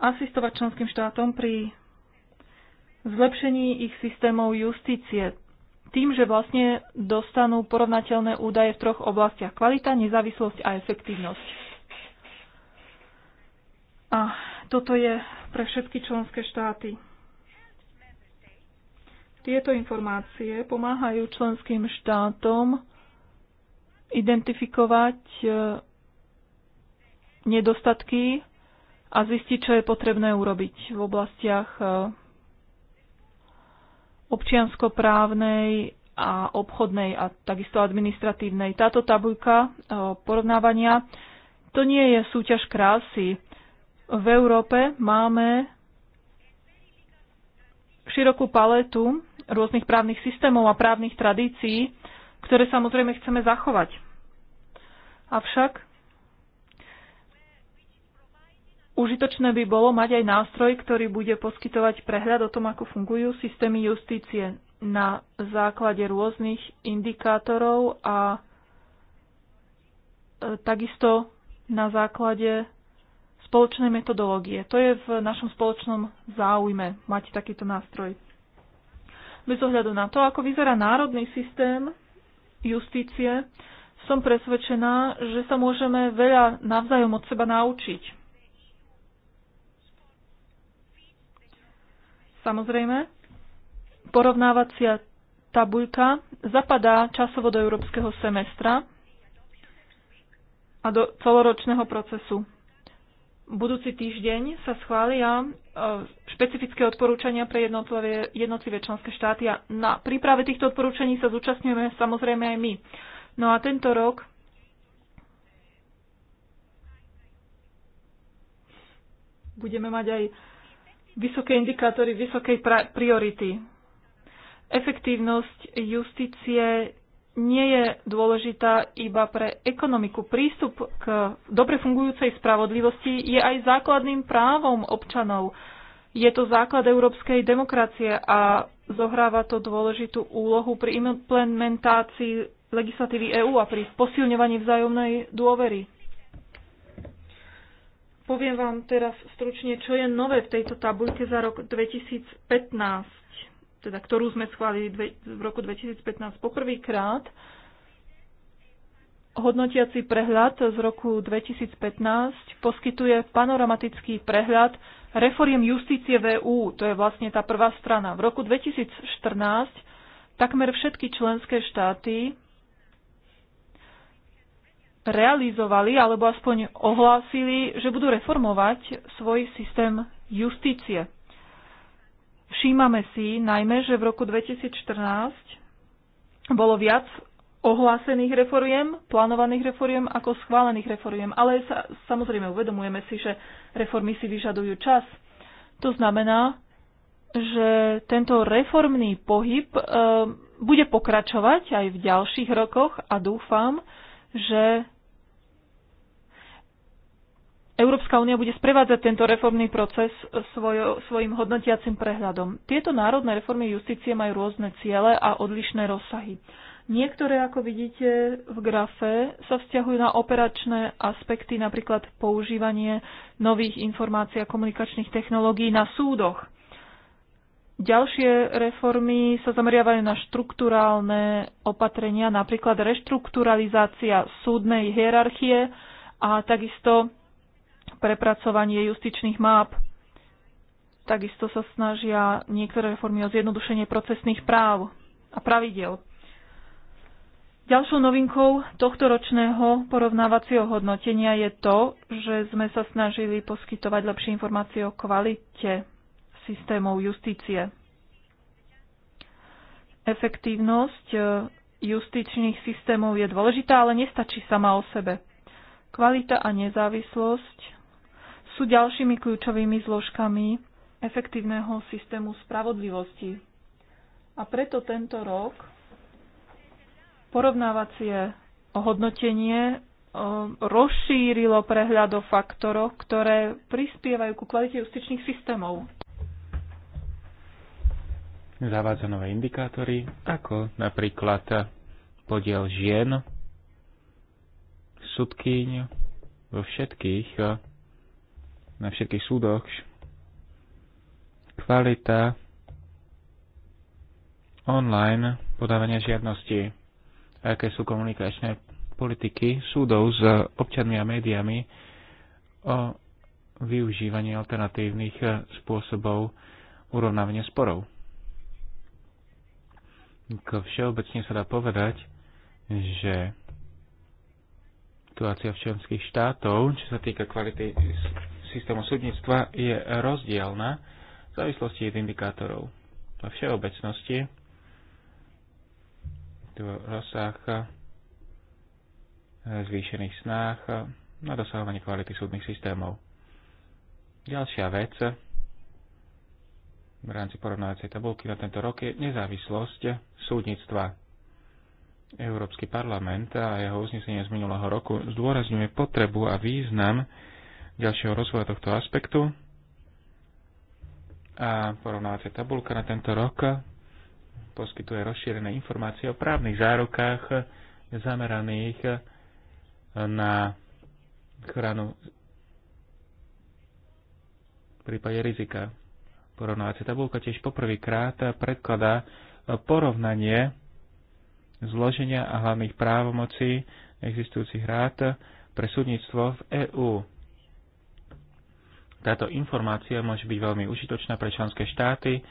asistovať členským štátom pri zlepšení ich systémov justície tým, že vlastne dostanú porovnateľné údaje v troch oblastiach. Kvalita, nezávislosť a efektívnosť. A toto je pre všetky členské štáty. Tieto informácie pomáhajú členským štátom identifikovať e, nedostatky a zistiť, čo je potrebné urobiť v oblastiach e, občianskoprávnej a obchodnej a takisto administratívnej. Táto tabuľka e, porovnávania to nie je súťaž krásy. V Európe máme širokú paletu rôznych právnych systémov a právnych tradícií, ktoré samozrejme chceme zachovať. Avšak Užitočné by bolo mať aj nástroj, ktorý bude poskytovať prehľad o tom, ako fungujú systémy justície na základe rôznych indikátorov a e, takisto na základe spoločnej metodológie. To je v našom spoločnom záujme mať takýto nástroj. Bez ohľadu na to, ako vyzerá národný systém justície, som presvedčená, že sa môžeme veľa navzájom od seba naučiť Samozrejme, porovnávacia tabuľka zapadá časovo do európskeho semestra a do celoročného procesu. Budúci týždeň sa schvália e, špecifické odporúčania pre jednotlivé, jednotlivé členské štáty a na príprave týchto odporúčaní sa zúčastňujeme samozrejme aj my. No a tento rok budeme mať aj vysoké indikátory vysokej priority. Efektívnosť justície nie je dôležitá iba pre ekonomiku. Prístup k dobre fungujúcej spravodlivosti je aj základným právom občanov. Je to základ európskej demokracie a zohráva to dôležitú úlohu pri implementácii legislatívy EÚ a pri posilňovaní vzájomnej dôvery. Poviem vám teraz stručne, čo je nové v tejto tabuľke za rok 2015, teda ktorú sme schválili v roku 2015 poprvýkrát. Hodnotiaci prehľad z roku 2015 poskytuje panoramatický prehľad reforiem justície VÚ, e to je vlastne tá prvá strana. V roku 2014 takmer všetky členské štáty realizovali alebo aspoň ohlásili, že budú reformovať svoj systém justície. Všímame si najmä, že v roku 2014 bolo viac ohlásených reforiem, plánovaných reforiem ako schválených reforiem. Ale sa, samozrejme uvedomujeme si, že reformy si vyžadujú čas. To znamená, že tento reformný pohyb e, bude pokračovať aj v ďalších rokoch a dúfam, že Európska únia bude sprevádzať tento reformný proces svojo, svojim hodnotiacim prehľadom. Tieto národné reformy justície majú rôzne ciele a odlišné rozsahy. Niektoré, ako vidíte v grafe, sa vzťahujú na operačné aspekty, napríklad používanie nových informácií a komunikačných technológií na súdoch. Ďalšie reformy sa zameriavajú na štruktúrálne opatrenia, napríklad reštrukturalizácia súdnej hierarchie a takisto prepracovanie justičných map Takisto sa snažia niektoré reformy o zjednodušenie procesných práv a pravidel. Ďalšou novinkou tohto ročného porovnávacieho hodnotenia je to, že sme sa snažili poskytovať lepšie informácie o kvalite systémov justície. Efektívnosť e, justičných systémov je dôležitá, ale nestačí sama o sebe. Kvalita a nezávislosť sú ďalšími kľúčovými zložkami efektívneho systému spravodlivosti. A preto tento rok porovnávacie hodnotenie e, rozšírilo prehľad o faktoroch, ktoré prispievajú ku kvalite justičných systémov. Zavádza nové indikátory, ako napríklad podiel žien, sudkyň vo všetkých e, na všetkých súdoch. Kvalita online podávania žiadnosti, aké sú komunikačné politiky súdov s občanmi a médiami o využívaní alternatívnych spôsobov urovnávania sporov. všeobecne sa dá povedať, že situácia v členských štátov, čo sa týka kvality systému súdnictva je rozdielna v závislosti od indikátorov. Vo všeobecnosti tu rozsah eh, zvýšených snách eh, na dosahovanie kvality súdnych systémov. Ďalšia vec v rámci porovnávacej tabulky na tento rok je nezávislosť súdnictva. Európsky parlament a jeho uznesenie z minulého roku zdôrazňuje potrebu a význam ďalšieho rozvoja tohto aspektu. A porovnávacia tabulka na tento rok poskytuje rozšírené informácie o právnych zárukách zameraných na chránu v prípade rizika. Porovnávacia tabulka tiež poprvýkrát predkladá porovnanie zloženia a hlavných právomocí existujúcich rád pre súdnictvo v EÚ. Táto informácia môže byť veľmi užitočná pre členské štáty, e,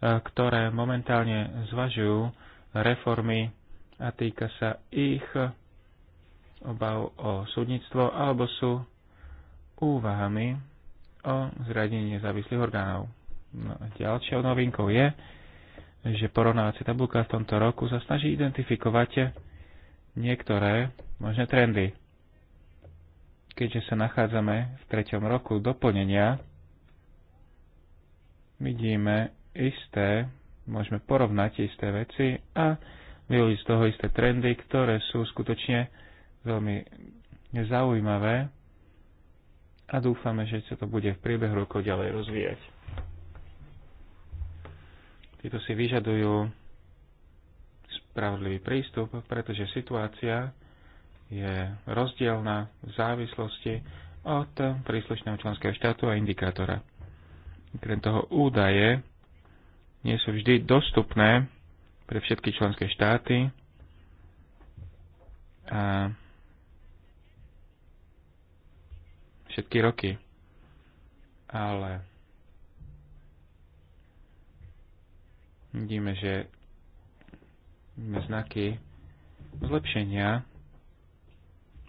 ktoré momentálne zvažujú reformy a týka sa ich obav o súdnictvo alebo sú úvahami o zradení nezávislých orgánov. No ďalšou novinkou je, že porovnávacia tabulka v tomto roku sa snaží identifikovať niektoré možné trendy keďže sa nachádzame v treťom roku doplnenia, vidíme isté, môžeme porovnať isté veci a vyvoliť z toho isté trendy, ktoré sú skutočne veľmi zaujímavé a dúfame, že sa to bude v priebehu rokov ďalej rozvíjať. Tieto si vyžadujú spravodlivý prístup, pretože situácia je rozdielna v závislosti od príslušného členského štátu a indikátora. krem toho údaje nie sú vždy dostupné pre všetky členské štáty a všetky roky. Ale vidíme, že znaky zlepšenia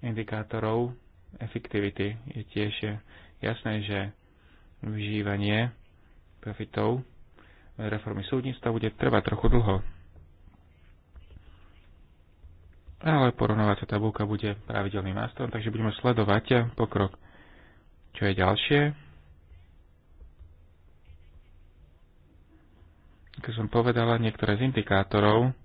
indikátorov efektivity. Je tiež jasné, že vyžívanie profitov reformy súdnictva bude trvať trochu dlho. Ale porovnávacia tabulka bude pravidelným nástrojom, takže budeme sledovať pokrok. Čo je ďalšie? Ako som povedala, niektoré z indikátorov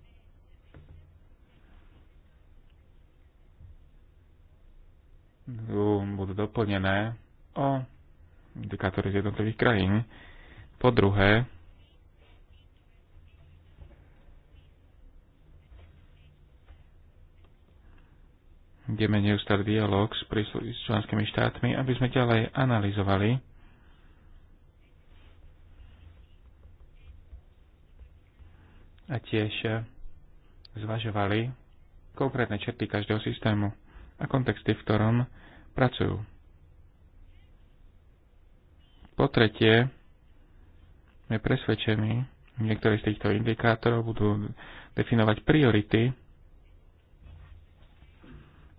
budú doplnené o indikátory z jednotlivých krajín. Po druhé, ideme neustále dialog s, s členskými štátmi, aby sme ďalej analyzovali a tiež e, zvažovali konkrétne črty každého systému a kontexty, v ktorom pracujú. Po tretie, sme presvedčení, niektoré z týchto indikátorov budú definovať priority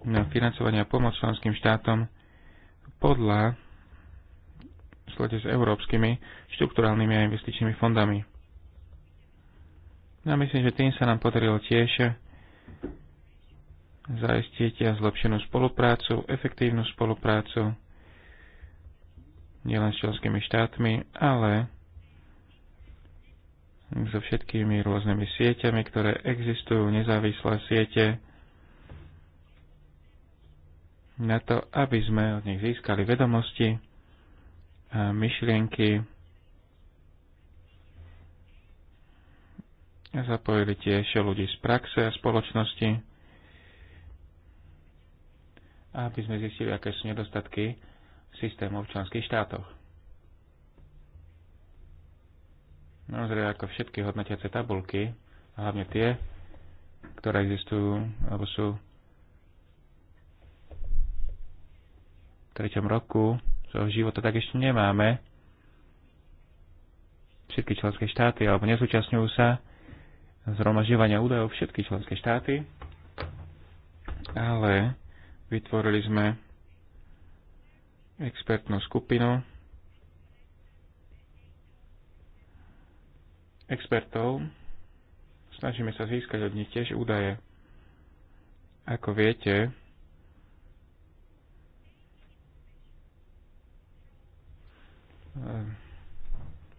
na financovanie a pomoc členským štátom podľa slede s európskymi štruktúralnými a investičnými fondami. Ja myslím, že tým sa nám podarilo tiež zaistiť zlepšenú spoluprácu, efektívnu spoluprácu nielen s členskými štátmi, ale so všetkými rôznymi sieťami, ktoré existujú, nezávislé siete, na to, aby sme od nich získali vedomosti a myšlienky a zapojili tiež ľudí z praxe a spoločnosti, a aby sme zistili, aké sú nedostatky systému v členských štátoch. Naozaj ako všetky hodnotiace tabulky, hlavne tie, ktoré existujú alebo sú v treťom roku svojho života, tak ešte nemáme všetky členské štáty alebo nezúčastňujú sa zhromažďovania údajov všetky členské štáty, ale Vytvorili sme expertnú skupinu expertov. Snažíme sa získať od nich tiež údaje. Ako viete,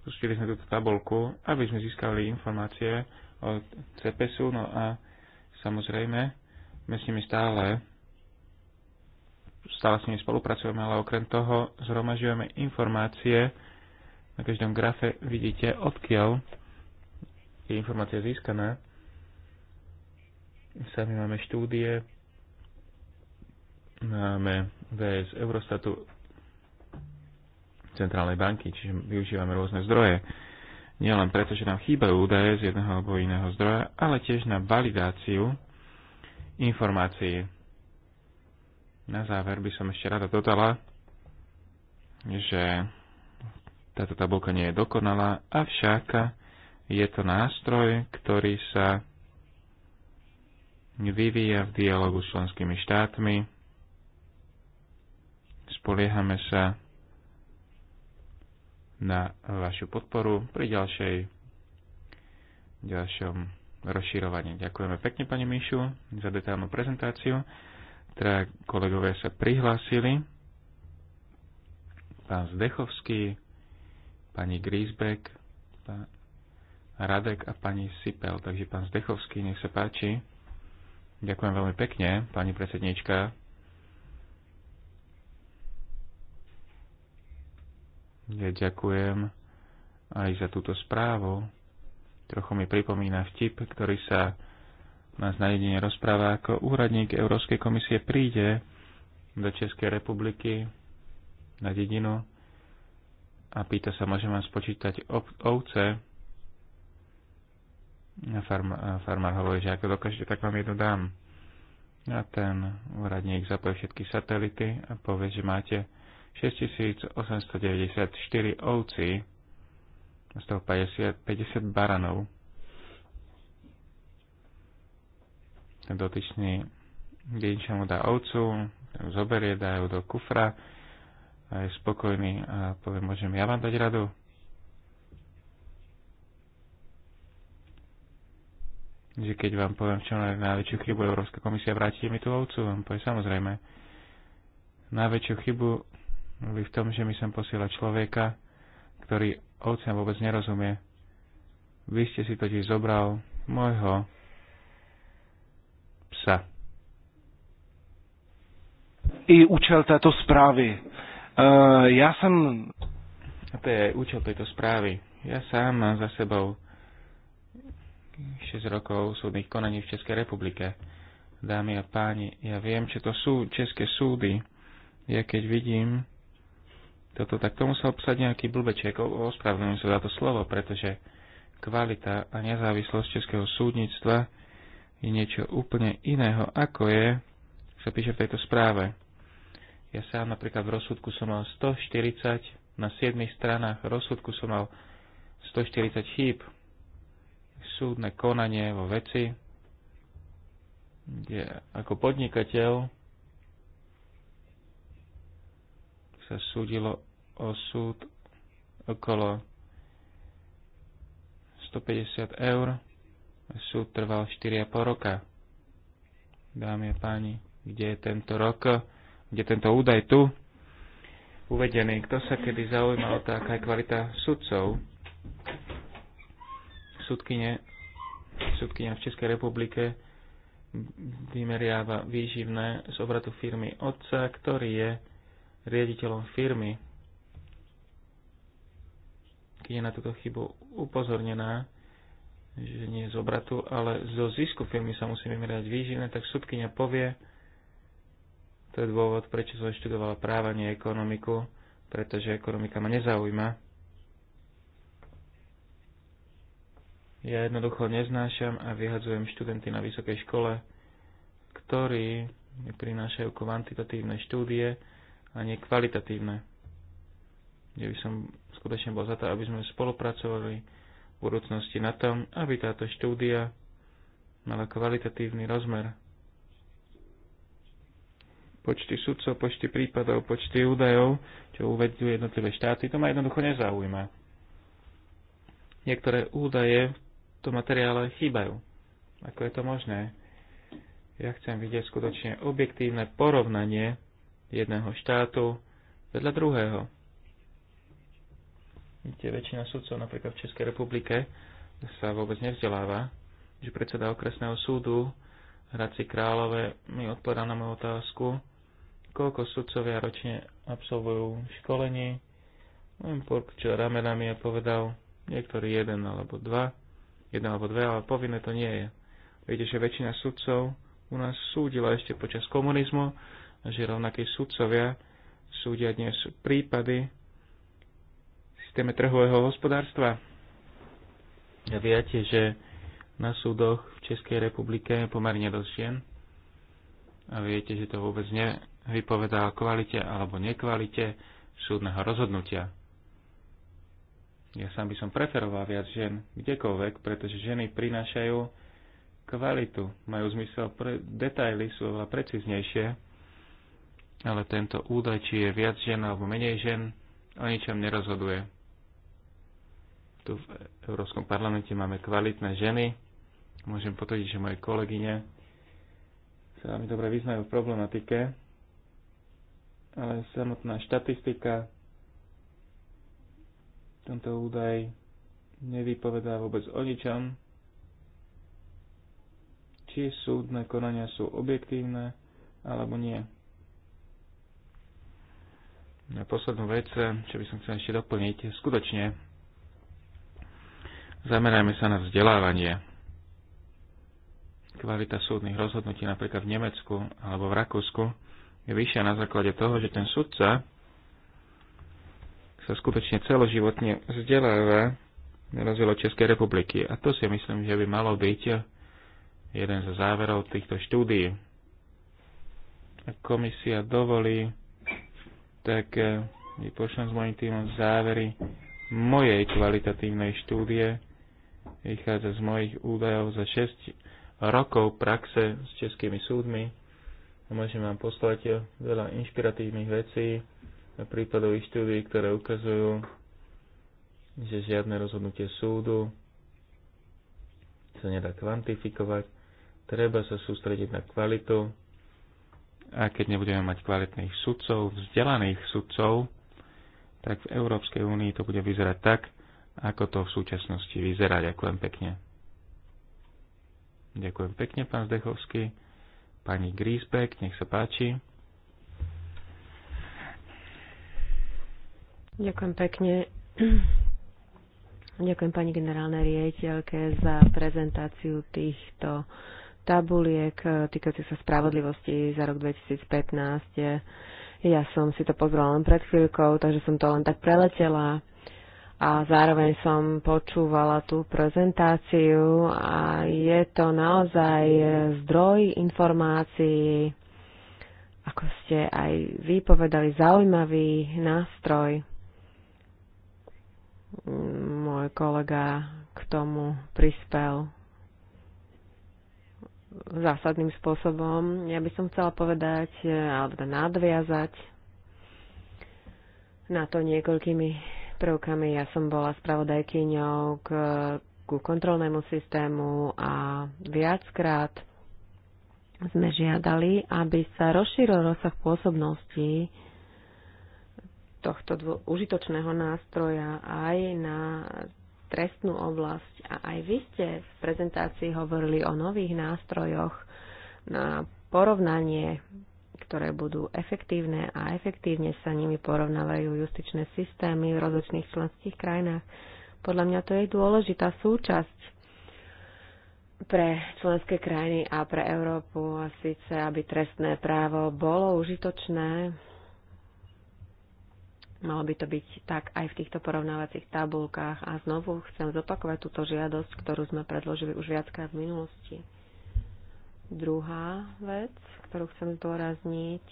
pustili sme túto tabulku, aby sme získali informácie od CPSu, no a samozrejme, my s nimi stále stále s nimi spolupracujeme, ale okrem toho zhromažujeme informácie. Na každom grafe vidíte, odkiaľ je informácia získaná. Sami máme štúdie, máme VS Eurostatu centrálnej banky, čiže využívame rôzne zdroje. Nielen preto, že nám chýbajú údaje z jedného alebo iného zdroja, ale tiež na validáciu informácií na záver by som ešte rada dodala, že táto tabulka nie je dokonalá, avšak je to nástroj, ktorý sa vyvíja v dialogu s členskými štátmi. Spoliehame sa na vašu podporu pri ďalšej ďalšom rozširovaní. Ďakujeme pekne, pani Mišu, za detálnu prezentáciu. Traja kolegovia sa prihlásili. Pán Zdechovský, pani Griesbeck, pán Radek a pani Sipel. Takže pán Zdechovský, nech sa páči. Ďakujem veľmi pekne, pani predsednička. Ja ďakujem aj za túto správu. Trochu mi pripomína vtip, ktorý sa nás na jedine rozpráva, ako úradník Európskej komisie príde do Českej republiky na dedinu a pýta sa, môžem vám spočítať ovce. A a farmár hovorí, že ako dokážete, tak vám jednu dám. A ten úradník zapoje všetky satelity a povie, že máte 6894 ovci z toho 50, 50 baranov. ten dotyčný dediča mu dá ovcu, zoberie, dá ju do kufra a je spokojný a povie, môžem ja vám dať radu? Že keď vám poviem, čo je najväčšiu chybu Európska komisia, vráti mi tú ovcu? Vám povie, samozrejme. Najväčšiu chybu by v tom, že mi sem posiela človeka, ktorý ovcem vôbec nerozumie. Vy ste si totiž zobral môjho psa. I účel této správy. Uh, ja som... A to je aj účel tejto správy. Ja sám mám za sebou 6 rokov súdnych konaní v Českej republike. Dámy a páni, ja viem, čo to sú české súdy. Ja keď vidím toto, tak to musel psať nejaký blbeček. Ospravedlňujem sa za to slovo, pretože kvalita a nezávislosť českého súdnictva je niečo úplne iného, ako je, sa píše v tejto správe. Ja sám napríklad v rozsudku som mal 140, na 7 stranách rozsudku som mal 140 chýb, súdne konanie vo veci, kde ako podnikateľ sa súdilo o súd okolo 150 eur súd trval 4,5 roka. Dámy a páni, kde je tento rok, kde je tento údaj tu uvedený, kto sa kedy zaujímal, tá, aká je kvalita sudcov. Sudkyne, sudkynia v Českej republike vymeriava výživné z obratu firmy otca, ktorý je riaditeľom firmy. Keď je na túto chybu upozornená, že nie z obratu, ale zo zisku firmy sa musí vymerať výživné, tak súdkynia povie, to je dôvod, prečo som študovala práva, nie ekonomiku, pretože ekonomika ma nezaujíma. Ja jednoducho neznášam a vyhadzujem študenty na vysokej škole, ktorí mi prinášajú kvantitatívne štúdie a nie kvalitatívne. Kde by som skutočne bol za to, aby sme spolupracovali budúcnosti na tom, aby táto štúdia mala kvalitatívny rozmer. Počty sudcov, počty prípadov, počty údajov, čo uvedú jednotlivé štáty, to ma jednoducho nezaujíma. Niektoré údaje v tom materiále chýbajú. Ako je to možné? Ja chcem vidieť skutočne objektívne porovnanie jedného štátu vedľa druhého kde väčšina sudcov napríklad v Českej republike sa vôbec nevzdeláva, že predseda okresného súdu Hradci Králové mi odpovedá na moju otázku, koľko sudcovia ročne absolvujú školenie. Môj pork, čo ramena mi je povedal, niektorý jeden alebo dva, jeden alebo dve, ale povinné to nie je. Viete, že väčšina sudcov u nás súdila ešte počas komunizmu, že rovnaké sudcovia súdia dnes prípady, téme trhového hospodárstva. Viete, že na súdoch v Českej republike je pomerne dosť žien. A viete, že to vôbec nevypovedá o kvalite alebo nekvalite súdneho rozhodnutia. Ja sám by som preferoval viac žien kdekoľvek, pretože ženy prinášajú kvalitu, majú zmysel pre detaily, sú oveľa preciznejšie, ale tento údaj, či je viac žien alebo menej žien, o ničom nerozhoduje tu v Európskom parlamente máme kvalitné ženy. Môžem potvrdiť, že moje kolegyne sa veľmi dobre vyznajú v problematike, ale samotná štatistika tento údaj nevypovedá vôbec o ničom. Či súdne konania sú objektívne alebo nie. Na poslednú vec, čo by som chcel ešte doplniť, skutočne Zamerajme sa na vzdelávanie. Kvalita súdnych rozhodnutí napríklad v Nemecku alebo v Rakúsku je vyššia na základe toho, že ten sudca sa skutočne celoživotne vzdeláva na rozdiel od Českej republiky. A to si myslím, že by malo byť jeden zo záverov týchto štúdií. Ak komisia dovolí, tak vypočnem s mojim týmom závery mojej kvalitatívnej štúdie vychádza z mojich údajov za 6 rokov praxe s českými súdmi. A môžem vám poslať veľa inšpiratívnych vecí, prípadových štúdií, ktoré ukazujú, že žiadne rozhodnutie súdu sa nedá kvantifikovať. Treba sa sústrediť na kvalitu. A keď nebudeme mať kvalitných sudcov, vzdelaných sudcov, tak v Európskej únii to bude vyzerať tak, ako to v súčasnosti vyzerá. Ďakujem pekne. Ďakujem pekne, pán Zdechovský. Pani Griesbeck, nech sa páči. Ďakujem pekne. Ďakujem pani generálnej riaditeľke za prezentáciu týchto tabuliek eh, týkajúce sa spravodlivosti za rok 2015. Ja som si to pozrela len pred chvíľkou, takže som to len tak preletela a zároveň som počúvala tú prezentáciu a je to naozaj zdroj informácií, ako ste aj vypovedali, zaujímavý nástroj. Môj kolega k tomu prispel zásadným spôsobom. Ja by som chcela povedať, alebo teda nadviazať na to niekoľkými prvkami. Ja som bola spravodajkyňou k, ku kontrolnému systému a viackrát sme žiadali, aby sa rozšíril rozsah pôsobnosti tohto dvo- užitočného nástroja aj na trestnú oblasť. A aj vy ste v prezentácii hovorili o nových nástrojoch na porovnanie ktoré budú efektívne a efektívne sa nimi porovnávajú justičné systémy v rozličných členských krajinách. Podľa mňa to je dôležitá súčasť pre členské krajiny a pre Európu a síce, aby trestné právo bolo užitočné. Malo by to byť tak aj v týchto porovnávacích tabulkách a znovu chcem zopakovať túto žiadosť, ktorú sme predložili už viackrát v minulosti. Druhá vec, ktorú chcem zdôrazniť,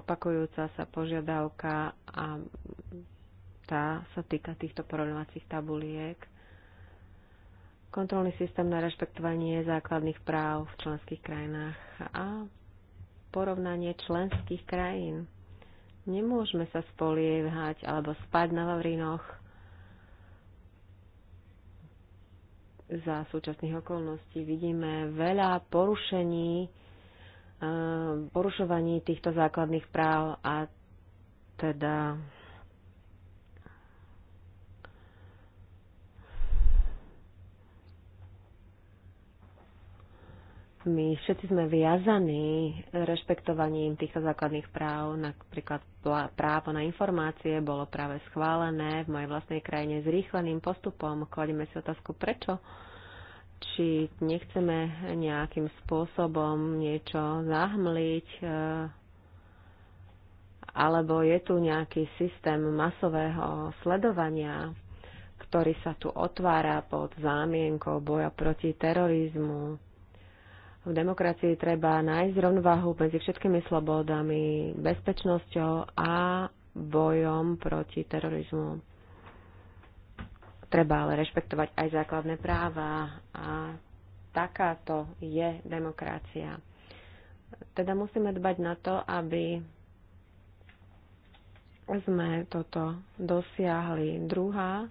opakujúca sa požiadavka a tá sa týka týchto porovnávacích tabuliek. Kontrolný systém na rešpektovanie základných práv v členských krajinách a porovnanie členských krajín. Nemôžeme sa spoliehať alebo spať na vavrinoch, za súčasných okolností. Vidíme veľa porušení, eh, porušovaní týchto základných práv a teda my všetci sme viazaní rešpektovaním týchto základných práv, napríklad právo na informácie bolo práve schválené v mojej vlastnej krajine s rýchleným postupom. kladíme si otázku, prečo? Či nechceme nejakým spôsobom niečo zahmliť, e, alebo je tu nejaký systém masového sledovania, ktorý sa tu otvára pod zámienkou boja proti terorizmu, v demokracii treba nájsť rovnováhu medzi všetkými slobodami, bezpečnosťou a bojom proti terorizmu. Treba ale rešpektovať aj základné práva a takáto je demokracia. Teda musíme dbať na to, aby sme toto dosiahli. Druhá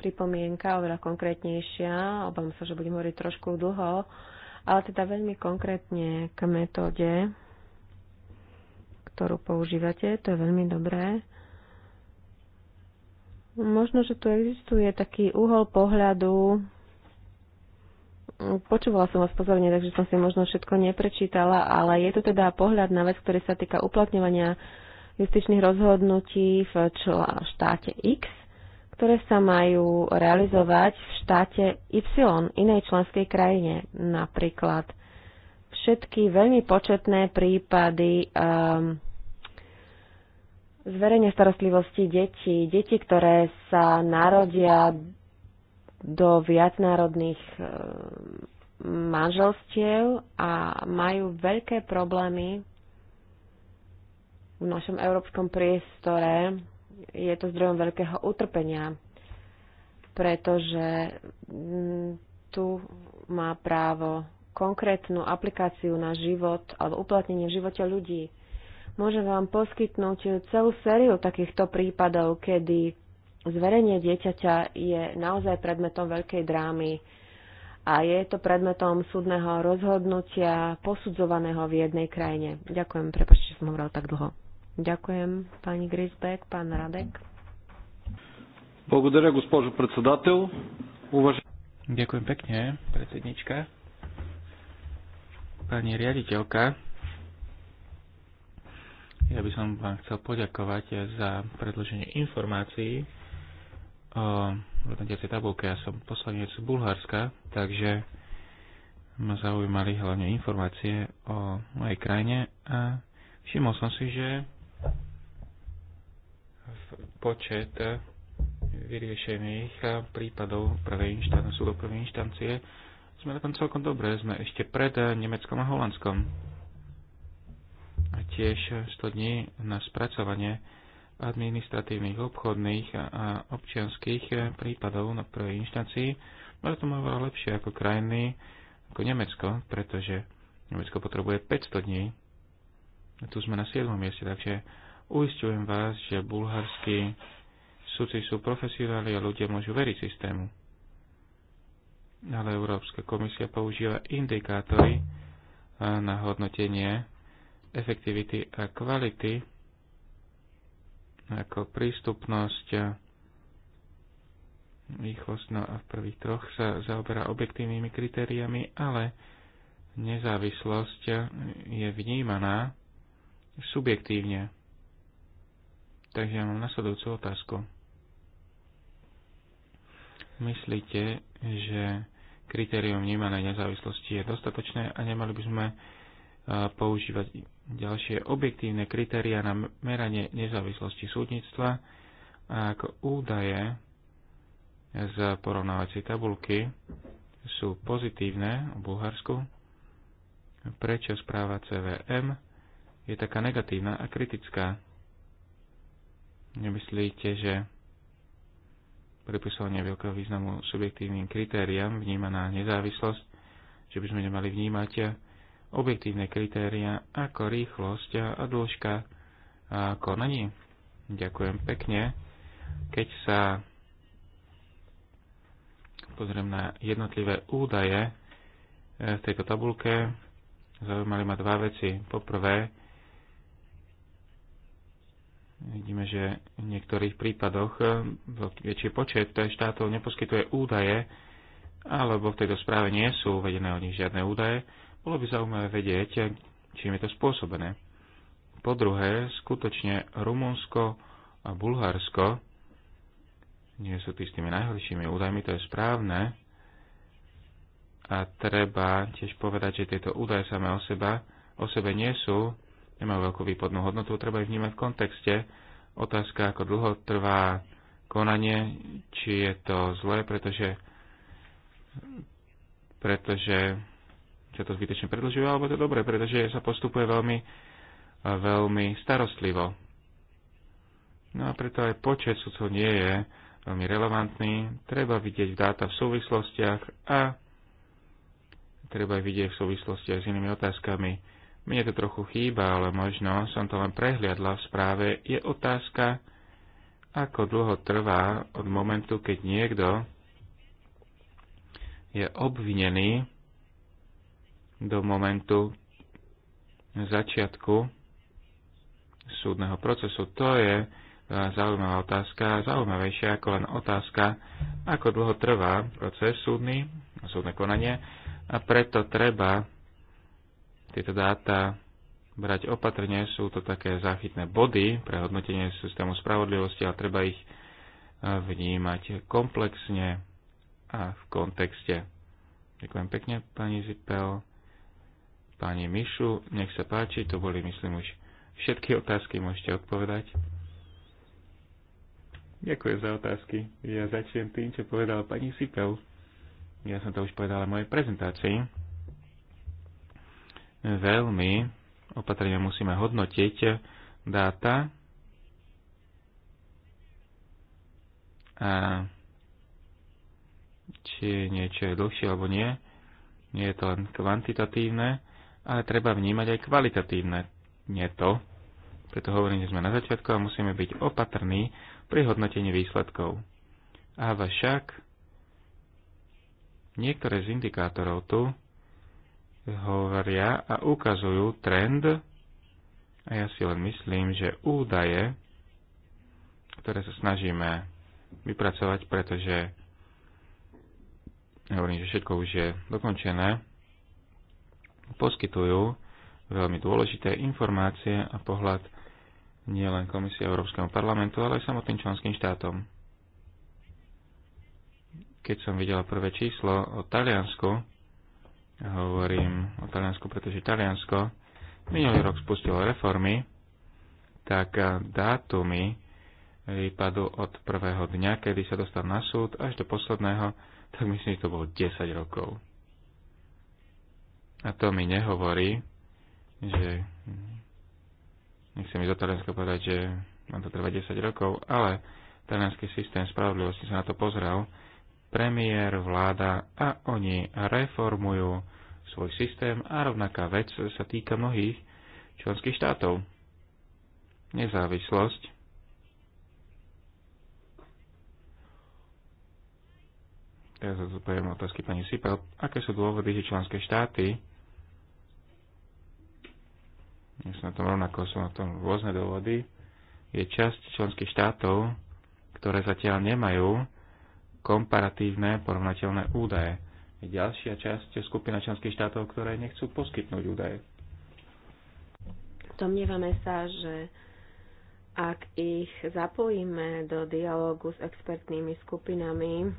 pripomienka, oveľa konkrétnejšia, obávam sa, že budem hovoriť trošku dlho, ale teda veľmi konkrétne k metóde, ktorú používate, to je veľmi dobré. Možno, že tu existuje taký uhol pohľadu. Počúvala som vás pozorne, takže som si možno všetko neprečítala, ale je to teda pohľad na vec, ktorý sa týka uplatňovania justičných rozhodnutí v štáte X ktoré sa majú realizovať v štáte Y, inej členskej krajine. Napríklad všetky veľmi početné prípady um, zverejne starostlivosti detí, deti, ktoré sa narodia do viacnárodných um, manželstiev a majú veľké problémy v našom európskom priestore je to zdrojom veľkého utrpenia, pretože mm, tu má právo konkrétnu aplikáciu na život alebo uplatnenie v živote ľudí. Môžem vám poskytnúť celú sériu takýchto prípadov, kedy zverenie dieťaťa je naozaj predmetom veľkej drámy a je to predmetom súdneho rozhodnutia posudzovaného v jednej krajine. Ďakujem, prepačte, že som hovoril tak dlho. Ďakujem pani Grisbeck, pán Radek. Благодаря, госпожо председател. Уваж... Ďakujem pekne, predsednička. Pani riaditeľka, ja by som vám chcel poďakovať za predloženie informácií o hodnotiacej tabulke. Ja som poslanec z Bulharska, takže ma zaujímali hlavne informácie o mojej krajine a všimol som si, že počet eh, vyriešených eh, prípadov prvej inštancie, súdu prvej inštancie sme na tom celkom dobré. Sme ešte pred eh, Nemeckom a Holandskom. A tiež 100 dní na spracovanie administratívnych, obchodných a občianských prípadov na prvej inštancii. Ale to má veľa lepšie ako krajiny, ako Nemecko, pretože Nemecko potrebuje 500 dní. A tu sme na 7. mieste, takže Uistujem vás, že bulharskí súci sú profesionáli a ľudia môžu veriť systému. Ale Európska komisia používa indikátory e, na hodnotenie efektivity a kvality ako prístupnosť e, rýchlosť, no a v prvých troch sa zaoberá objektívnymi kritériami, ale nezávislosť e, je vnímaná subjektívne Takže ja mám nasledujúcu otázku. Myslíte, že kritérium vnímanej nezávislosti je dostatočné a nemali by sme používať ďalšie objektívne kritéria na meranie nezávislosti súdnictva a ako údaje z porovnávacej tabulky sú pozitívne v Bulharsku, prečo správa CVM je taká negatívna a kritická. Nemyslíte, že pripisovanie veľkého významu subjektívnym kritériám vnímaná nezávislosť, že by sme nemali vnímať objektívne kritéria ako rýchlosť a dĺžka konaní. Ďakujem pekne. Keď sa pozriem na jednotlivé údaje eh, v tejto tabulke, zaujímali ma dva veci. Poprvé, Vidíme, že v niektorých prípadoch eh, väčší počet štátov neposkytuje údaje, alebo v tejto správe nie sú uvedené o nich žiadne údaje. Bolo by zaujímavé vedieť, eh, čím je to spôsobené. Po druhé, skutočne Rumunsko a Bulharsko nie sú tí s tými najhoršími údajmi, to je správne. A treba tiež povedať, že tieto údaje samé o, seba, o sebe nie sú nemá veľkú výpadnú hodnotu, treba ich vnímať v kontexte. Otázka, ako dlho trvá konanie, či je to zlé, pretože, pretože sa to zbytečne predlžuje, alebo to dobre, pretože sa postupuje veľmi, veľmi starostlivo. No a preto aj počet sudcov nie je veľmi relevantný. Treba vidieť dáta v súvislostiach a treba vidieť v súvislostiach s inými otázkami mne to trochu chýba, ale možno som to len prehliadla v správe, je otázka, ako dlho trvá od momentu, keď niekto je obvinený do momentu začiatku súdneho procesu. To je eh, zaujímavá otázka, zaujímavejšia ako len otázka, ako dlho trvá proces súdny, súdne konanie a preto treba tieto dáta brať opatrne. Sú to také záchytné body pre hodnotenie systému spravodlivosti a treba ich e, vnímať komplexne a v kontexte. Ďakujem pekne, pani Zipel, pani Mišu, nech sa páči, to boli, myslím, už všetky otázky, môžete odpovedať. Ďakujem za otázky. Ja začnem tým, čo povedala pani Sipel. Ja som to už povedala v mojej prezentácii veľmi opatrne musíme hodnotiť dáta a či niečo je dlhšie alebo nie. Nie je to len kvantitatívne, ale treba vnímať aj kvalitatívne. Nie to. Preto hovorím, že sme na začiatku a musíme byť opatrní pri hodnotení výsledkov. A však niektoré z indikátorov tu hovoria a ukazujú trend a ja si len myslím, že údaje, ktoré sa snažíme vypracovať, pretože hovorím, že všetko už je dokončené, poskytujú veľmi dôležité informácie a pohľad nielen Komisie Európskeho parlamentu, ale aj samotným členským štátom. Keď som videla prvé číslo o Taliansku, hovorím o Taliansku, pretože Taliansko minulý rok spustilo reformy, tak eh, dátumy vypadú od prvého dňa, kedy sa dostal na súd, až do posledného, tak myslím, že to bolo 10 rokov. A to mi nehovorí, že nechcem mi do Talianska povedať, že má to trvať 10 rokov, ale talianský systém spravodlivosti sa na to pozrel premiér, vláda a oni reformujú svoj systém a rovnaká vec sa týka mnohých členských štátov. Nezávislosť Teraz ja zodpoviem otázky pani Sipel. Aké sú dôvody, že členské štáty nie sú na tom rovnako, sú na tom rôzne dôvody. Je časť členských štátov, ktoré zatiaľ nemajú komparatívne porovnateľné údaje. Je ďalšia časť skupina členských štátov, ktoré nechcú poskytnúť údaje. Domnievame sa, že ak ich zapojíme do dialogu s expertnými skupinami,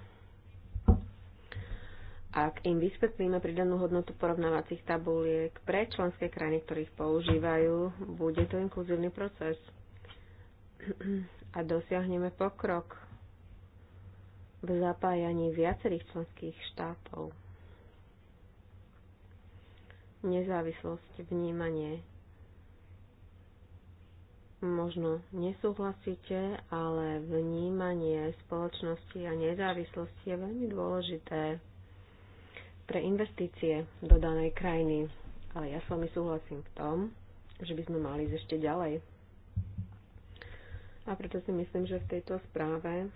ak im vysvetlíme pridanú hodnotu porovnávacích tabuliek pre členské krajiny, ktorých používajú, bude to inkluzívny proces a dosiahneme pokrok v zapájaní viacerých členských štátov. Nezávislosť, vnímanie. Možno nesúhlasíte, ale vnímanie spoločnosti a nezávislosti je veľmi dôležité pre investície do danej krajiny. Ale ja s vami súhlasím v tom, že by sme mali ísť ešte ďalej. A preto si myslím, že v tejto správe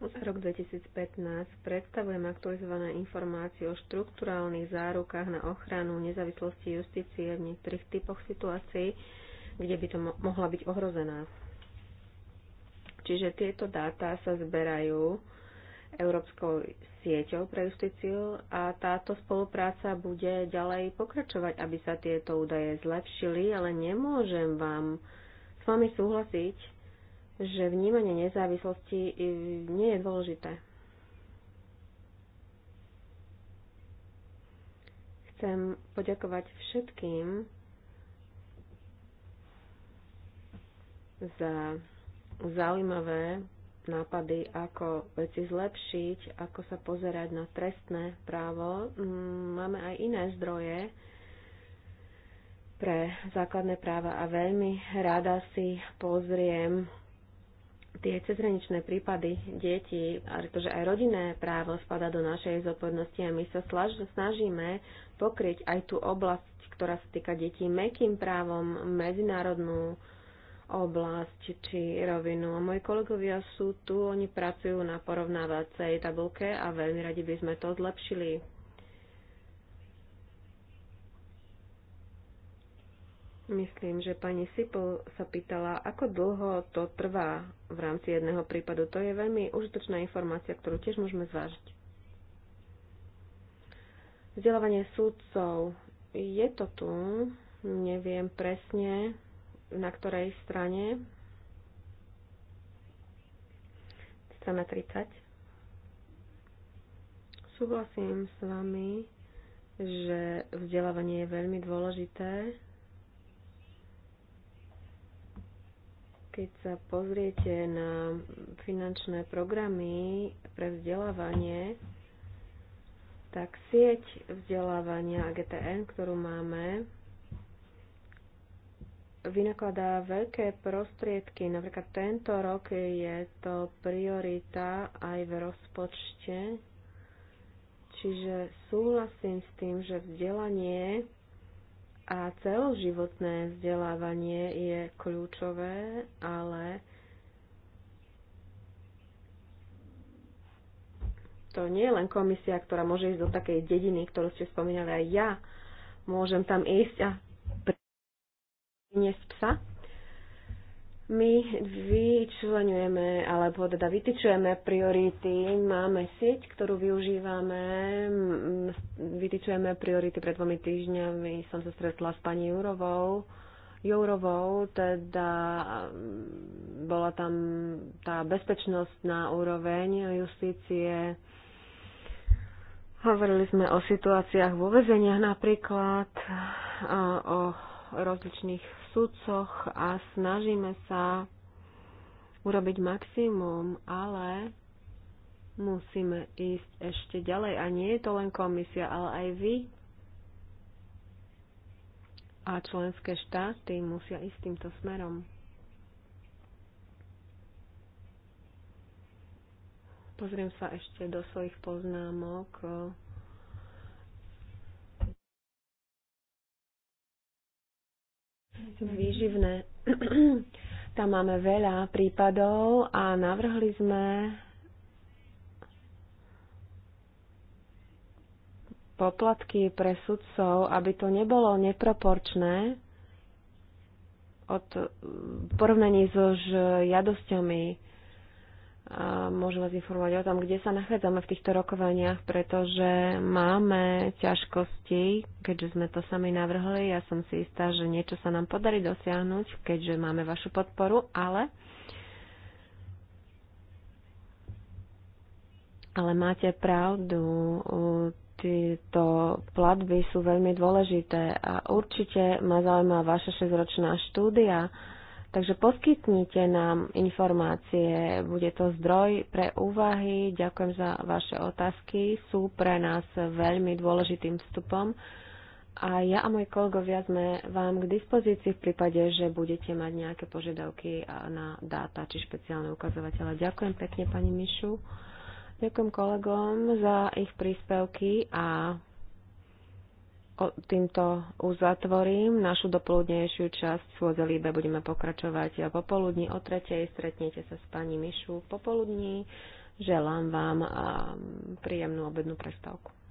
rok 2015 predstavujem aktualizované informácie o štruktúrálnych zárukách na ochranu nezávislosti justície v niektorých typoch situácií, kde by to mo- mohla byť ohrozená. Čiže tieto dáta sa zberajú Európskou sieťou pre justíciu a táto spolupráca bude ďalej pokračovať, aby sa tieto údaje zlepšili, ale nemôžem vám s vami súhlasiť, že vnímanie nezávislosti e, nie je dôležité. Chcem poďakovať všetkým za zaujímavé nápady, ako veci zlepšiť, ako sa pozerať na trestné právo. Mm, máme aj iné zdroje pre základné práva a veľmi rada si pozriem tie cezhraničné prípady detí, pretože aj rodinné právo spada do našej zodpovednosti a my sa snažíme pokryť aj tú oblasť, ktorá sa týka detí mekým právom, medzinárodnú oblasť či rovinu. A moji kolegovia sú tu, oni pracujú na porovnávacej tabulke a veľmi radi by sme to zlepšili. Myslím, že pani Sipol sa pýtala, ako dlho to trvá v rámci jedného prípadu. To je veľmi užitočná informácia, ktorú tiež môžeme zvážiť. Vzdelávanie súdcov. Je to tu, neviem presne, na ktorej strane. Strana 30. Súhlasím s vami, že vzdelávanie je veľmi dôležité Keď sa pozriete na finančné programy pre vzdelávanie, tak sieť vzdelávania GTN, ktorú máme, vynakladá veľké prostriedky. Napríklad tento rok je to priorita aj v rozpočte. Čiže súhlasím s tým, že vzdelanie a celoživotné vzdelávanie je kľúčové, ale to nie je len komisia, ktorá môže ísť do takej dediny, ktorú ste spomínali aj ja. Môžem tam ísť a priniesť psa, my vyčlenujeme, alebo teda vytyčujeme priority, máme sieť, ktorú využívame, vytyčujeme priority pred dvomi týždňami, som sa stretla s pani Jurovou, Jourovou, teda bola tam tá bezpečnostná úroveň justície, hovorili sme o situáciách vo vezeniach napríklad, o rozličných sudcoch a snažíme sa urobiť maximum, ale musíme ísť ešte ďalej. A nie je to len komisia, ale aj vy a členské štáty musia ísť týmto smerom. Pozriem sa ešte do svojich poznámok. Výživné. Tam máme veľa prípadov a navrhli sme poplatky pre sudcov, aby to nebolo neproporčné od porovnaní so žiadosťami môžem vás informovať o tom, kde sa nachádzame v týchto rokovaniach, pretože máme ťažkosti, keďže sme to sami navrhli. Ja som si istá, že niečo sa nám podarí dosiahnuť, keďže máme vašu podporu, ale ale máte pravdu, tieto platby sú veľmi dôležité a určite ma zaujíma vaša 6-ročná štúdia, Takže poskytnite nám informácie, bude to zdroj pre úvahy. Ďakujem za vaše otázky, sú pre nás veľmi dôležitým vstupom. A ja a moji kolegovia sme vám k dispozícii v prípade, že budete mať nejaké požiadavky na dáta či špeciálne ukazovatele. Ďakujem pekne, pani Mišu. Ďakujem kolegom za ich príspevky a týmto uzatvorím našu dopoludnejšiu časť v Líbe. Budeme pokračovať popoludní o tretej. Stretnete sa s pani Mišu popoludní. Želám vám príjemnú obednú prestávku.